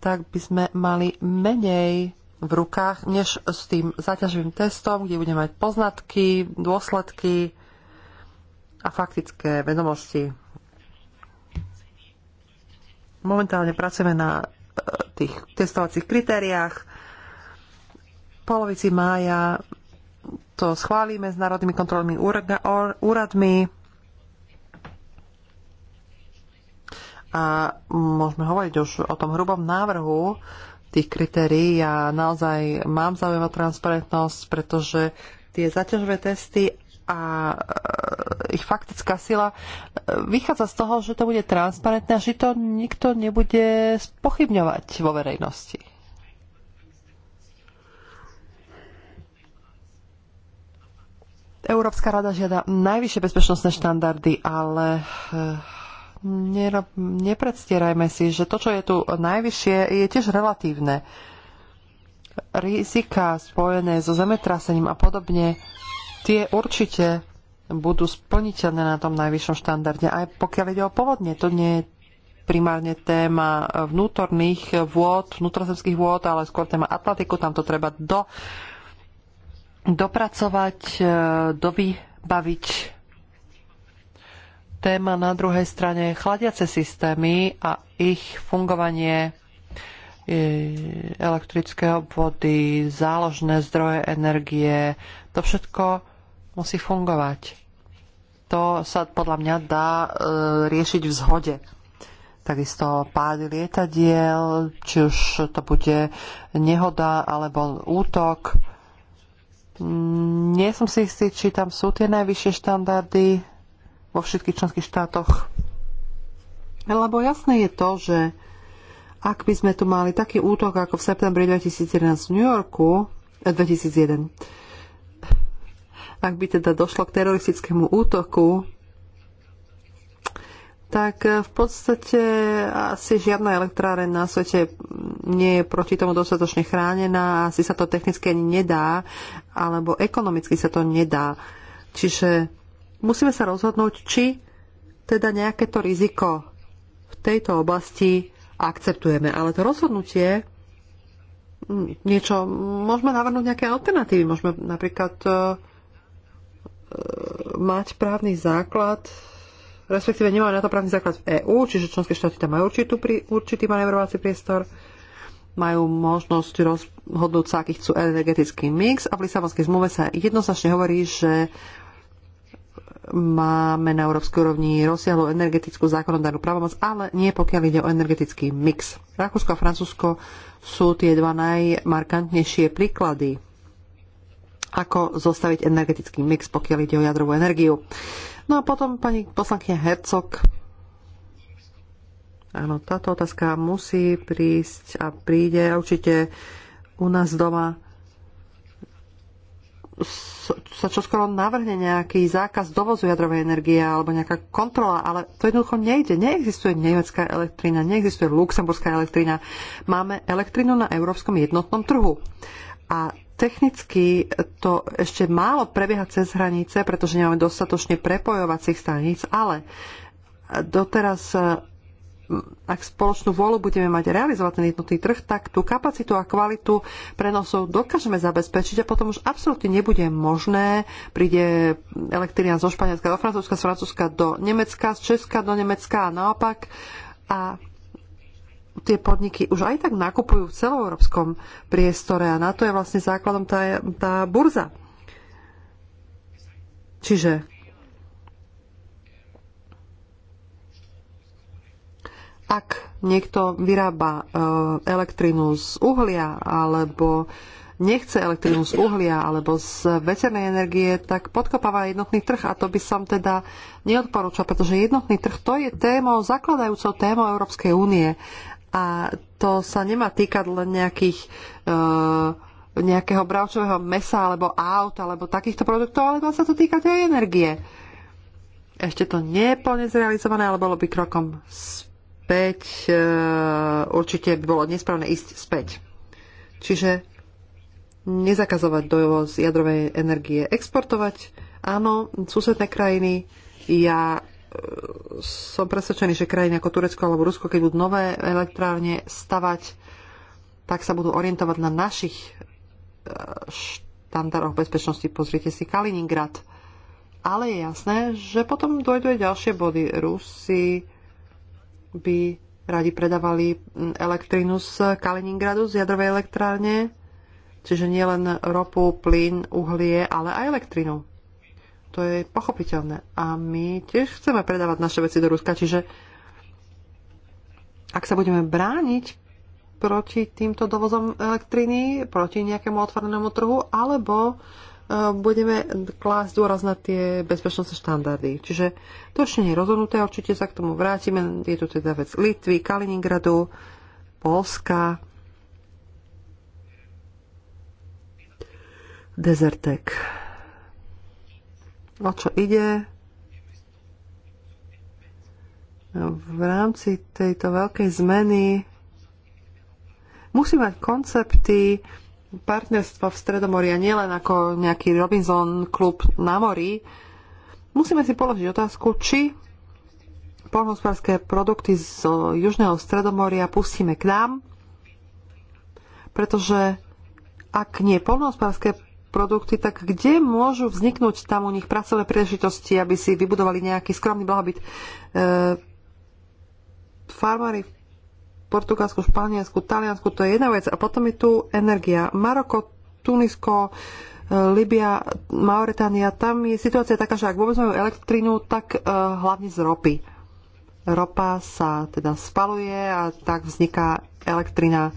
tak by sme mali menej v rukách, než s tým záťažovým testom, kde budeme mať poznatky, dôsledky a faktické vedomosti. Momentálne pracujeme na e, tých testovacích kritériách. V polovici mája to schválime s národnými kontrolnými úradmi a môžeme hovoriť už o tom hrubom návrhu tých kritérií. Ja naozaj mám záujem o transparentnosť, pretože tie zaťažové testy a e, ich faktická sila e, vychádza z toho, že to bude transparentné a že to nikto nebude spochybňovať vo verejnosti. Európska rada žiada najvyššie bezpečnostné štandardy, ale e, nerob, nepredstierajme si, že to, čo je tu najvyššie, je tiež relatívne. Rizika spojené so zemetrasením a podobne, tie určite budú splniteľné na tom najvyššom štandarde. Aj pokiaľ ide o povodne, to nie je primárne téma vnútorných vôd, vnútrozemských vôd, ale skôr téma Atlantiku, tam to treba do, dopracovať, e, dovybaviť téma na druhej strane chladiace systémy a ich fungovanie e, elektrické obvody, záložné zdroje energie, to všetko musí fungovať. To sa podľa mňa dá e, riešiť v zhode. Takisto pády lietadiel, či už to bude nehoda alebo útok. Nie som si istý, či tam sú tie najvyššie štandardy vo všetkých členských štátoch. Lebo jasné je to, že ak by sme tu mali taký útok ako v septembri 2011 v New Yorku, 2001, eh, ak by teda došlo k teroristickému útoku, tak eh, v podstate asi žiadna elektráreň na svete nie je proti tomu dostatočne chránená, asi sa to technicky nedá, alebo ekonomicky sa to nedá. Čiže musíme sa rozhodnúť, či teda nejaké to riziko v tejto oblasti akceptujeme. Ale to rozhodnutie niečo, môžeme navrhnúť nejaké alternatívy. Môžeme napríklad e, e mať právny základ, respektíve nemáme na to právny základ v EÚ, čiže členské štáty tam majú určitú, určitý manevrovací priestor, majú možnosť rozhodnúť sa, aký chcú energetický mix a v Lisabonskej zmluve sa jednoznačne hovorí, že máme na európskej úrovni rozsiahlu energetickú zákonodárnu pravomoc, ale nie pokiaľ ide o energetický mix. Rakúsko a Francúzsko sú tie dva najmarkantnejšie príklady, ako zostaviť energetický mix, pokiaľ ide o jadrovú energiu. No a potom pani poslankyňa Hercog. Áno, táto otázka musí prísť a príde určite u nás doma sa čoskoro navrhne nejaký zákaz dovozu jadrovej energie alebo nejaká kontrola, ale to jednoducho nejde. Neexistuje nemecká elektrina, neexistuje luxemburská elektrina. Máme elektrinu na európskom jednotnom trhu. A technicky to ešte málo prebieha cez hranice, pretože nemáme dostatočne prepojovacích staníc, ale doteraz ak spoločnú vôľu budeme mať realizovať ten jednotný trh, tak tú kapacitu a kvalitu prenosov dokážeme zabezpečiť a potom už absolútne nebude možné, príde elektrina zo Španielska do Francúzska, z Francúzska do Nemecka, z Česka do Nemecka a naopak. A tie podniky už aj tak nakupujú v celoeurópskom priestore a na to je vlastne základom tá, tá burza. Čiže ak niekto vyrába e, elektrínu z uhlia alebo nechce elektrínu z uhlia alebo z veternej energie, tak podkopáva jednotný trh a to by som teda neodporúčal, pretože jednotný trh to je témou, zakladajúcou témou Európskej únie a to sa nemá týkať len nejakých e, nejakého bravčového mesa alebo aut alebo takýchto produktov, ale to sa to týka aj energie. Ešte to nie je plne zrealizované, ale bolo by krokom späť 5 e, určite by bolo nesprávne ísť späť. Čiže nezakazovať dovoz jadrovej energie, exportovať. Áno, susedné krajiny, ja e, som presvedčený, že krajiny ako Turecko alebo Rusko, keď budú nové elektrárne stavať, tak sa budú orientovať na našich e, štandardoch bezpečnosti. Pozrite si Kaliningrad. Ale je jasné, že potom dojdú aj ďalšie body. Rusi, by radi predávali mm, elektrínu z Kaliningradu, z jadrovej elektrárne, čiže len ropu, plyn, uhlie, ale aj elektrínu. To je pochopiteľné. A my tiež chceme predávať naše veci do Ruska, čiže ak sa budeme brániť proti týmto dovozom elektriny, proti nejakému otvorenému trhu, alebo budeme klásť dôraz na tie bezpečnostné štandardy. Čiže to ešte nie je rozhodnuté, určite sa k tomu vrátime. Je tu teda vec Litvy, Kaliningradu, Polska, Desertek. O čo ide? V rámci tejto veľkej zmeny musí mať koncepty, partnerstvo v Stredomoria nielen ako nejaký Robinson klub na mori, musíme si položiť otázku, či polnohospodárske produkty z Južného Stredomoria pustíme k nám, pretože ak nie polnohospodárske produkty, tak kde môžu vzniknúť tam u nich pracovné príležitosti, aby si vybudovali nejaký skromný blahobyt? E, farmári v Portugalsku, Španielsku, Taliansku, to je jedna vec. A potom je tu energia. Maroko, Tunisko, e, Libia, Mauretania. tam je situácia taká, že ak vôbec majú elektrínu, tak uh, hlavne z ropy. Ropa sa teda spaluje a tak vzniká elektrina.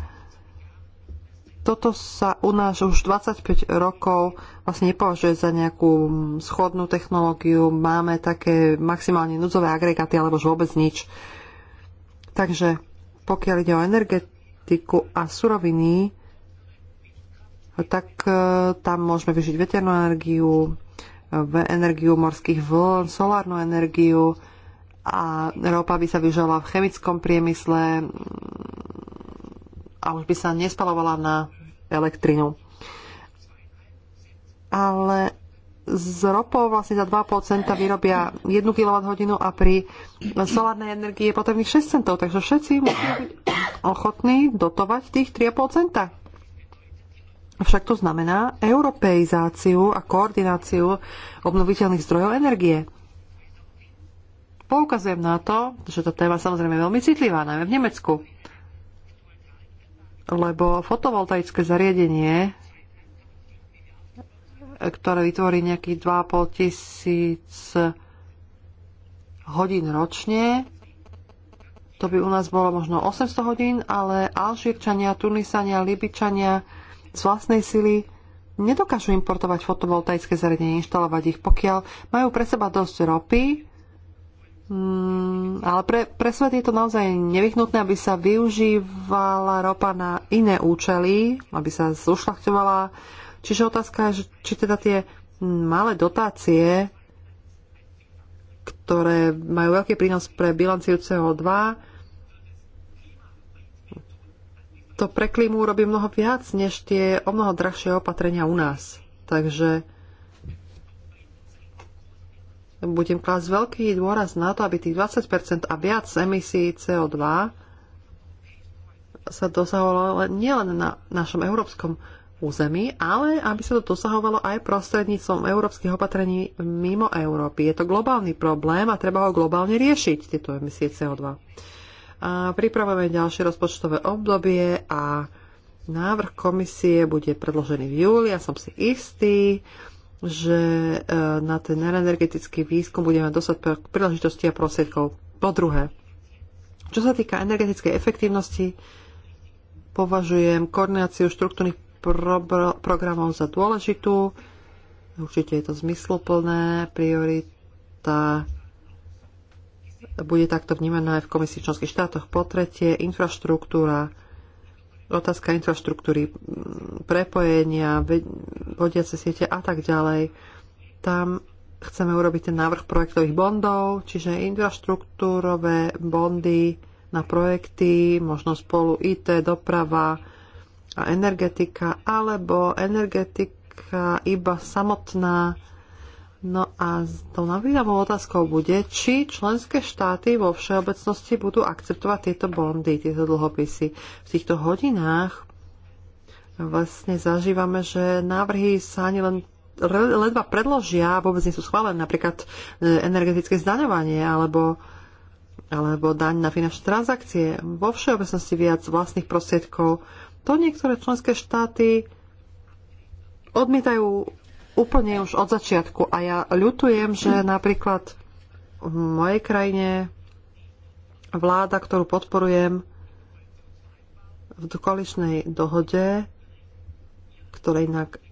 Toto sa u nás už 25 rokov vlastne nepovažuje za nejakú schodnú technológiu. Máme také maximálne núdzové agregáty alebo už vôbec nič. Takže pokiaľ ide o energetiku a suroviny, tak e, tam môžeme vyžiť veternú energiu, energiu morských vln, solárnu energiu a ropa by sa vyžala v chemickom priemysle mm, a už by sa nespalovala na elektrinu. Ale z ropou vlastne za 2% vyrobia 1 kWh a pri solárnej energii je potrebných 6 centov, takže všetci musia byť ochotní dotovať tých 3,5 Však to znamená europeizáciu a koordináciu obnoviteľných zdrojov energie. Poukazujem na to, že tá téma samozrejme je veľmi citlivá, najmä v Nemecku. Lebo fotovoltaické zariadenie ktoré vytvorí nejakých 2,5 tisíc hodín ročne. To by u nás bolo možno 800 hodín, ale Alžírčania, Tunisania, Libičania z vlastnej sily nedokážu importovať fotovoltaické zariadenie, inštalovať ich, pokiaľ majú pre seba dosť ropy, mm, ale pre, pre svet je to naozaj nevyhnutné, aby sa využívala ropa na iné účely, aby sa zušlachtovala, Čiže otázka je, či teda tie malé dotácie, ktoré majú veľký prínos pre bilanciu CO2, to pre klímu robí mnoho viac, než tie o mnoho drahšie opatrenia u nás. Takže budem klásť veľký dôraz na to, aby tých 20% a viac emisí CO2 sa dosahovalo nielen na našom európskom území, ale aby sa to dosahovalo aj prostredníctvom európskych opatrení mimo Európy. Je to globálny problém a treba ho globálne riešiť, tieto emisie CO2. A pripravujeme ďalšie rozpočtové obdobie a návrh komisie bude predložený v júli. Ja som si istý, že e, na ten energetický výskum budeme dostať príležitosti a prosiedkov. Po druhé, čo sa týka energetickej efektívnosti, považujem koordináciu štruktúrnych pro, pro, programov za dôležitú. Určite je to zmysluplné. Priorita bude takto vnímaná aj v komisii členských štátoch. Po tretie, infraštruktúra. Otázka infraštruktúry, prepojenia, vodiace siete a tak ďalej. Tam chceme urobiť ten návrh projektových bondov, čiže infraštruktúrové bondy na projekty, možno spolu IT, doprava, a energetika, alebo energetika iba samotná. No a tou navýdavou otázkou bude, či členské štáty vo všeobecnosti budú akceptovať tieto bondy, tieto dlhopisy. V týchto hodinách vlastne zažívame, že návrhy sa ani len ledva predložia a vôbec nie sú schválené. Napríklad e, energetické zdaňovanie alebo alebo daň na finančné transakcie, vo všeobecnosti viac vlastných prostriedkov to niektoré členské štáty odmietajú úplne už od začiatku a ja ľutujem, že napríklad v mojej krajine vláda, ktorú podporujem v koaličnej dohode, ktorá inak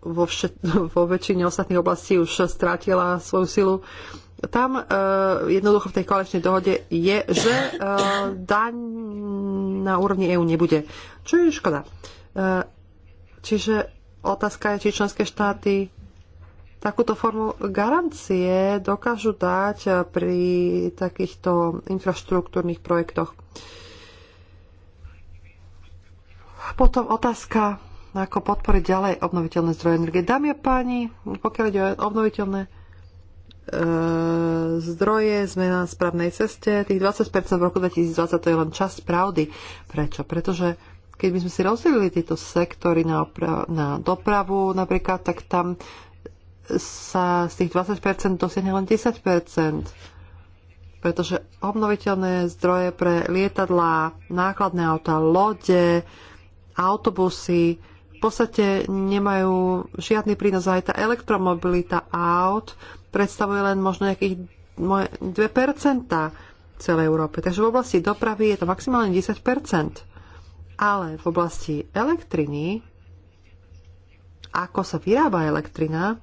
vo, všet, vo väčšine ostatných oblastí už strátila svoju silu, tam uh, jednoducho v tej koaličnej dohode je, že uh, daň na úrovni EÚ nebude. Čo je škoda. Uh, čiže otázka je, či členské štáty takúto formu garancie dokážu dať pri takýchto infraštruktúrnych projektoch. Potom otázka, ako podporiť ďalej obnoviteľné zdroje energie. Dámy a páni, pokiaľ ide o obnoviteľné E, zdroje, sme na správnej ceste. Tých 20% v roku 2020 to je len časť pravdy. Prečo? Pretože keď by sme si rozdelili tieto sektory na, na dopravu napríklad, tak tam sa z tých 20% dosiahne len 10%, pretože obnoviteľné zdroje pre lietadlá, nákladné auta, lode, autobusy, podstate nemajú žiadny prínos. Aj tá elektromobilita aut predstavuje len možno nejakých 2% celej Európy. Takže v oblasti dopravy je to maximálne 10%. Ale v oblasti elektriny, ako sa vyrába elektrina,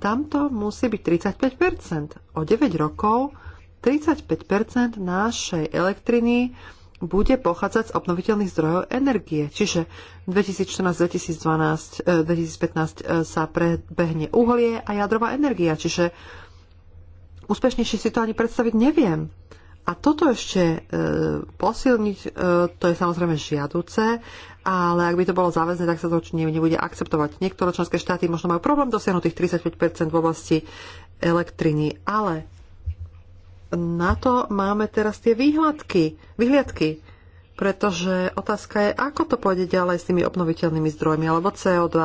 tamto musí byť 35%. O 9 rokov 35% našej elektriny bude pochádzať z obnoviteľných zdrojov energie. Čiže 2014-2015 eh, eh, sa prebehne uhlie a jadrová energia. Čiže úspešnejšie si to ani predstaviť neviem. A toto ešte e, posilniť, e, to je samozrejme žiaduce, ale ak by to bolo záväzné, tak sa to určite nebude akceptovať. Niektoré členské štáty možno majú problém dosiahnuť tých 35% v oblasti elektriny, ale na to máme teraz tie výhľadky, vyhliadky, pretože otázka je, ako to pôjde ďalej s tými obnoviteľnými zdrojmi alebo CO2.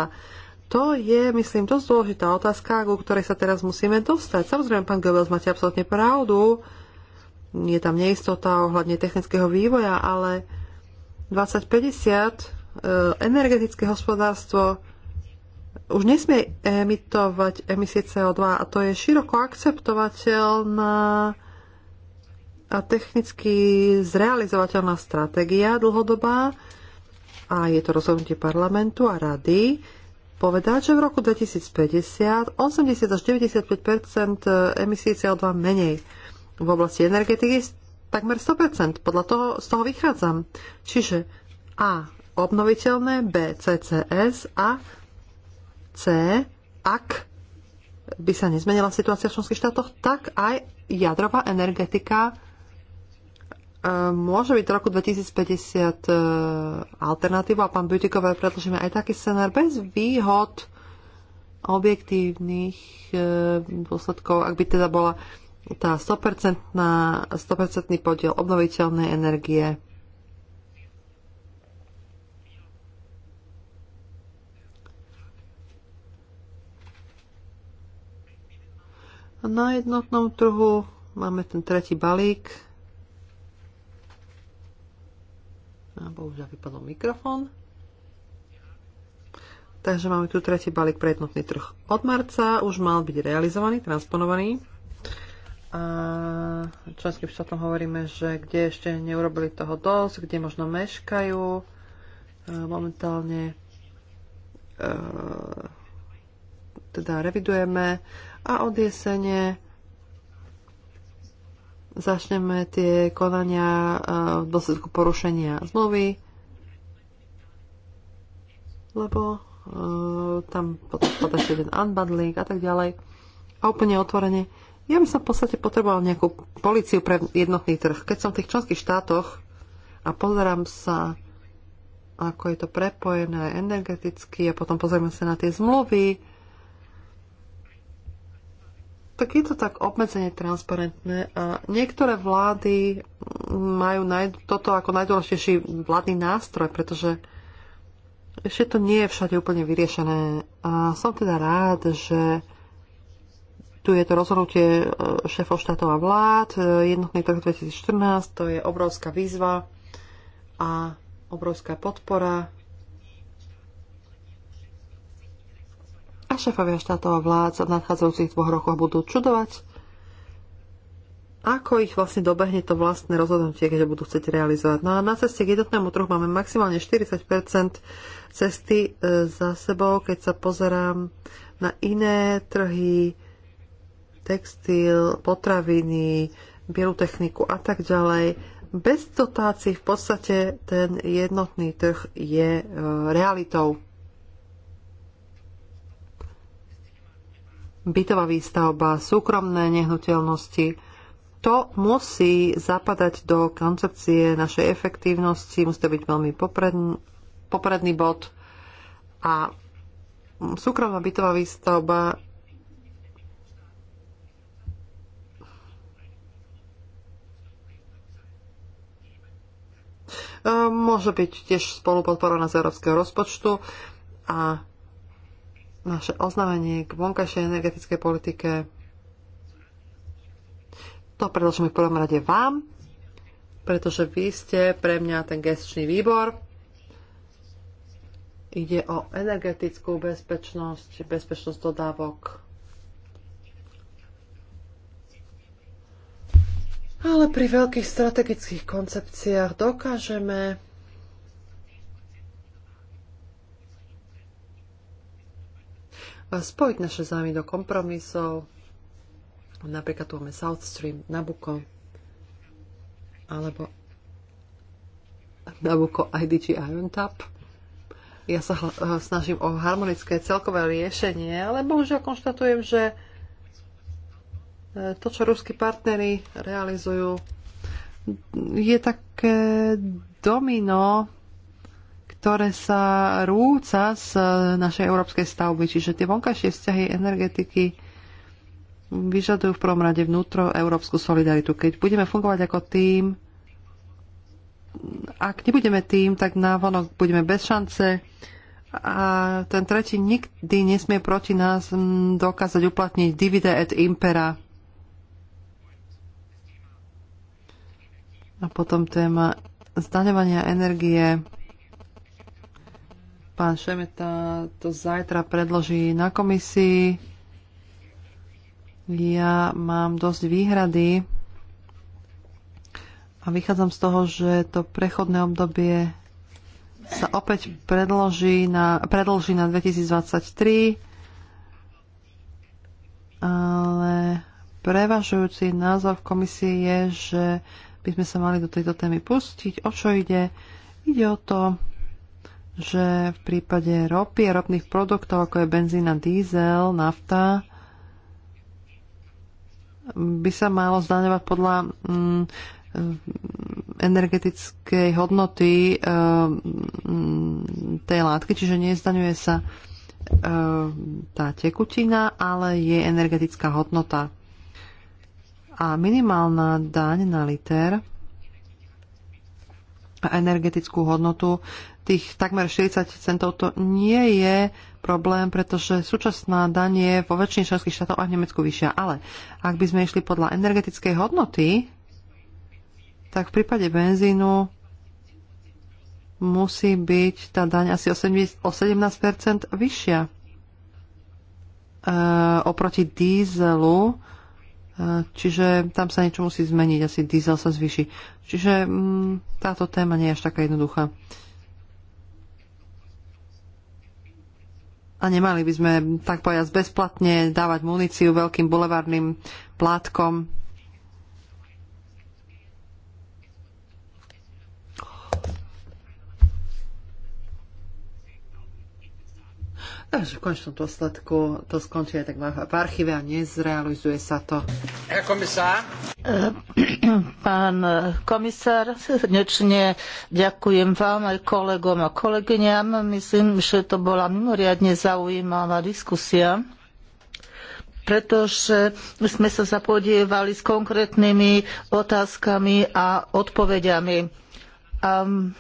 To je, myslím, dosť dôležitá otázka, ku ktorej sa teraz musíme dostať. Samozrejme, pán Goebbels, máte absolútne pravdu. Je tam neistota ohľadne technického vývoja, ale 2050 e, energetické hospodárstvo už nesmie emitovať emisie CO2 a to je široko akceptovateľná a technicky zrealizovateľná stratégia dlhodobá a je to rozhodnutie parlamentu a rady povedať, že v roku 2050 80 až 95 e, emisí CO2 menej v oblasti energetiky takmer 100%. Podľa toho, z toho vychádzam. Čiže A. Obnoviteľné, B. CCS a C. Ak by sa nezmenila situácia v členských štátoch, tak aj jadrová energetika E, môže byť roku 2050 e, alternatíva a pán Butikové predložíme aj taký scenár bez výhod objektívnych e, dôsledkov, ak by teda bola tá 100%, 100% podiel obnoviteľnej energie. Na jednotnom trhu máme ten tretí balík A bohužiaľ vypadol mikrofón. Takže máme tu tretí balík pre jednotný trh od marca. Už mal byť realizovaný, transponovaný. A členským štátom hovoríme, že kde ešte neurobili toho dosť, kde možno meškajú. E, momentálne e, teda revidujeme a od jesene začneme tie konania e, v dôsledku porušenia zmluvy, lebo e, tam potom spadá ešte jeden unbundling a tak ďalej. A úplne otvorene, ja by som v podstate potreboval nejakú policiu pre jednotný trh. Keď som v tých členských štátoch a pozerám sa, ako je to prepojené energeticky a potom pozrieme sa na tie zmluvy, tak je to tak obmedzenie transparentné. A niektoré vlády majú naj, toto ako najdôležitejší vládny nástroj, pretože ešte to nie je všade úplne vyriešené. A som teda rád, že tu je to rozhodnutie e, šéfov štátov a vlád, e, jednotný trh 2014, to je obrovská výzva a obrovská podpora a šefovia štátov a vlád sa v nadchádzajúcich dvoch rokoch budú čudovať, ako ich vlastne dobehne to vlastné rozhodnutie, keď ho budú chcieť realizovať. No a na ceste k jednotnému trhu máme maximálne 40 cesty e, za sebou, keď sa pozerám na iné trhy, textil, potraviny, bielu techniku a tak ďalej. Bez dotácií v podstate ten jednotný trh je e, realitou. bytová výstavba, súkromné nehnuteľnosti. To musí zapadať do koncepcie našej efektívnosti, musí to byť veľmi popredný, popredný bod. A súkromná bytová výstavba môže byť tiež spolupodporovaná z európskeho rozpočtu a naše oznámenie k vonkajšej energetickej politike. To predložíme v prvom rade vám, pretože vy ste pre mňa ten gestičný výbor. Ide o energetickú bezpečnosť, bezpečnosť dodávok. Ale pri veľkých strategických koncepciách dokážeme spojiť naše zájmy do kompromisov. Napríklad tu máme South Stream, Nabucco, alebo Nabucco IDG Iron Tap. Ja sa eh, snažím o harmonické celkové riešenie, ale bohužiaľ konštatujem, že eh, to, čo ruskí partnery realizujú, je také domino, ktoré sa rúca z e, našej európskej stavby. Čiže tie vonkajšie vzťahy energetiky vyžadujú v prvom rade vnútro európsku solidaritu. Keď budeme fungovať ako tým, ak nebudeme tým, tak návonok budeme bez šance a ten tretí nikdy nesmie proti nás dokázať uplatniť divide et impera. A potom téma zdaňovania energie. Pán Šemeta to zajtra predloží na komisii. Ja mám dosť výhrady a vychádzam z toho, že to prechodné obdobie sa opäť predloží na, predloží na 2023, ale prevažujúci názor v komisii je, že by sme sa mali do tejto témy pustiť. O čo ide? Ide o to, že v prípade ropy a ropných produktov, ako je benzína, diesel, nafta, by sa malo zdaňovať podľa mm, eh, energetickej hodnoty eh, mm, tej látky, čiže nezdaňuje sa eh, tá tekutina, ale je energetická hodnota. A minimálna daň na liter a energetickú hodnotu tých takmer 40 centov to nie je problém, pretože súčasná daň je vo väčšine členských štátov a v Nemecku vyššia. Ale ak by sme išli podľa energetickej hodnoty, tak v prípade benzínu musí byť tá daň asi o 17 vyššia e, oproti dízelu, e, čiže tam sa niečo musí zmeniť, asi diesel sa zvyši. Čiže m, mm, táto téma nie je až taká jednoduchá. E, a nemali by sme, tak povedať, bezplatne dávať muníciu veľkým bulevárnym plátkom až v končnom dôsledku to skončí aj tak v archíve a nezrealizuje sa to. Komisár. Eh, pán eh, komisár, srdečne ďakujem vám aj kolegom a kolegyňam. Myslím, že to bola mimoriadne zaujímavá diskusia pretože sme sa zapodievali s konkrétnymi otázkami a odpovediami Um,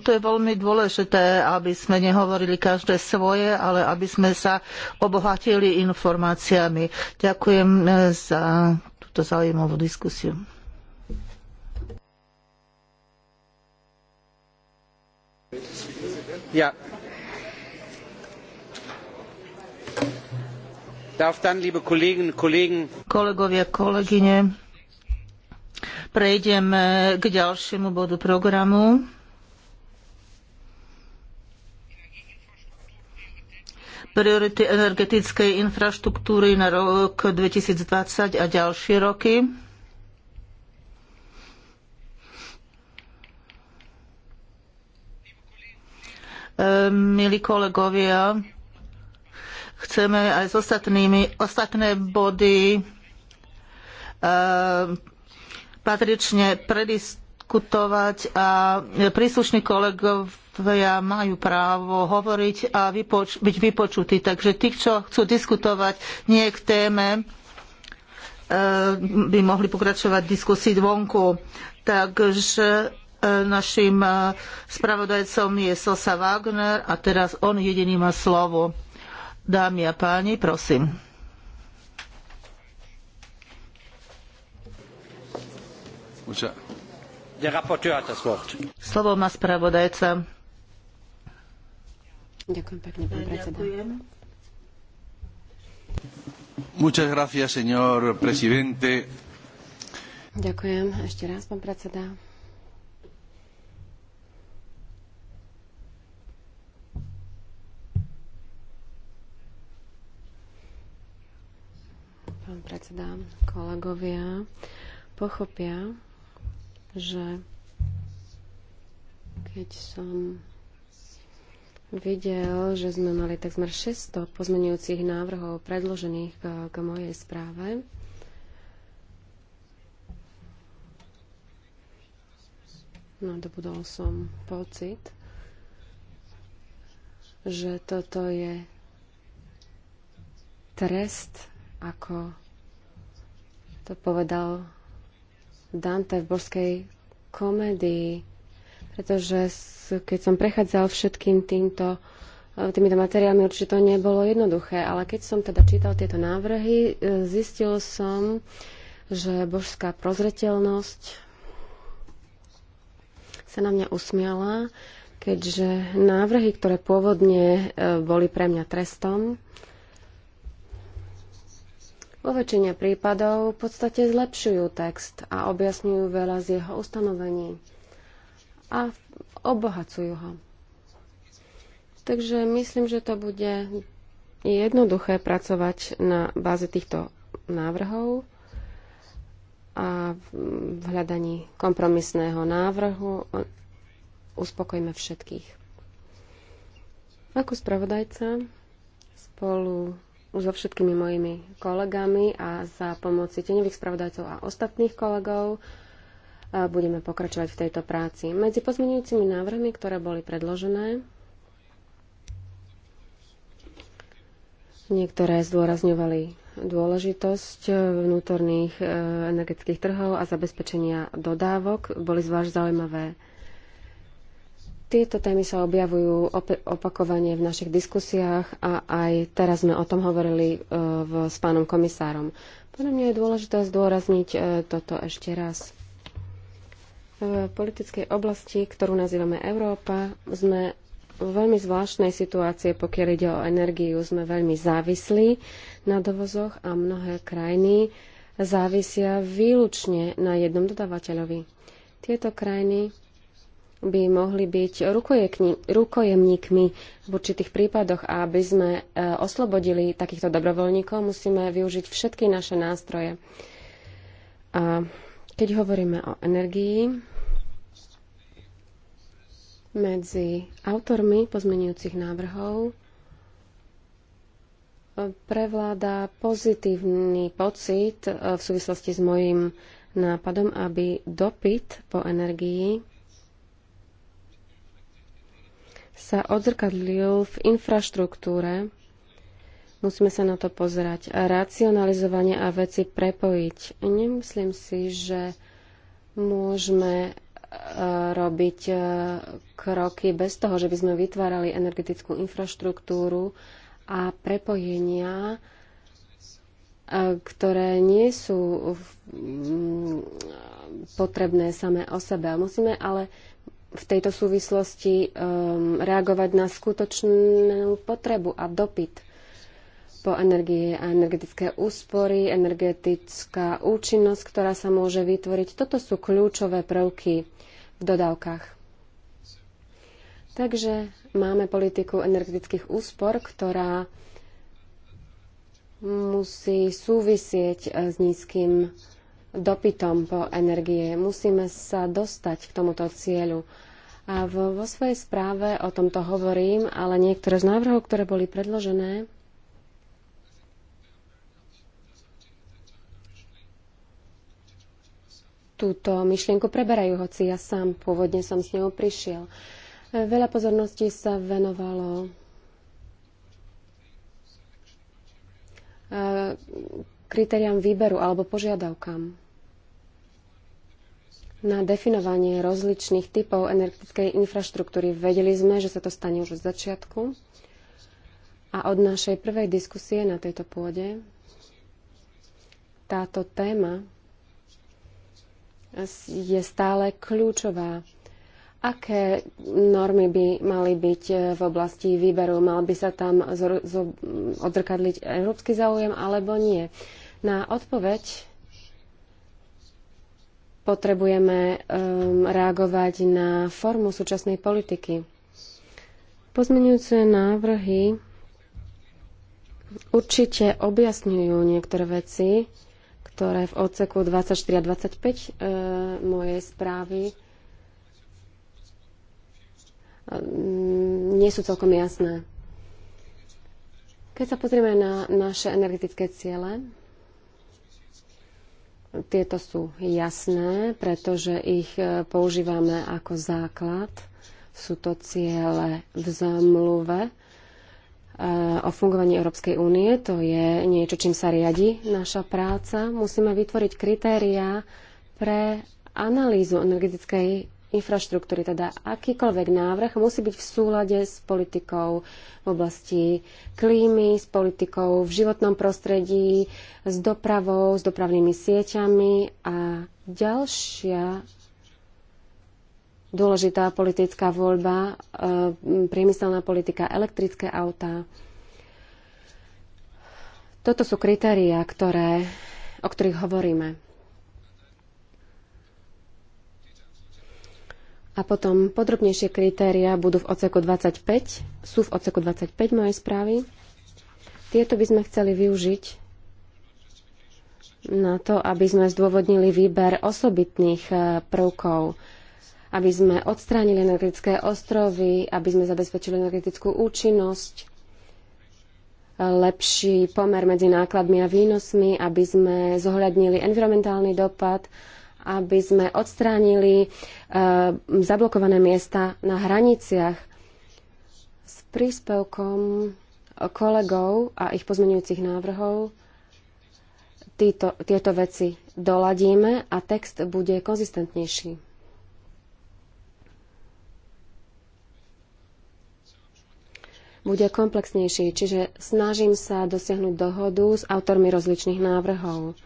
to je veľmi dôležité, aby sme nehovorili každé svoje, ale aby sme sa obohatili informáciami. Ďakujem eh, za túto zaujímavú diskusiu. Ja. Darf dann, liebe Kolleginnen und Kollegen, Kolegovia, kolegyne, Prejdeme k ďalšiemu bodu programu. Priority energetickej infraštruktúry na rok 2020 a ďalšie roky. Ehm, milí kolegovia, chceme aj s ostatnými, ostatné body uh, patrične prediskutovať a príslušní kolegovia majú právo hovoriť a vypoč- byť vypočutí. Takže tí, čo chcú diskutovať nie k téme, e, by mohli pokračovať v diskusii vonku. Takže e, našim e, spravodajcom je Sosa Wagner a teraz on jediný má slovo. Dámy a páni, prosím. Slovo má spravodajca. Ďakujem pekne, pán predseda. Muchas gracias, señor presidente. Ďakujem ešte raz, pán predseda. Pán predseda, kolegovia pochopia, že keď som videl, že sme mali takmer 600 pozmenujúcich návrhov predložených k, eh, k mojej správe, nadobudol som pocit, že toto je trest, ako to povedal Dante v božskej komédii, pretože keď som prechádzal všetkým týmto eh, týmito materiálmi určite to nebolo jednoduché, ale keď som teda čítal tieto návrhy, eh, zistil som, že božská prozretelnosť sa na mňa usmiala, keďže návrhy, ktoré pôvodne eh, boli pre mňa trestom, vo väčšine prípadov v podstate zlepšujú text a objasňujú veľa z jeho ustanovení a obohacujú ho. Takže myslím, že to bude jednoduché pracovať na báze týchto návrhov a v hľadaní kompromisného návrhu uspokojíme všetkých. Ako spravodajca spolu so všetkými mojimi kolegami a za pomoci tenevých spravodajcov a ostatných kolegov budeme pokračovať v tejto práci. Medzi pozmenujúcimi návrhmi, ktoré boli predložené, niektoré zdôrazňovali dôležitosť e, vnútorných e, energetických trhov a zabezpečenia dodávok. Boli zvlášť zaujímavé tieto témy sa objavujú op- opakovane v našich diskusiách a aj teraz sme o tom hovorili e, v, s pánom komisárom. Podľa mňa je dôležité zdôrazniť e, toto ešte raz. E, v politickej oblasti, ktorú nazývame Európa, sme v veľmi zvláštnej situácie, pokiaľ ide o energiu. Sme veľmi závislí na dovozoch a mnohé krajiny závisia výlučne na jednom dodávateľovi. Tieto krajiny by mohli byť rukojemníkmi v určitých prípadoch a aby sme e, oslobodili takýchto dobrovoľníkov, musíme využiť všetky naše nástroje. A keď hovoríme o energii, medzi autormi pozmenujúcich návrhov e, prevláda pozitívny pocit e, v súvislosti s mojím nápadom, aby dopyt po energii sa odzrkadlil v infraštruktúre. Musíme sa na to pozerať. A racionalizovanie a veci prepojiť. Nemyslím si, že môžeme e, robiť e, kroky bez toho, že by sme vytvárali energetickú infraštruktúru a prepojenia, e, ktoré nie sú potrebné samé o sebe. Musíme ale v tejto súvislosti um, reagovať na skutočnú potrebu a dopyt po energie a energetické úspory, energetická účinnosť, ktorá sa môže vytvoriť. Toto sú kľúčové prvky v dodávkach. Takže máme politiku energetických úspor, ktorá musí súvisieť eh, s nízkym dopytom po energie. Musíme sa dostať k tomuto cieľu. A vo, vo svojej správe o tomto hovorím, ale niektoré z návrhov, ktoré boli predložené, túto myšlienku preberajú, hoci ja sám pôvodne som s ňou prišiel. Veľa pozorností sa venovalo e, kritériám výberu alebo požiadavkám na definovanie rozličných typov energetickej infraštruktúry. Vedeli sme, že sa to stane už od začiatku a od našej prvej diskusie na tejto pôde táto téma je stále kľúčová. Aké normy by mali byť e, v oblasti výberu? Mal by sa tam odrkadliť európsky záujem alebo nie? Na odpoveď potrebujeme um, reagovať na formu súčasnej politiky. Pozmenujúce návrhy určite objasňujú niektoré veci, ktoré v odseku 24 a 25 e, mojej správy Mm, nie sú celkom jasné. Keď sa pozrieme na naše energetické ciele, tieto sú jasné, pretože ich e, používame ako základ. Sú to ciele v zamluve e, o fungovaní Európskej únie. To je niečo, čím sa riadi naša práca. Musíme vytvoriť kritériá pre analýzu energetickej infraštruktúry. Teda akýkoľvek návrh musí byť v súlade s politikou v oblasti klímy, s politikou v životnom prostredí, s dopravou, s dopravnými sieťami a ďalšia dôležitá politická voľba, e, priemyselná politika, elektrické autá. Toto sú kritériá, ktoré, o ktorých hovoríme. A potom podrobnejšie kritéria budú v oceku 25, sú v oceku 25 mojej správy. Tieto by sme chceli využiť na to, aby sme zdôvodnili výber osobitných e, prvkov, aby sme odstránili energetické ostrovy, aby sme zabezpečili energetickú účinnosť, e, lepší pomer medzi nákladmi a výnosmi, aby sme zohľadnili environmentálny dopad, aby sme odstránili e, zablokované miesta na hraniciach s príspevkom kolegov a ich pozmenujúcich návrhov títo, tieto veci doladíme a text bude konzistentnejší. Bude komplexnejší, čiže snažím sa dosiahnuť dohodu s autormi rozličných návrhov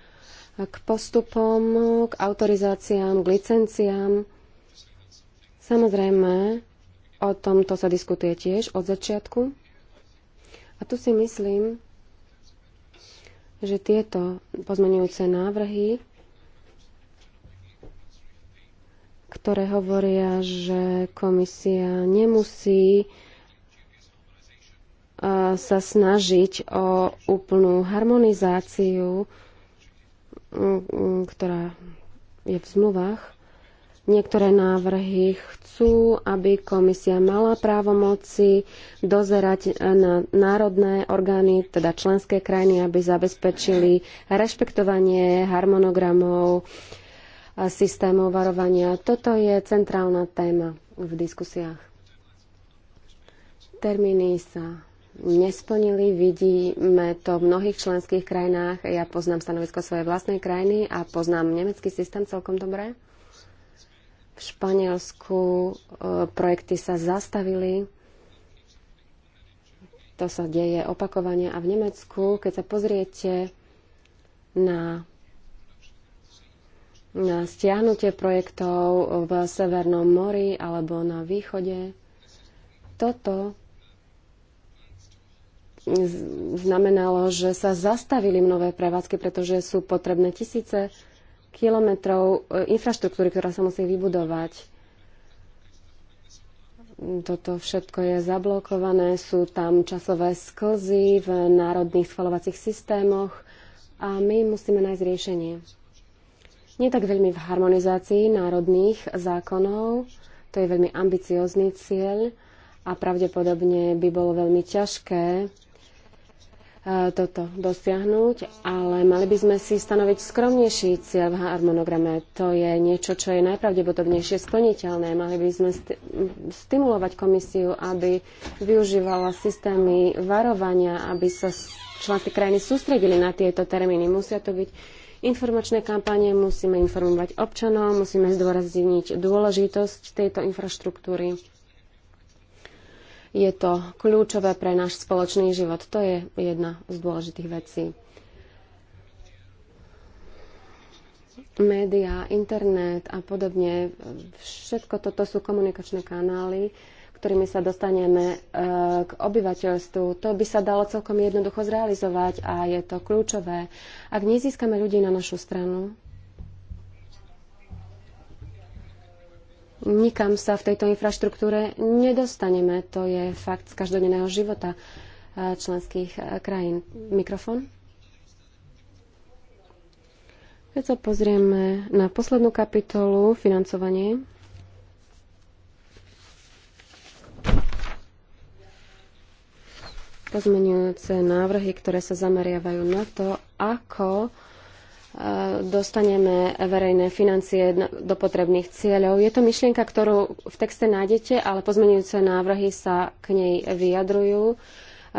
k postupom, k autorizáciám, k licenciám. Samozrejme, o tomto sa diskutuje tiež od začiatku. A tu si myslím, že tieto pozmenujúce návrhy, ktoré hovoria, že komisia nemusí sa snažiť o úplnú harmonizáciu ktorá je v zmluvách. Niektoré návrhy chcú, aby komisia mala právomoci dozerať na národné orgány, teda členské krajiny, aby zabezpečili rešpektovanie harmonogramov, a systémov varovania. Toto je centrálna téma v diskusiách. Termíny sa nesplnili. Vidíme to v mnohých členských krajinách. Ja poznám stanovisko svojej vlastnej krajiny a poznám nemecký systém celkom dobre. V Španielsku e, projekty sa zastavili. To sa deje opakovane. A v Nemecku, keď sa pozriete na na stiahnutie projektov v Severnom mori alebo na východe. Toto znamenalo, že sa zastavili mnohé prevádzky, pretože sú potrebné tisíce kilometrov e, infraštruktúry, ktorá sa musí vybudovať. Toto všetko je zablokované, sú tam časové sklzy v národných schvalovacích systémoch a my musíme nájsť riešenie. Nie tak veľmi v harmonizácii národných zákonov, to je veľmi ambiciózny cieľ a pravdepodobne by bolo veľmi ťažké E, toto dosiahnuť, ale mali by sme si stanoviť skromnejší cieľ v harmonograme. To je niečo, čo je najpravdepodobnejšie splniteľné. Mali by sme st- stimulovať komisiu, aby využívala systémy varovania, aby sa členské krajiny sústredili na tieto termíny. Musia to byť informačné kampanie, musíme informovať občanov, musíme zdôrazniť dôležitosť tejto infraštruktúry je to kľúčové pre náš spoločný život. To je jedna z dôležitých vecí. Média, internet a podobne, všetko toto sú komunikačné kanály, ktorými sa dostaneme e, k obyvateľstvu. To by sa dalo celkom jednoducho zrealizovať a je to kľúčové. Ak nezískame ľudí na našu stranu, nikam sa v tejto infraštruktúre nedostaneme. To je fakt z každodenného života eh, členských eh, krajín. Mikrofón. Keď sa pozrieme na poslednú kapitolu, financovanie. Pozmenujúce návrhy, ktoré sa zameriavajú na to, ako dostaneme verejné financie do potrebných cieľov. Je to myšlienka, ktorú v texte nájdete, ale pozmenujúce návrhy sa k nej vyjadrujú. E,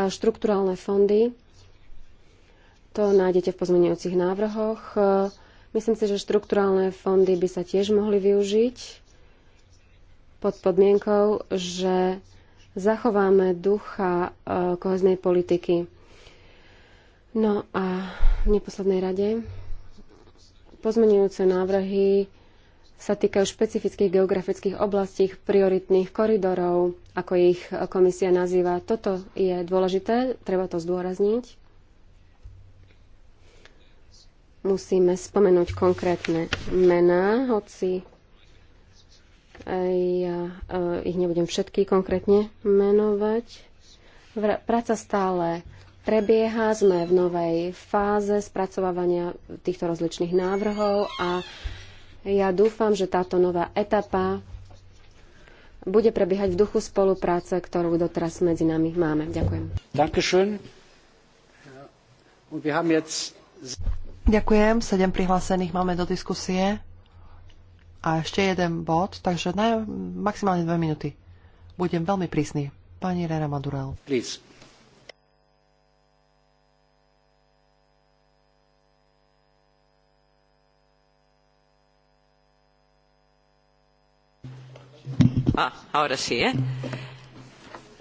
štrukturálne fondy, to nájdete v pozmenujúcich návrhoch. E, myslím si, že štrukturálne fondy by sa tiež mohli využiť pod podmienkou, že zachováme ducha e, koheznej politiky. No a v neposlednej rade Pozmenujúce návrhy sa týkajú špecifických geografických oblastí prioritných koridorov, ako ich komisia nazýva. Toto je dôležité, treba to zdôrazniť. Musíme spomenúť konkrétne mená, hoci eh, ja eh, ich nebudem všetky konkrétne menovať. Práca stále prebieha, sme v novej fáze spracovávania týchto rozličných návrhov a ja dúfam, že táto nová etapa bude prebiehať v duchu spolupráce, ktorú doteraz medzi nami máme. Ďakujem. Ďakujem, sedem prihlásených máme do diskusie. A ešte jeden bod, takže na maximálne dve minúty. Budem veľmi prísny. Pani Rera Madurel. Please. Ah, ¿eh?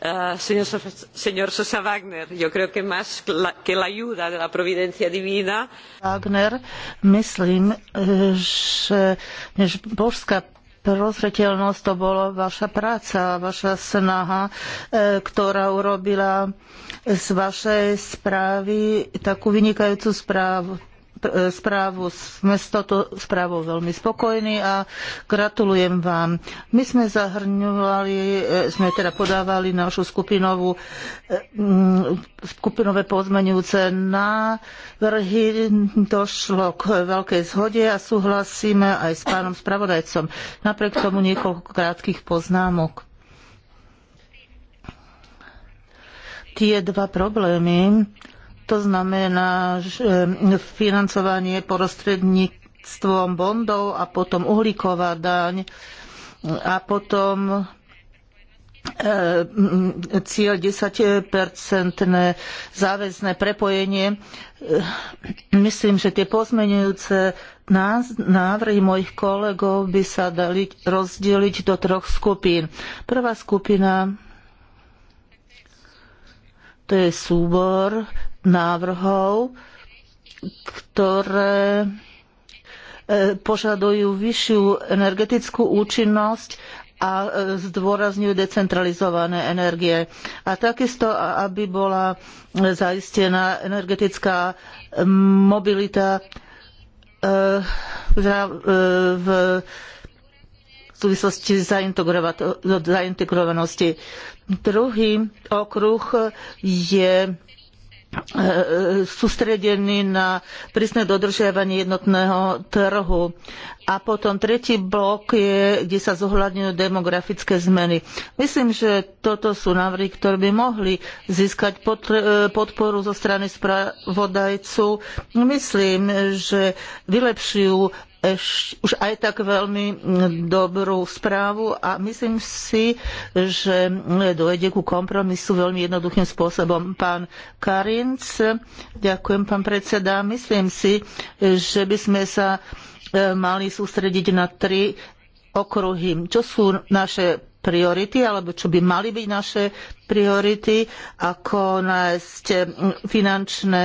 ah, señor, Sosa Wagner, yo creo que más que la ayuda de la providencia divina. Wagner, myslím, eh, že než božská prozreteľnosť to bola vaša práca, vaša snaha, eh, ktorá urobila z vašej správy takú vynikajúcu správu E, správu, sme s touto správou veľmi spokojní a gratulujem vám. My sme zahrňovali, e, sme teda podávali našu skupinovú, e, skupinové pozmenujúce návrhy, došlo k veľkej zhode a súhlasíme aj s pánom spravodajcom. Napriek tomu niekoľko krátkých poznámok. Tie dva problémy, to znamená e, financovanie prostredníctvom bondov a potom uhlíková daň a potom e, cieľ 10-percentné záväzné prepojenie. E, myslím, že tie pozmenujúce návrhy mojich kolegov by sa dali rozdeliť do troch skupín. Prvá skupina to je súbor návrhov, ktoré e, požadujú vyššiu energetickú účinnosť a e, zdôrazňujú decentralizované energie. A takisto, aby bola e, zaistená energetická mobilita v súvislosti s zaintegrovanosti. Druhý okruh je E, sústredený na prísne dodržiavanie jednotného trhu. A potom tretí blok je, kde sa zohľadňujú demografické zmeny. Myslím, že toto sú návrhy, ktoré by mohli získať e, podporu zo strany spravodajcu. Myslím, že vylepšujú už aj tak veľmi mm, dobrú správu a myslím si, že mm, dojde ku kompromisu veľmi jednoduchým spôsobom. Pán Karinc, ďakujem pán predseda, myslím si, že by sme sa e, mali sústrediť na tri okruhy. Čo sú naše priority, alebo čo by mali byť naše priority, ako nájsť finančné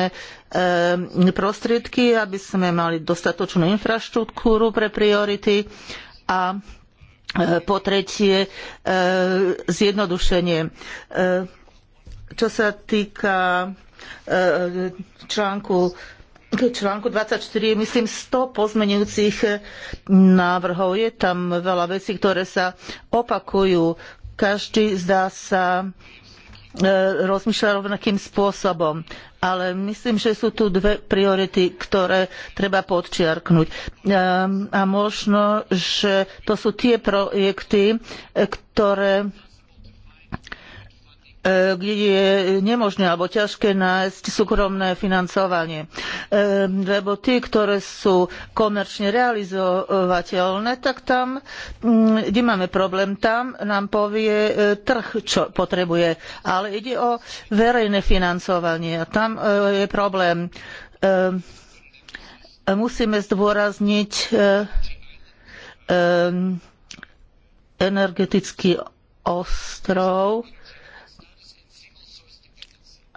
prostriedky, aby sme mali dostatočnú infraštruktúru pre priority a e, po tretie e, zjednodušenie. E, čo sa týka článku k článku 24 je myslím 100 pozmenujúcich návrhov. Je tam veľa vecí, ktoré sa opakujú. Každý zdá sa e, rozmýšľa rovnakým spôsobom. Ale myslím, že sú tu dve priority, ktoré treba podčiarknuť. Ehm, a možno, že to sú tie projekty, e, ktoré E, kde je nemožné alebo ťažké nájsť súkromné financovanie. E, lebo tie, ktoré sú komerčne realizovateľné, tak tam, mm, kde máme problém, tam nám povie e, trh, čo potrebuje. Ale ide o verejné financovanie a tam je problém. Musíme zdôrazniť energetický ostrov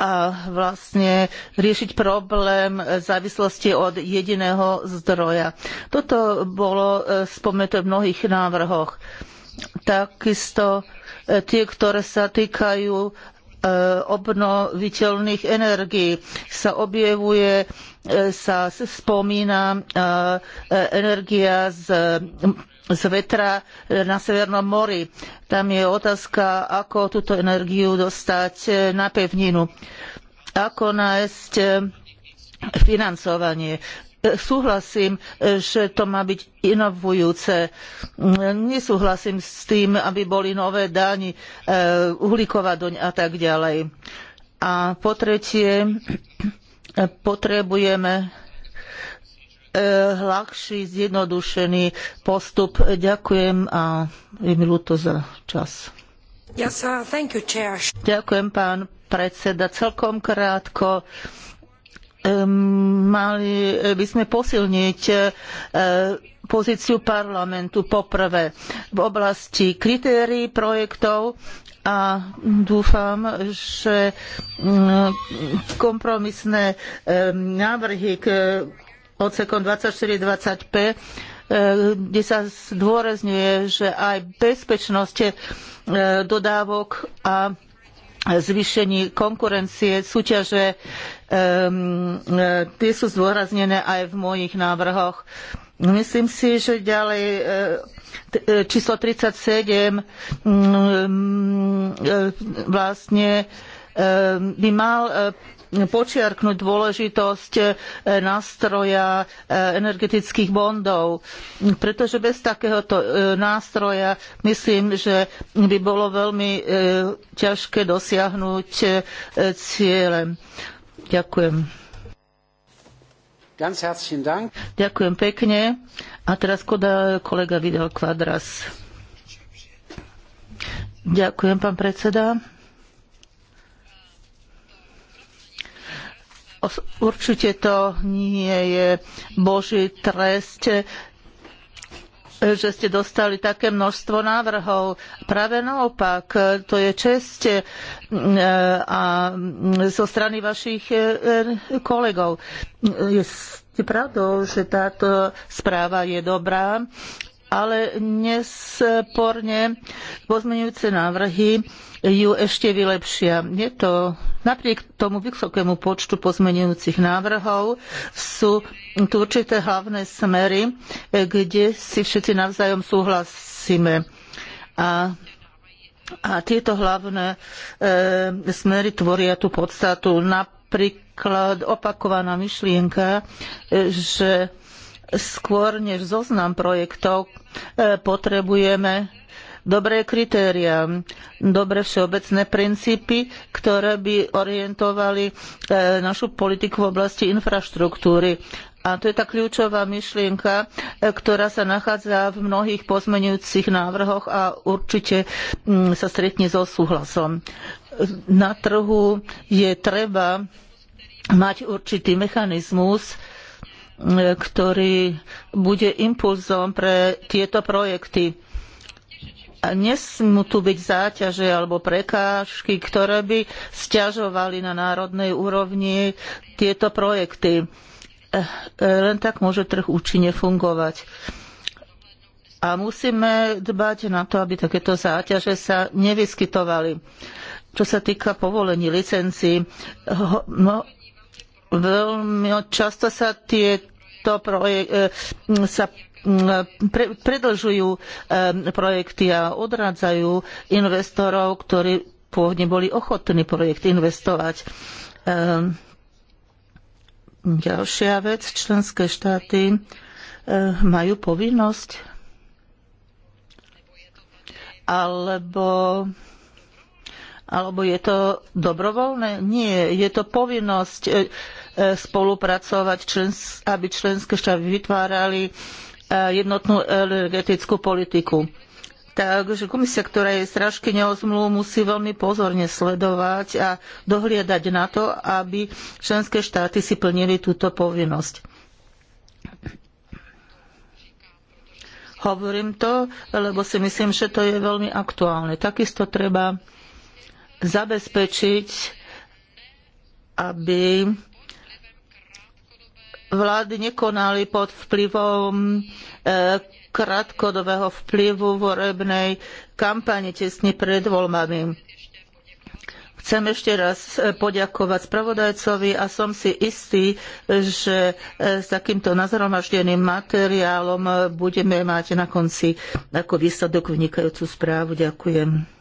a vlastne riešiť problém závislosti od jediného zdroja. Toto bolo e, spomenuté v mnohých návrhoch. Takisto e, tie, ktoré sa týkajú e, obnoviteľných energií sa objevuje, sa spomína energia z z vetra e, na Severnom mori. Tam je otázka, ako túto energiu dostať e, na pevninu. Ako nájsť e, financovanie. Súhlasím, že to má byť inovujúce. Mm, nesúhlasím s tým, aby boli nové daň, uhlíková doň a tak ďalej. A po tretie, potrebujeme ľahší, zjednodušený postup. Ďakujem a je mi ľúto za čas. Yes, uh, you, Ďakujem, pán predseda. Celkom krátko mali by sme posilniť e, pozíciu parlamentu poprvé v oblasti kritérií projektov a dúfam, že mm, kompromisné e, návrhy k odsekom 20 p e, kde sa zdôrazňuje, že aj bezpečnosť e, dodávok a zvýšení konkurencie, súťaže, e, tie sú zdôraznené aj v mojich návrhoch. Myslím si, že ďalej číslo 37 vlastne by mal počiarknúť dôležitosť e, nástroja e, energetických bondov, pretože bez takéhoto e, nástroja myslím, že by bolo veľmi ťažké dosiahnuť ciele. Ďakujem. Ďakujem pekne. A teraz kolega Vidal Quadras. Ďakujem, pán predseda. Určite to nie je Boží trest, e, že ste dostali také množstvo návrhov. Práve naopak, e, to je čest e, a zo strany vašich kolegov. Je pravdou, že táto správa je dobrá ale nesporne pozmenujúce návrhy ju ešte vylepšia. Je to napriek tomu vysokému počtu pozmenujúcich návrhov sú tu určité hlavné smery, kde si všetci navzájom súhlasíme. A a tieto hlavné e, smery tvoria tú podstatu. Napríklad opakovaná myšlienka, e, že skôr než zoznam projektov e, potrebujeme dobré kritéria, dobré všeobecné princípy, ktoré by orientovali e, našu politiku v oblasti infraštruktúry. A to je tá kľúčová myšlienka, e, ktorá sa nachádza v mnohých pozmenujúcich návrhoch a určite mm, sa stretne so súhlasom. Na trhu je treba mať určitý mechanizmus, ktorý bude impulzom pre tieto projekty. A nesmú tu byť záťaže alebo prekážky, ktoré by stiažovali na národnej úrovni tieto projekty. Len tak môže trh účinne fungovať. A musíme dbať na to, aby takéto záťaže sa nevyskytovali. Čo sa týka povolení licencií, no, veľmi často sa tie to e, sa predlžujú e, projekty a odrádzajú investorov, ktorí pôvodne boli ochotní projekt investovať. E, ďalšia vec, členské štáty majú povinnosť alebo alebo je to dobrovoľné? Nie, je to povinnosť e, e, spolupracovať, aby členské štáty vytvárali e, jednotnú energetickú politiku. Takže komisia, ktorá je strážkyňou zmluv, musí veľmi pozorne sledovať a dohliadať na to, aby členské štáty si plnili túto povinnosť. Hovorím to, lebo si myslím, že to je veľmi aktuálne. Takisto treba zabezpečiť, aby vlády nekonali pod vplyvom e, krátkodového vplyvu vorebnej kampane tesne pred voľbami. Chcem ešte raz e, poďakovať spravodajcovi a som si istý, že e, s takýmto nazhromaždeným materiálom budeme mať na konci ako výsledok vynikajúcu správu. Ďakujem.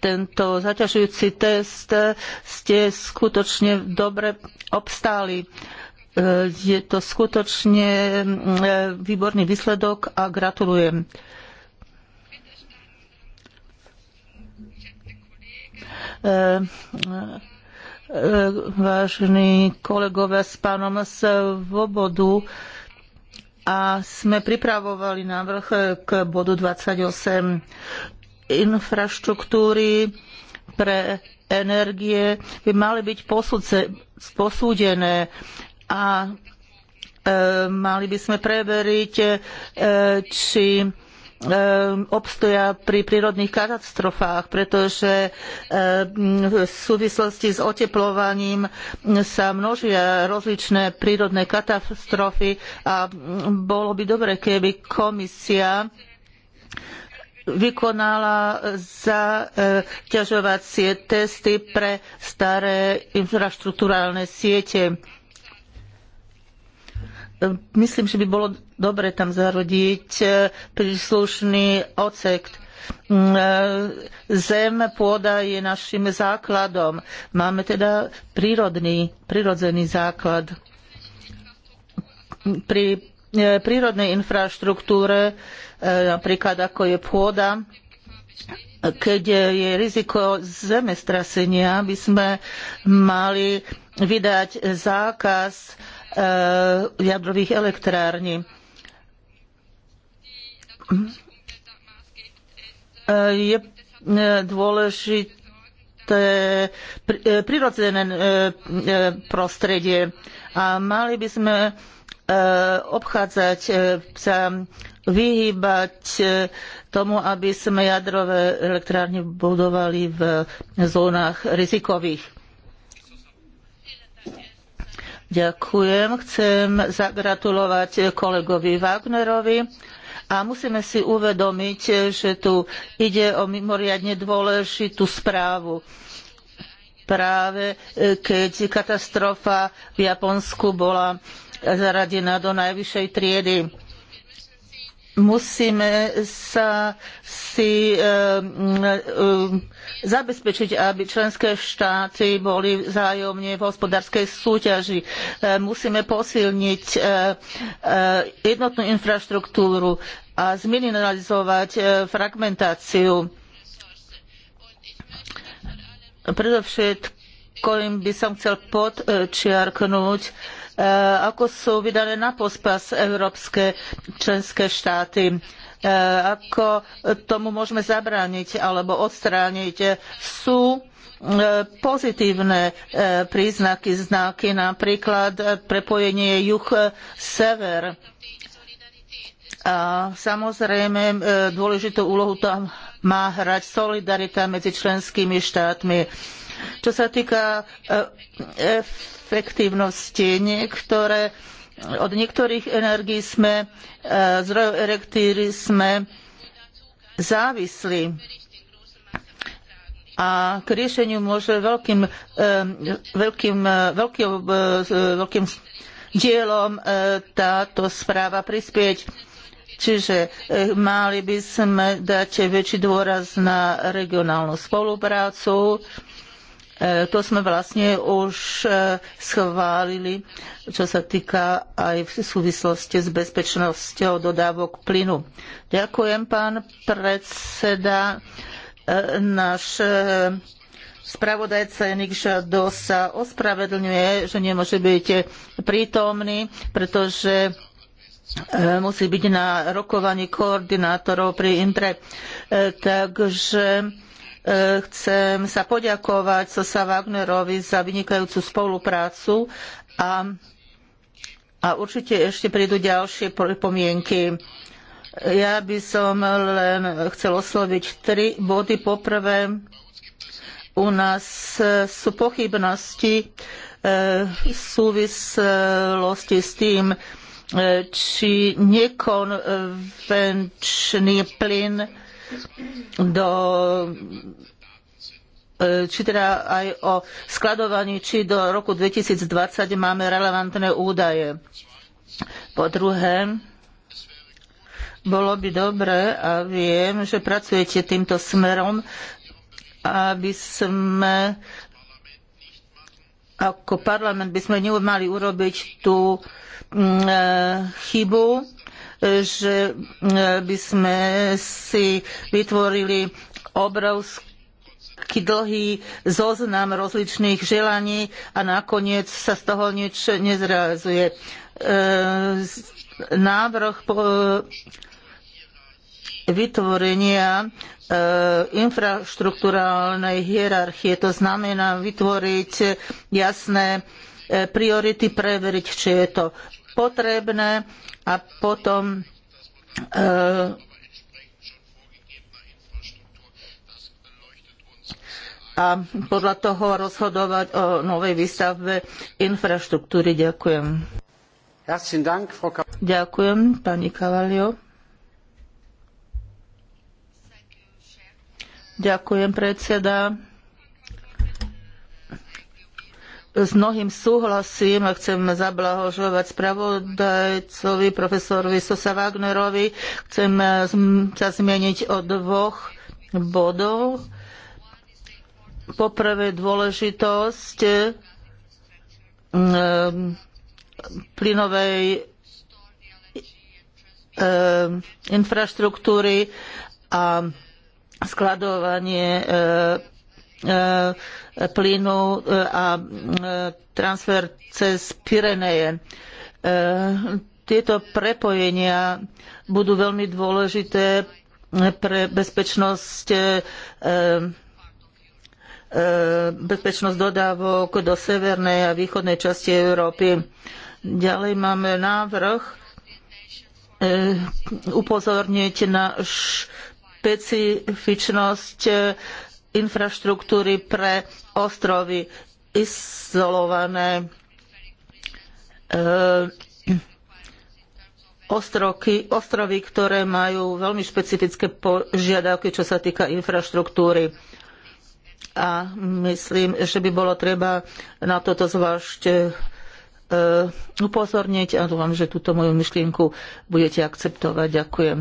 tento zaťažujúci test ste skutočne dobre obstáli. Je to skutočne mm, e, výborný výsledok a gratulujem. vážení kolegovia s pánom Svobodu a sme pripravovali návrh k bodu 28 infraštruktúry pre energie by mali byť posúdené a e, mali by sme preveriť, e, či Ehm, obstoja pri prírodných katastrofách, pretože ehm, v súvislosti s oteplovaním sa množia rozličné prírodné katastrofy a mm, bolo by dobre, keby komisia vykonala zaťažovacie testy pre staré infraštruktúrálne siete. Ehm, myslím, že by bolo dobre tam zarodiť e, príslušný ocek. Mm, e, zem, pôda je našim základom. Máme teda prírodný, prírodzený základ. Pri e, prírodnej infraštruktúre, napríklad ako je pôda, keď je riziko zemestrasenia, by sme mali vydať zákaz jadrových elektrární. Mhm. je e, dôležité e, prirodzené e, prostredie a mali by sme obchádzať sa, vyhýbať tomu, aby sme jadrové elektrárne budovali v zónach rizikových. Ďakujem. Chcem zagratulovať kolegovi Wagnerovi a musíme si uvedomiť, že tu ide o mimoriadne dôležitú správu práve e, keď katastrofa v Japonsku bola zaradená do najvyššej triedy musíme sa si eh, eh, zabezpečiť, aby členské štáty boli vzájomne v hospodárskej súťaži. Eh, musíme posilniť jednotnú infraštruktúru a zmineralizovať fragmentáciu. Predovšetkým by som chcel podčiarknúť, E, ako sú vydané na pospas európske členské štáty e, ako tomu môžeme zabrániť alebo odstrániť, sú e, pozitívne príznaky, znaky, napríklad prepojenie juh-sever. A samozrejme dôležitú úlohu tam má hrať solidarita medzi členskými štátmi čo sa týka e, efektívnosti, niektoré, od niektorých energií sme, e, zdrojov elektríry sme závislí a k riešeniu môže veľkým, e, veľkým, veľkým, veľkým dielom táto správa prispieť. Čiže mali by sme dať väčší dôraz na regionálnu spoluprácu, E, to sme vlastne už e, schválili, čo sa týka aj v súvislosti s bezpečnosťou dodávok plynu. Ďakujem, pán predseda. E, náš spravodajca Nikša Dosa ospravedlňuje, že nemôže byť prítomný, pretože musí byť na rokovaní koordinátorov pri Intre. Takže Chcem sa poďakovať Sosa Wagnerovi za vynikajúcu spoluprácu a, a určite ešte prídu ďalšie pripomienky. Ja by som len chcel osloviť tri body. Poprvé, u nás sú pochybnosti e, v súvislosti s tým, e, či nekonvenčný plyn do e, či teda aj o skladovaní, či do roku 2020 máme relevantné údaje. Po druhé, bolo by dobre a viem, že pracujete týmto smerom, aby sme ako parlament by sme nemali urobiť tú mm, e, chybu, že e, by sme si vytvorili obrovský dlhý zoznam rozličných želaní a nakoniec sa z toho nič nezrealizuje. E, návrh vytvorenia e, infraštruktúrálnej hierarchie. To znamená vytvoriť jasné priority, preveriť, či je to potrebné a potom eh, a podľa toho rozhodovať o novej výstavbe infraštruktúry. Ďakujem. Ďakujem, pani Cavalio. Ďakujem, predseda s mnohým súhlasím a chcem zablahožovať spravodajcovi, profesorovi Sosa Wagnerovi. Chcem eh, sa zmieniť o dvoch bodov. Poprvé dôležitosť eh, plynovej eh, infraštruktúry a skladovanie E, plynu e, a e, transfer cez Pireneje. Tieto prepojenia budú veľmi dôležité pre bezpečnosť bezpečnosť dodávok do severnej a východnej časti Európy. Ďalej máme návrh upozorniť na špecifičnosť infraštruktúry pre ostrovy izolované eh, ostrovy, ktoré majú veľmi špecifické požiadavky, čo sa týka infraštruktúry. A myslím, že by bolo treba na toto zvlášť eh, upozorniť a dúfam, že túto moju myšlienku budete akceptovať. Ďakujem.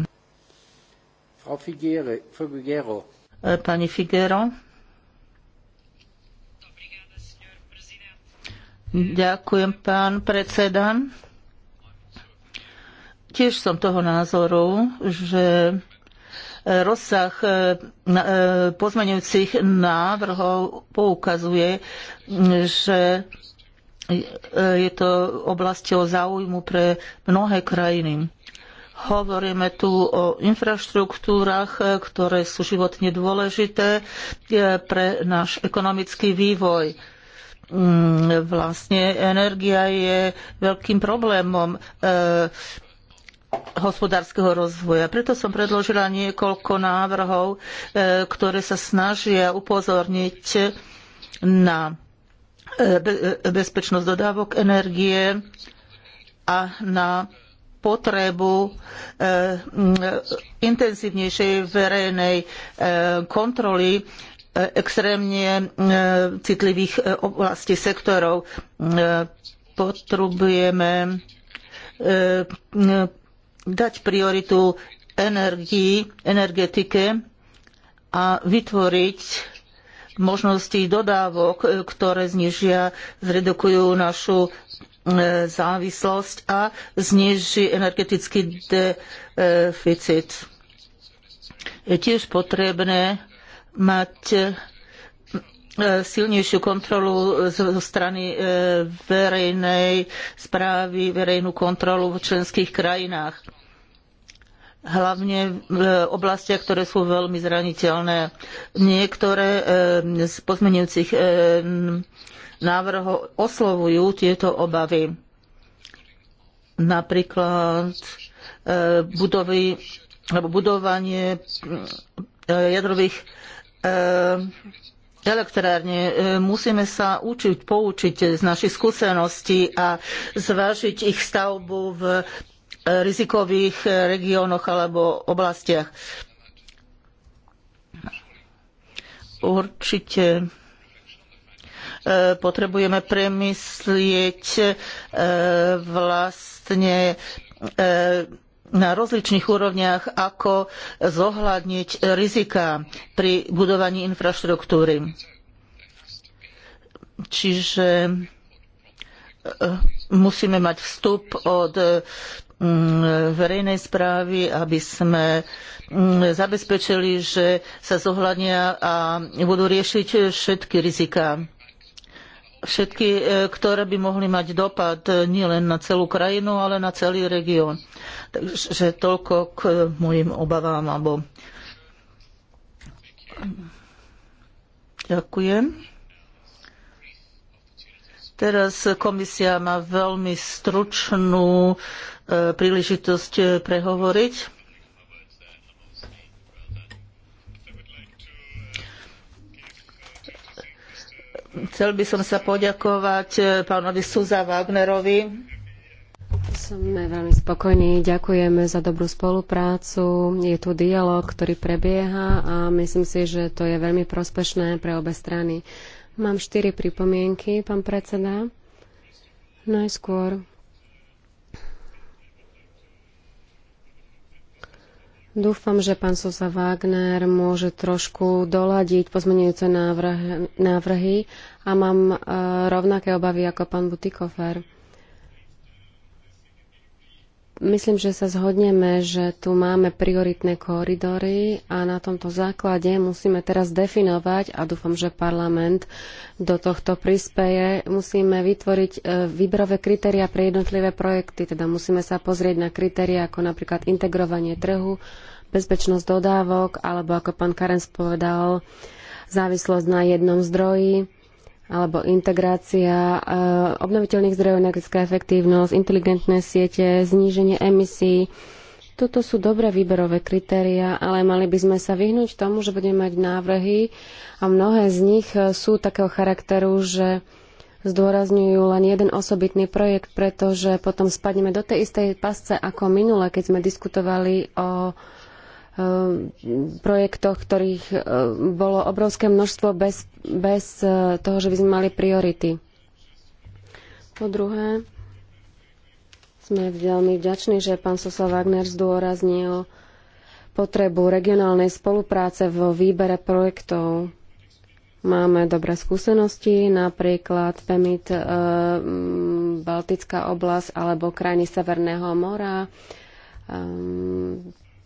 Pani Figuero. Ďakujem, pán predseda. Tiež som toho názoru, že rozsah e, e, pozmeňujúcich návrhov poukazuje, že je e, to o záujmu pre mnohé krajiny. Hovoríme tu o infraštruktúrach, e, ktoré sú životne dôležité e, pre náš ekonomický vývoj mm, vlastne energia je veľkým problémom e, hospodárskeho rozvoja. Preto som predložila niekoľko návrhov, ktoré sa snažia upozorniť na bezpečnosť dodávok energie a na potrebu eh, mm, intenzívnejšej verejnej eh, kontroly eh, extrémne citlivých oblastí sektorov. Potrebujeme mm, dať prioritu energii, energetike a vytvoriť možnosti dodávok, ktoré znižia, zredukujú našu závislosť a zniží energetický deficit. Je tiež potrebné mať e, silnejšiu kontrolu zo strany e, verejnej správy, verejnú kontrolu v členských krajinách. Hlavne v e, oblastiach, ktoré sú veľmi zraniteľné. Niektoré z pozmenujúcich návrhov oslovujú tieto obavy. Napríklad e, budovy, alebo budovanie e, jadrových e, elektrárne. Musíme sa učiť, poučiť z našich skúseností a zvážiť ich stavbu v rizikových regiónoch alebo oblastiach. Určite E, potrebujeme premyslieť e, vlastne e, na rozličných úrovniach, ako zohľadniť riziká pri budovaní infraštruktúry. Čiže musíme mať vstup od mm, verejnej správy, aby sme mm, zabezpečili, že sa zohľadnia a budú riešiť všetky riziká všetky, e, ktoré by mohli mať dopad e, nielen na celú krajinu, ale na celý región. Takže toľko k e, mojim obavám. Alebo... Ďakujem. Teraz komisia má veľmi stručnú príležitosť prehovoriť. Chcel by som sa poďakovať e, pánovi Suza Wagnerovi. Sme veľmi spokojní, ďakujeme za dobrú spoluprácu. Je tu dialog, ktorý prebieha a myslím si, že to je veľmi prospešné pre obe strany. Mám štyri pripomienky, pán predseda. Najskôr Dúfam, že pán Sosa Wagner môže trošku doladiť pozmenujúce návrhy a mám e, rovnaké obavy ako pán Butikofer. Myslím, že sa zhodneme, že tu máme prioritné koridory a na tomto základe musíme teraz definovať, a dúfam, že parlament do tohto prispeje, musíme vytvoriť e, výberové kritéria pre jednotlivé projekty, teda musíme sa pozrieť na kritéria ako napríklad integrovanie trhu, bezpečnosť dodávok, alebo ako pán Karens povedal, závislosť na jednom zdroji alebo integrácia, e, obnoviteľných zdrojov, energetická efektívnosť, inteligentné siete, zníženie emisí. Toto sú dobré výberové kritéria, ale mali by sme sa vyhnúť tomu, že budeme mať návrhy a mnohé z nich e, sú takého charakteru, že zdôrazňujú len jeden osobitný projekt, pretože potom spadneme do tej istej pasce ako minule, keď sme diskutovali o Eh, projektoch, ktorých eh, bolo obrovské množstvo bez, bez eh, toho, že by sme mali priority. Po druhé, sme veľmi vďační, že pán Sosa Wagner zdôraznil potrebu regionálnej spolupráce vo výbere projektov. Máme dobré skúsenosti, napríklad PEMIT, e, Baltická oblasť alebo krajiny Severného mora. E,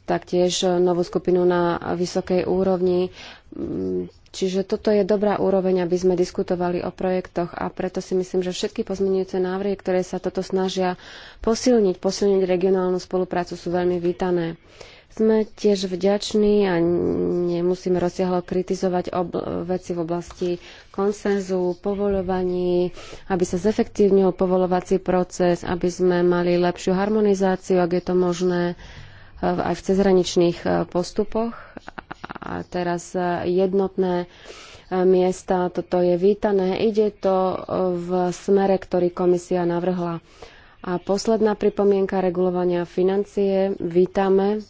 taktiež e, novú skupinu na vysokej úrovni. Mm, čiže toto je dobrá úroveň, aby sme diskutovali o projektoch a preto si myslím, že všetky pozmenujúce návrhy, ktoré sa toto snažia posilniť, posilniť regionálnu spoluprácu, sú veľmi vítané. Sme tiež vďační a nemusíme rozsiahlo kritizovať veci v oblasti konsenzu, povolovaní, aby sa zefektívnil povolovací proces, aby sme mali lepšiu harmonizáciu, ak je to možné, aj v cezhraničných e, postupoch. A teraz e, jednotné e, miesta, toto je vítané. Ide to v smere, ktorý komisia navrhla. A posledná pripomienka regulovania financie. Vítame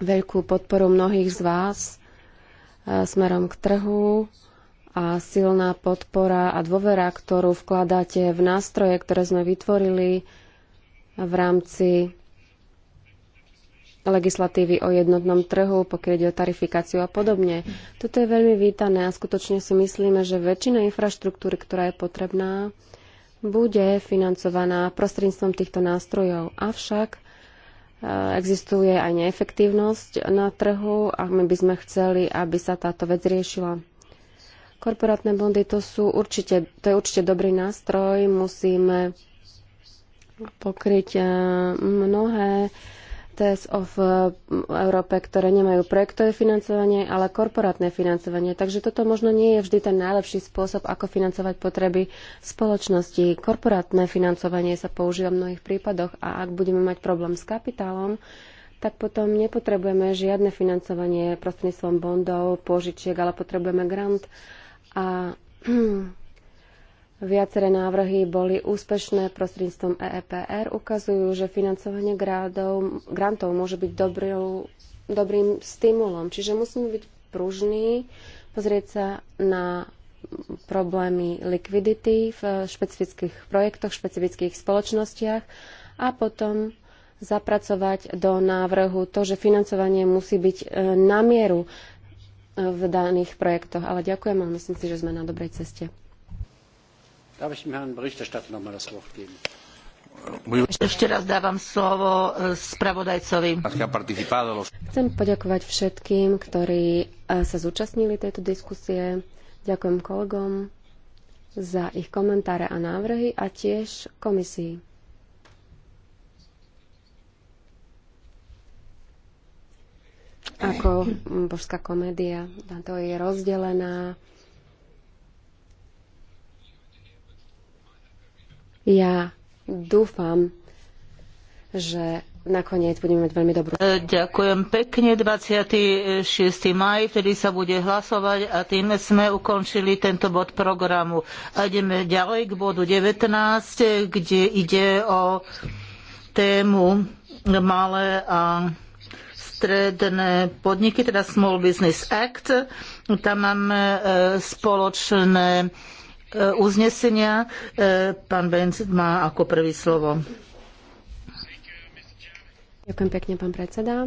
veľkú podporu mnohých z vás smerom k trhu a silná podpora a dôvera, ktorú vkladáte v nástroje, ktoré sme vytvorili v rámci legislatívy o jednotnom trhu, pokiaľ ide o tarifikáciu a podobne. Toto je veľmi vítané a skutočne si myslíme, že väčšina infraštruktúry, ktorá je potrebná, bude financovaná prostredníctvom týchto nástrojov. Avšak e, existuje aj neefektívnosť na trhu a my by sme chceli, aby sa táto vec riešila. Korporátne bondy to, sú určite, to je určite dobrý nástroj, musíme pokryť e, mnohé TSO v Európe, ktoré nemajú projektové financovanie, ale korporátne financovanie. Takže toto možno nie je vždy ten najlepší spôsob, ako financovať potreby spoločnosti. Korporátne financovanie sa používa v mnohých prípadoch a ak budeme mať problém s kapitálom, tak potom nepotrebujeme žiadne financovanie prostredníctvom bondov, požičiek, ale potrebujeme grant. A Viaceré návrhy boli úspešné prostredníctvom EEPR, ukazujú, že financovanie grádov, grantov môže byť dobrou, dobrým stimulom. Čiže musíme byť pružní, pozrieť sa na problémy likvidity v špecifických projektoch, v špecifických spoločnostiach a potom zapracovať do návrhu to, že financovanie musí byť e, na mieru e, v daných projektoch. Ale ďakujem a myslím si, že sme na dobrej ceste. Darf ich dem Herrn Berichterstatter das Wort geben? Ešte raz dávam slovo e, spravodajcovi. Chcem poďakovať všetkým, ktorí e, sa zúčastnili tejto diskusie. Ďakujem kolegom za ich komentáre a návrhy a tiež komisii. Ako božská komédia, to je rozdelená Ja dúfam, že nakoniec budeme mať veľmi dobrú. E, ďakujem pekne. 26. maj, vtedy sa bude hlasovať a tým sme ukončili tento bod programu. A ideme ďalej k bodu 19, kde ide o tému malé a stredné podniky, teda Small Business Act. Tam máme e, spoločné E, uznesenia. E, pán Bencet má ako prvý slovo. Ďakujem pekne, pán predseda.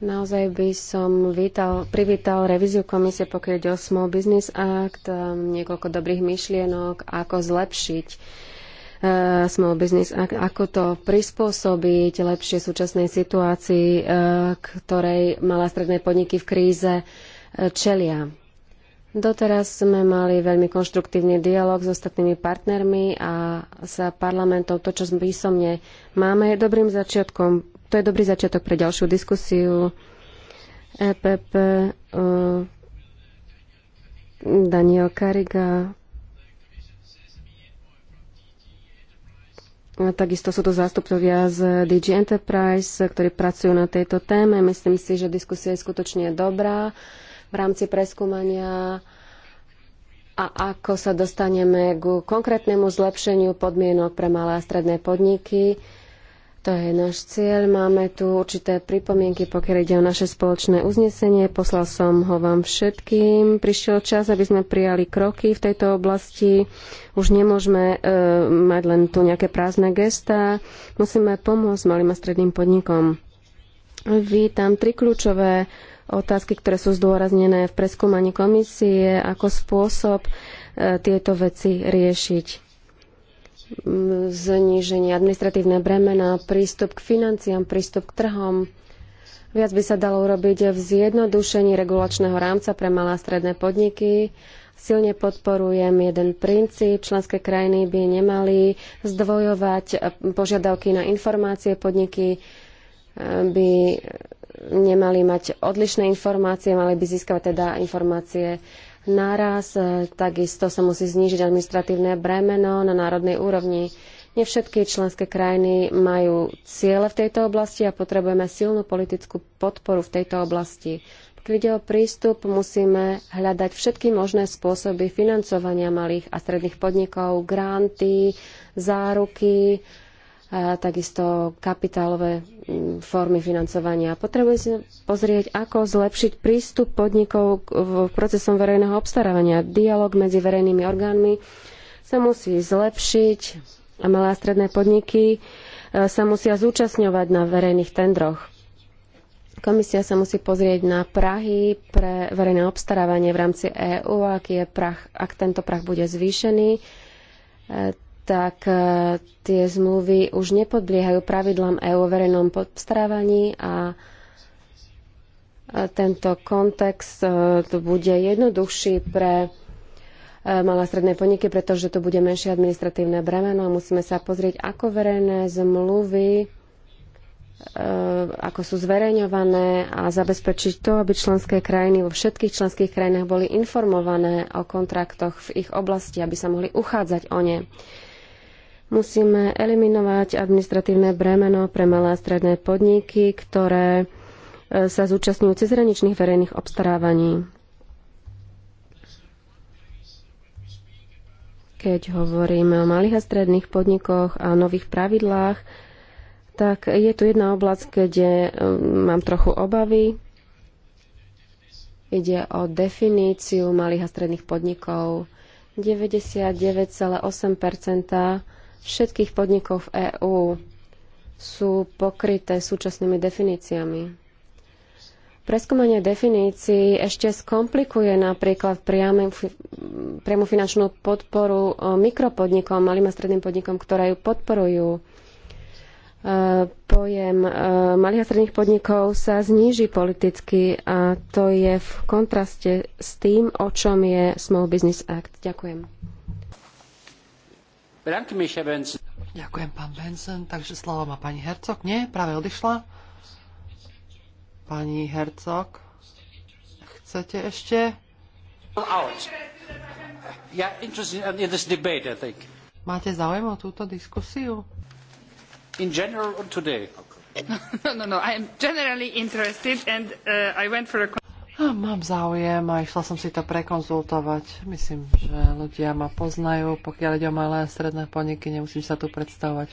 Naozaj by som vítal, privítal revíziu komisie, pokiaľ ide o Small Business Act, e, niekoľko dobrých myšlienok, ako zlepšiť uh, Small Business Act, ako to prispôsobiť lepšie súčasnej situácii, uh, ktorej malé a stredné podniky v kríze uh, čelia. Doteraz sme mali veľmi konštruktívny dialog s ostatnými partnermi a s parlamentom to, čo písomne máme, je dobrým začiatkom. To je dobrý začiatok pre ďalšiu diskusiu. EPP, uh, e, Daniel Kariga, A takisto sú to zástupcovia z DG Enterprise, ktorí pracujú na tejto téme. Myslím si, že diskusia je skutočne dobrá. Uh, v rámci preskúmania a ako sa dostaneme k konkrétnemu zlepšeniu podmienok pre malé a stredné podniky. To je náš cieľ. Máme tu určité pripomienky, pokiaľ ide o naše spoločné uznesenie. Poslal som ho vám všetkým. Prišiel čas, aby sme prijali kroky v tejto oblasti. Už nemôžeme e, mať len tu nejaké prázdne gesta. Musíme pomôcť malým a stredným podnikom. Vítam tri kľúčové otázky, ktoré sú zdôraznené v preskúmaní komisie, ako spôsob e, tieto veci riešiť. Zníženie administratívne bremena, prístup k financiám, prístup k trhom. Viac by sa dalo urobiť v zjednodušení regulačného rámca pre malé a stredné podniky, silne podporujem jeden princíp. Členské krajiny by nemali zdvojovať požiadavky na informácie. Podniky e, by nemali mať odlišné informácie, mali by získavať teda informácie naraz. Takisto sa musí znížiť administratívne bremeno na národnej úrovni. Nie všetky členské krajiny majú ciele v tejto oblasti a potrebujeme silnú politickú podporu v tejto oblasti. Pokiaľ ide o prístup, musíme hľadať všetky možné spôsoby financovania malých a stredných podnikov, granty, záruky, a takisto kapitálové mm, formy financovania. Potrebujeme si pozrieť, ako zlepšiť prístup podnikov k procesom verejného obstarávania. Dialóg medzi verejnými orgánmi sa musí zlepšiť a malé a stredné podniky e, sa musia zúčastňovať na verejných tendroch. Komisia sa musí pozrieť na Prahy pre verejné obstarávanie v rámci EÚ, aký je prach, ak tento prach bude zvýšený e, tak e, tie zmluvy už nepodliehajú pravidlám EU o verejnom podstarávaní a e, tento kontext e, to bude jednoduchší pre malé stredné podniky, pretože to bude menšie administratívne bremeno a musíme sa pozrieť, ako verejné zmluvy ako sú zverejňované a zabezpečiť to, aby členské krajiny vo všetkých členských krajinách boli informované o kontraktoch v ich oblasti, aby sa mohli uchádzať o ne. Musíme eliminovať administratívne bremeno pre malé a stredné podniky, ktoré e, sa zúčastňujú cezhraničných verejných obstarávaní. Keď hovoríme o malých a stredných podnikoch a nových pravidlách, tak je tu jedna oblasť, kde e, mám trochu obavy. Ide o definíciu malých a stredných podnikov. 99,8 všetkých podnikov v EÚ sú pokryté súčasnými definíciami. Preskúmanie definícií ešte skomplikuje napríklad priamu, priamu finančnú podporu e, mikropodnikom, malým a stredným podnikom, ktoré ju podporujú e, pojem e, malých a stredných podnikov sa zníži politicky a to je v kontraste s tým, o čom je Small Business Act. Ďakujem. Ďakujem, pán Benson. Takže slovo má pani Hercog. Nie, práve odišla. Pani Hercog, chcete ešte? Máte záujem o túto diskusiu? In general today. No, no, no. I am generally interested and uh, I went for a a mám záujem a išla som si to prekonzultovať. Myslím, že ľudia ma poznajú. Pokiaľ ide o malé a stredné podniky, nemusím sa tu predstavovať.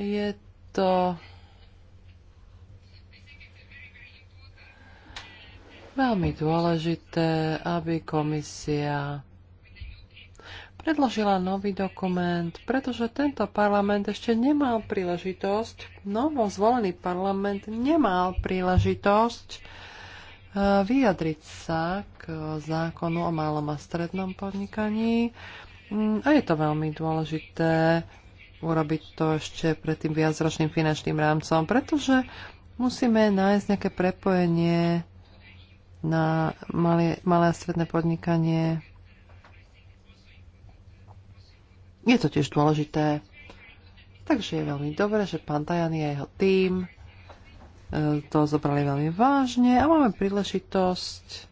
Je to... Veľmi dôležité, aby komisia predložila nový dokument, pretože tento parlament ešte nemal príležitosť, novo zvolený parlament nemal príležitosť vyjadriť sa k zákonu o malom a strednom podnikaní. Mm, a je to veľmi dôležité urobiť to ešte pred tým viacročným finančným rámcom, pretože musíme nájsť nejaké prepojenie na malé, malé a stredné podnikanie. Je to tiež dôležité. Takže je veľmi dobré, že pán Tajani a jeho tým to zobrali veľmi vážne a máme príležitosť.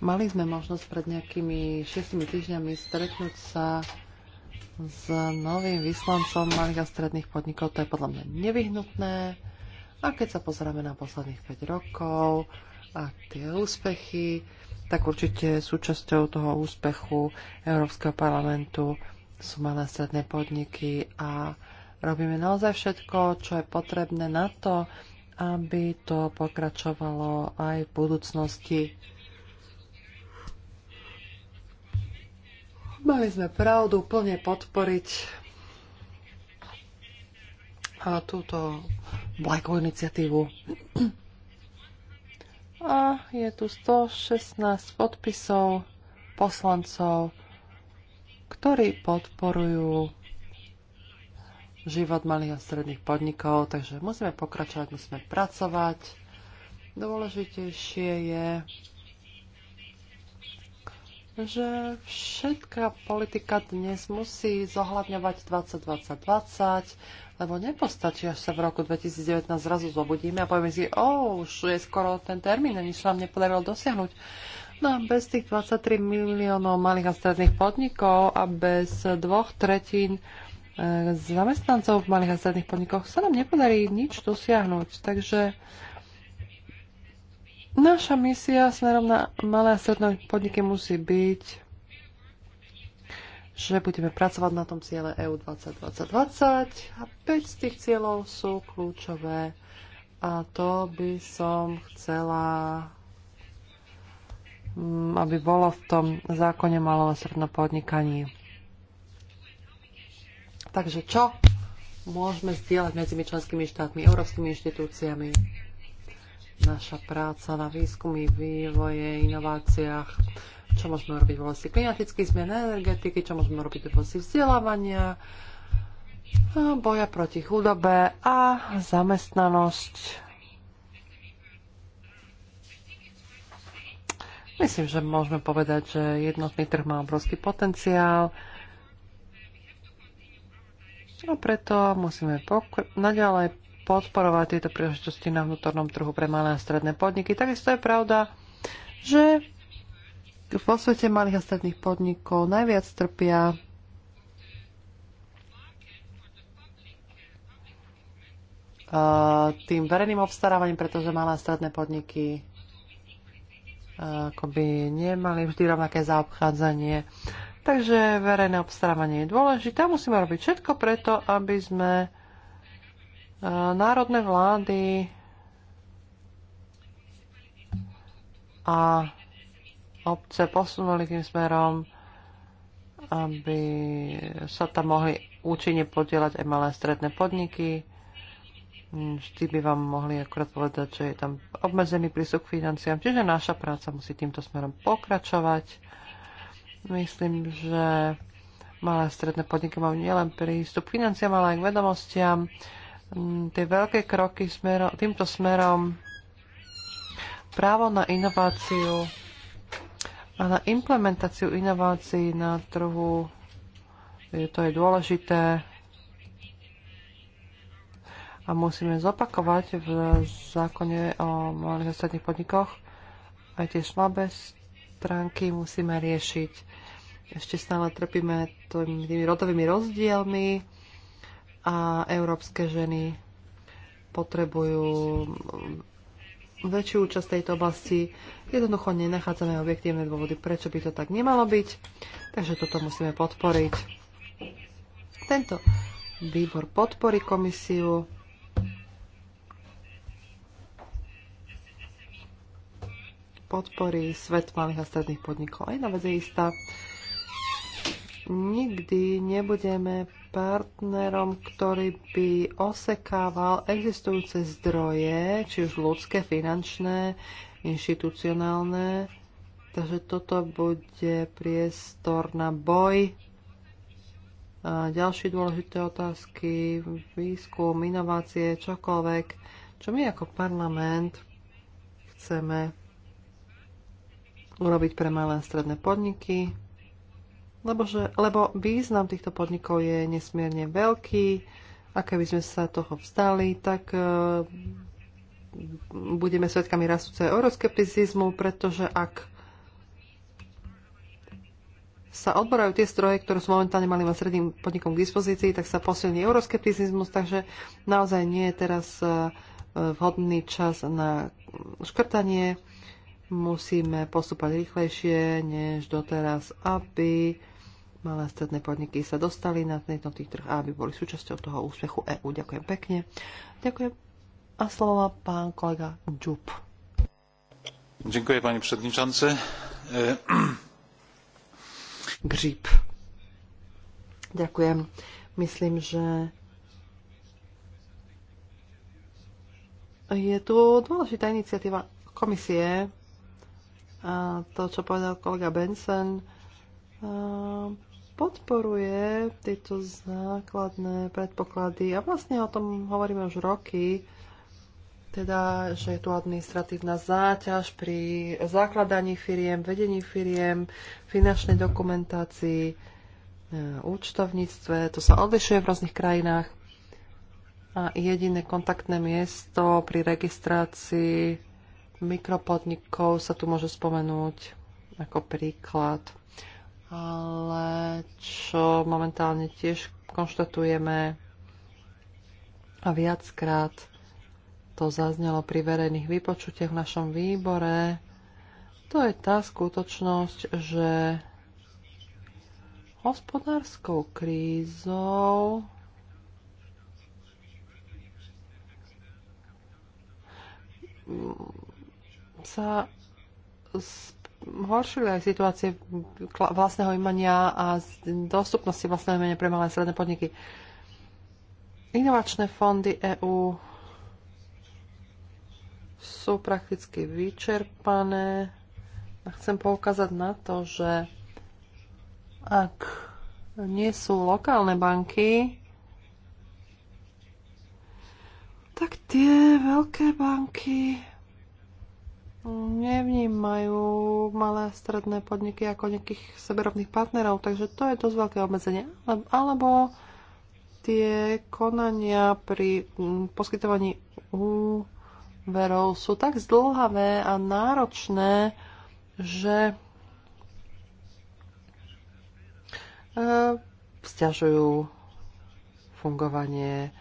Mali sme možnosť pred nejakými šiestimi týždňami stretnúť sa s novým vyslancom malých a stredných podnikov. To je podľa mňa nevyhnutné. A keď sa pozeráme na posledných 5 rokov a tie úspechy, tak určite súčasťou toho úspechu Európskeho parlamentu sú malé a stredné podniky a Robíme naozaj všetko, čo je potrebné na to, aby to pokračovalo aj v budúcnosti. Mali sme pravdu plne podporiť túto vlajkovú iniciatívu. A je tu 116 podpisov poslancov, ktorí podporujú život malých a stredných podnikov, takže musíme pokračovať, musíme pracovať. Dôležitejšie je, že všetká politika dnes musí zohľadňovať 2020 20 lebo nepostačí, až sa v roku 2019 zrazu zobudíme a povieme si, o, už je skoro ten termín a nič nám nepodarilo dosiahnuť. No a bez tých 23 miliónov malých a stredných podnikov a bez dvoch tretín zamestnancov v malých a stredných podnikoch sa nám nepodarí nič dosiahnuť. Takže naša misia smerom na malé a stredné podniky musí byť, že budeme pracovať na tom ciele EU 2020 a 5 z tých cieľov sú kľúčové. A to by som chcela mm, aby bolo v tom zákone malého a strednom podnikaní. Takže čo môžeme zdieľať medzi členskými štátmi, európskymi inštitúciami? Naša práca na výskumy, vývoje, inováciách, čo môžeme robiť v oblasti klimatických zmien, energetiky, čo môžeme robiť v oblasti vzdelávania, boja proti chudobe a zamestnanosť. Myslím, že môžeme povedať, že jednotný trh má obrovský potenciál a preto musíme naďalej podporovať tieto príležitosti na vnútornom trhu pre malé a stredné podniky. Takisto je pravda, že vo svete malých a stredných podnikov najviac trpia tým verejným obstarávaním, pretože malé a stredné podniky akoby nemali vždy rovnaké zaobchádzanie Takže verejné obstarávanie je dôležité. Musíme robiť všetko preto, aby sme e, národné vlády a obce posunuli tým smerom, aby sa tam mohli účinne podielať aj malé stredné podniky. Vždy by vám mohli akurát povedať, že je tam obmedzený prístup k financiám, čiže naša práca musí týmto smerom pokračovať. Myslím, že malé a stredné podniky majú nielen prístup k financiám, ale aj k vedomostiam. Mm, tie veľké kroky smerom, týmto smerom právo na inováciu a na implementáciu inovácií na trhu je, to je dôležité a musíme zopakovať v zákone o malých a stredných podnikoch aj tie slabé stránky musíme riešiť. Ešte stále trpíme tými, rodovými rozdielmi a európske ženy potrebujú mm, väčšiu účasť v tejto oblasti. Jednoducho nenachádzame objektívne dôvody, prečo by to tak nemalo byť. Takže toto musíme podporiť. Tento výbor podporí komisiu podporí svet malých a stredných podnikov. A jedna vec je istá. Nikdy nebudeme partnerom, ktorý by osekával existujúce zdroje, či už ľudské, finančné, inštitucionálne. Takže toto bude priestor na boj. A ďalšie dôležité otázky, výskum, inovácie, čokoľvek, čo my ako parlament chceme urobiť pre malé a stredné podniky, lebo, že, lebo význam týchto podnikov je nesmierne veľký a keby sme sa toho vzdali, tak e, budeme svetkami rastúceho euroskepticizmu, pretože ak sa odborajú tie stroje, ktoré sú momentálne malým a stredným podnikom k dispozícii, tak sa posilní euroskepticizmus, takže naozaj nie je teraz e, vhodný čas na škrtanie musíme postupovať rýchlejšie než doteraz, aby malé a stredné podniky sa dostali na jednotný trh a aby boli súčasťou toho úspechu EÚ. Ďakujem pekne. Ďakujem. A slovo má pán kolega Džup. Ďakujem, pani predsedničance. Eh, Gříp. Ďakujem. Myslím, že je tu dôležitá iniciatíva komisie a to, čo povedal kolega Benson, podporuje tieto základné predpoklady a vlastne o tom hovoríme už roky, teda, že je tu administratívna záťaž pri zakladaní firiem, vedení firiem, finančnej dokumentácii, e, účtovníctve. To sa odlišuje v rôznych krajinách. A jediné kontaktné miesto pri registrácii mikropodnikov sa tu môže spomenúť ako príklad. Ale čo momentálne tiež konštatujeme a viackrát to zaznelo pri verejných vypočutiach v našom výbore, to je tá skutočnosť, že hospodárskou krízou sa horšili aj situácie vlastného imania a dostupnosti vlastného imania pre malé a stredné podniky. Inovačné fondy EÚ sú prakticky vyčerpané a chcem poukázať na to, že ak nie sú lokálne banky, tak tie veľké banky nevnímajú malé a stredné podniky ako nejakých seberovných partnerov, takže to je dosť veľké obmedzenie. Alebo tie konania pri mm, poskytovaní úverov sú tak zdlhavé a náročné, že e, vzťažujú fungovanie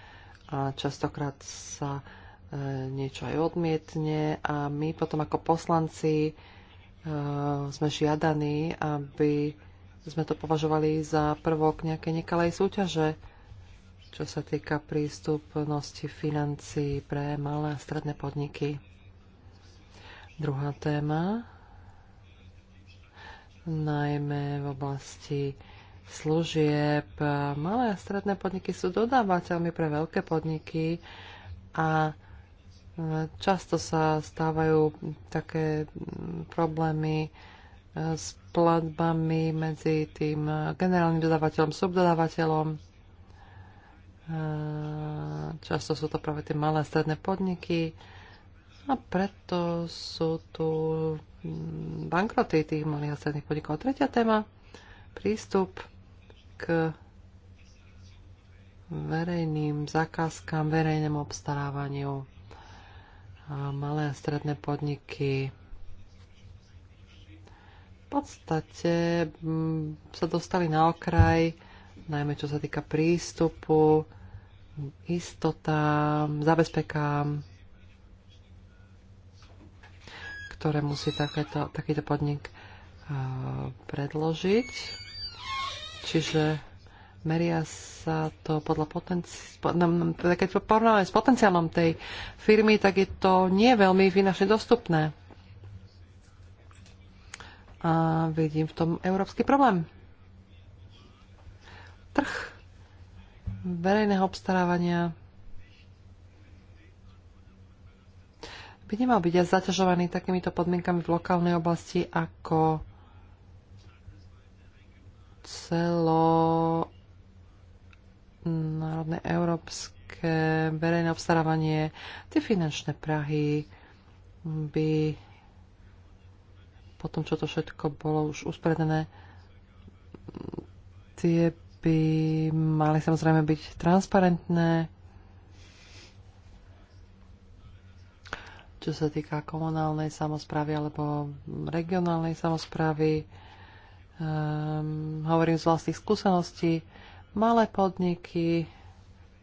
a častokrát sa E, niečo aj odmietne a my potom ako poslanci e, sme žiadaní, aby sme to považovali za prvok nejakej nekalej súťaže, čo sa týka prístupnosti financií pre malé a stredné podniky. Druhá téma, najmä v oblasti služieb. Malé a stredné podniky sú dodávateľmi pre veľké podniky a Často sa stávajú také problémy e, s platbami medzi tým generálnym dodávateľom, subdodávateľom. E, často sú to práve tie malé a stredné podniky a preto sú tu mm, bankroty tých malých a stredných podnikov. Tretia téma, prístup k verejným zákazkám, verejnému obstarávaniu a malé a stredné podniky v podstate mm, sa dostali na okraj, najmä čo sa týka prístupu, istotám, zabezpekám, ktoré musí takéto, takýto podnik predložiť. Čiže Meria sa to podľa potenci- no, no, teda keď to porovnáme s potenciálom tej firmy, tak je to nie veľmi finančne dostupné. A vidím v tom európsky problém. Trh verejného obstarávania by nemal byť aj zaťažovaný takýmito podmienkami v lokálnej oblasti ako celo národné európske verejné obstarávanie, tie finančné prahy by po tom, čo to všetko bolo už uspredené, tie by mali samozrejme byť transparentné, čo sa týka komunálnej samozprávy alebo regionálnej samozprávy. Um, hovorím z vlastných skúseností. Malé podniky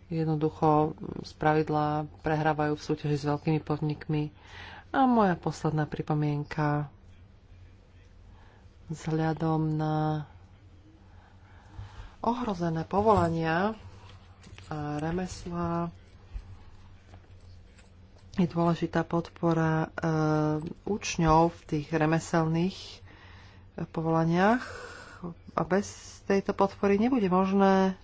jednoducho z pravidla prehrávajú v súťaži s veľkými podnikmi. A moja posledná pripomienka vzhľadom na ohrozené povolania a remesla je dôležitá podpora e, učňov v tých remeselných povolaniach a bez tejto podpory nebude možné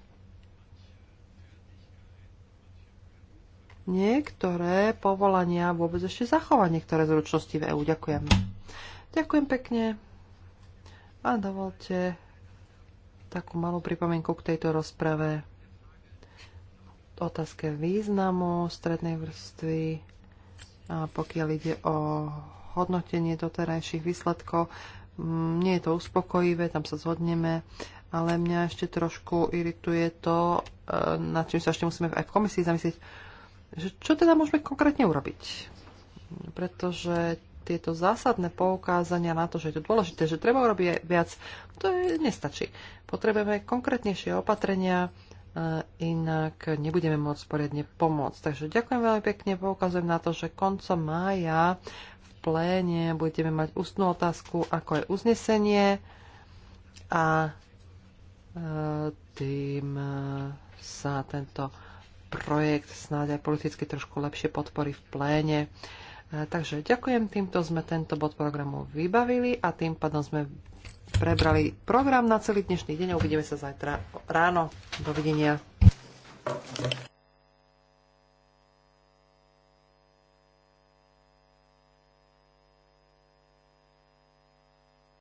niektoré povolania vôbec ešte zachovať niektoré zručnosti v EU. Ďakujem. Ďakujem pekne a dovolte takú malú pripomienku k tejto rozprave otázke významu strednej vrstvy, a pokiaľ ide o hodnotenie doterajších výsledkov. Mm, nie je to uspokojivé, tam sa zhodneme, ale mňa ešte trošku irituje to, e, nad čím sa ešte musíme aj v komisii zamyslieť, že čo teda môžeme konkrétne urobiť. Pretože tieto zásadné poukázania na to, že je to dôležité, že treba urobiť viac, to je, nestačí. Potrebujeme konkrétnejšie opatrenia, e, inak nebudeme môcť poriadne pomôcť. Takže ďakujem veľmi pekne, poukazujem na to, že koncom mája pléne budeme mať ústnú otázku, ako je uznesenie a e, tým e, sa tento projekt snáď aj politicky trošku lepšie podporí v pléne. E, takže ďakujem, týmto sme tento bod programu vybavili a tým pádom sme prebrali program na celý dnešný deň. Uvidíme sa zajtra ráno. Dovidenia.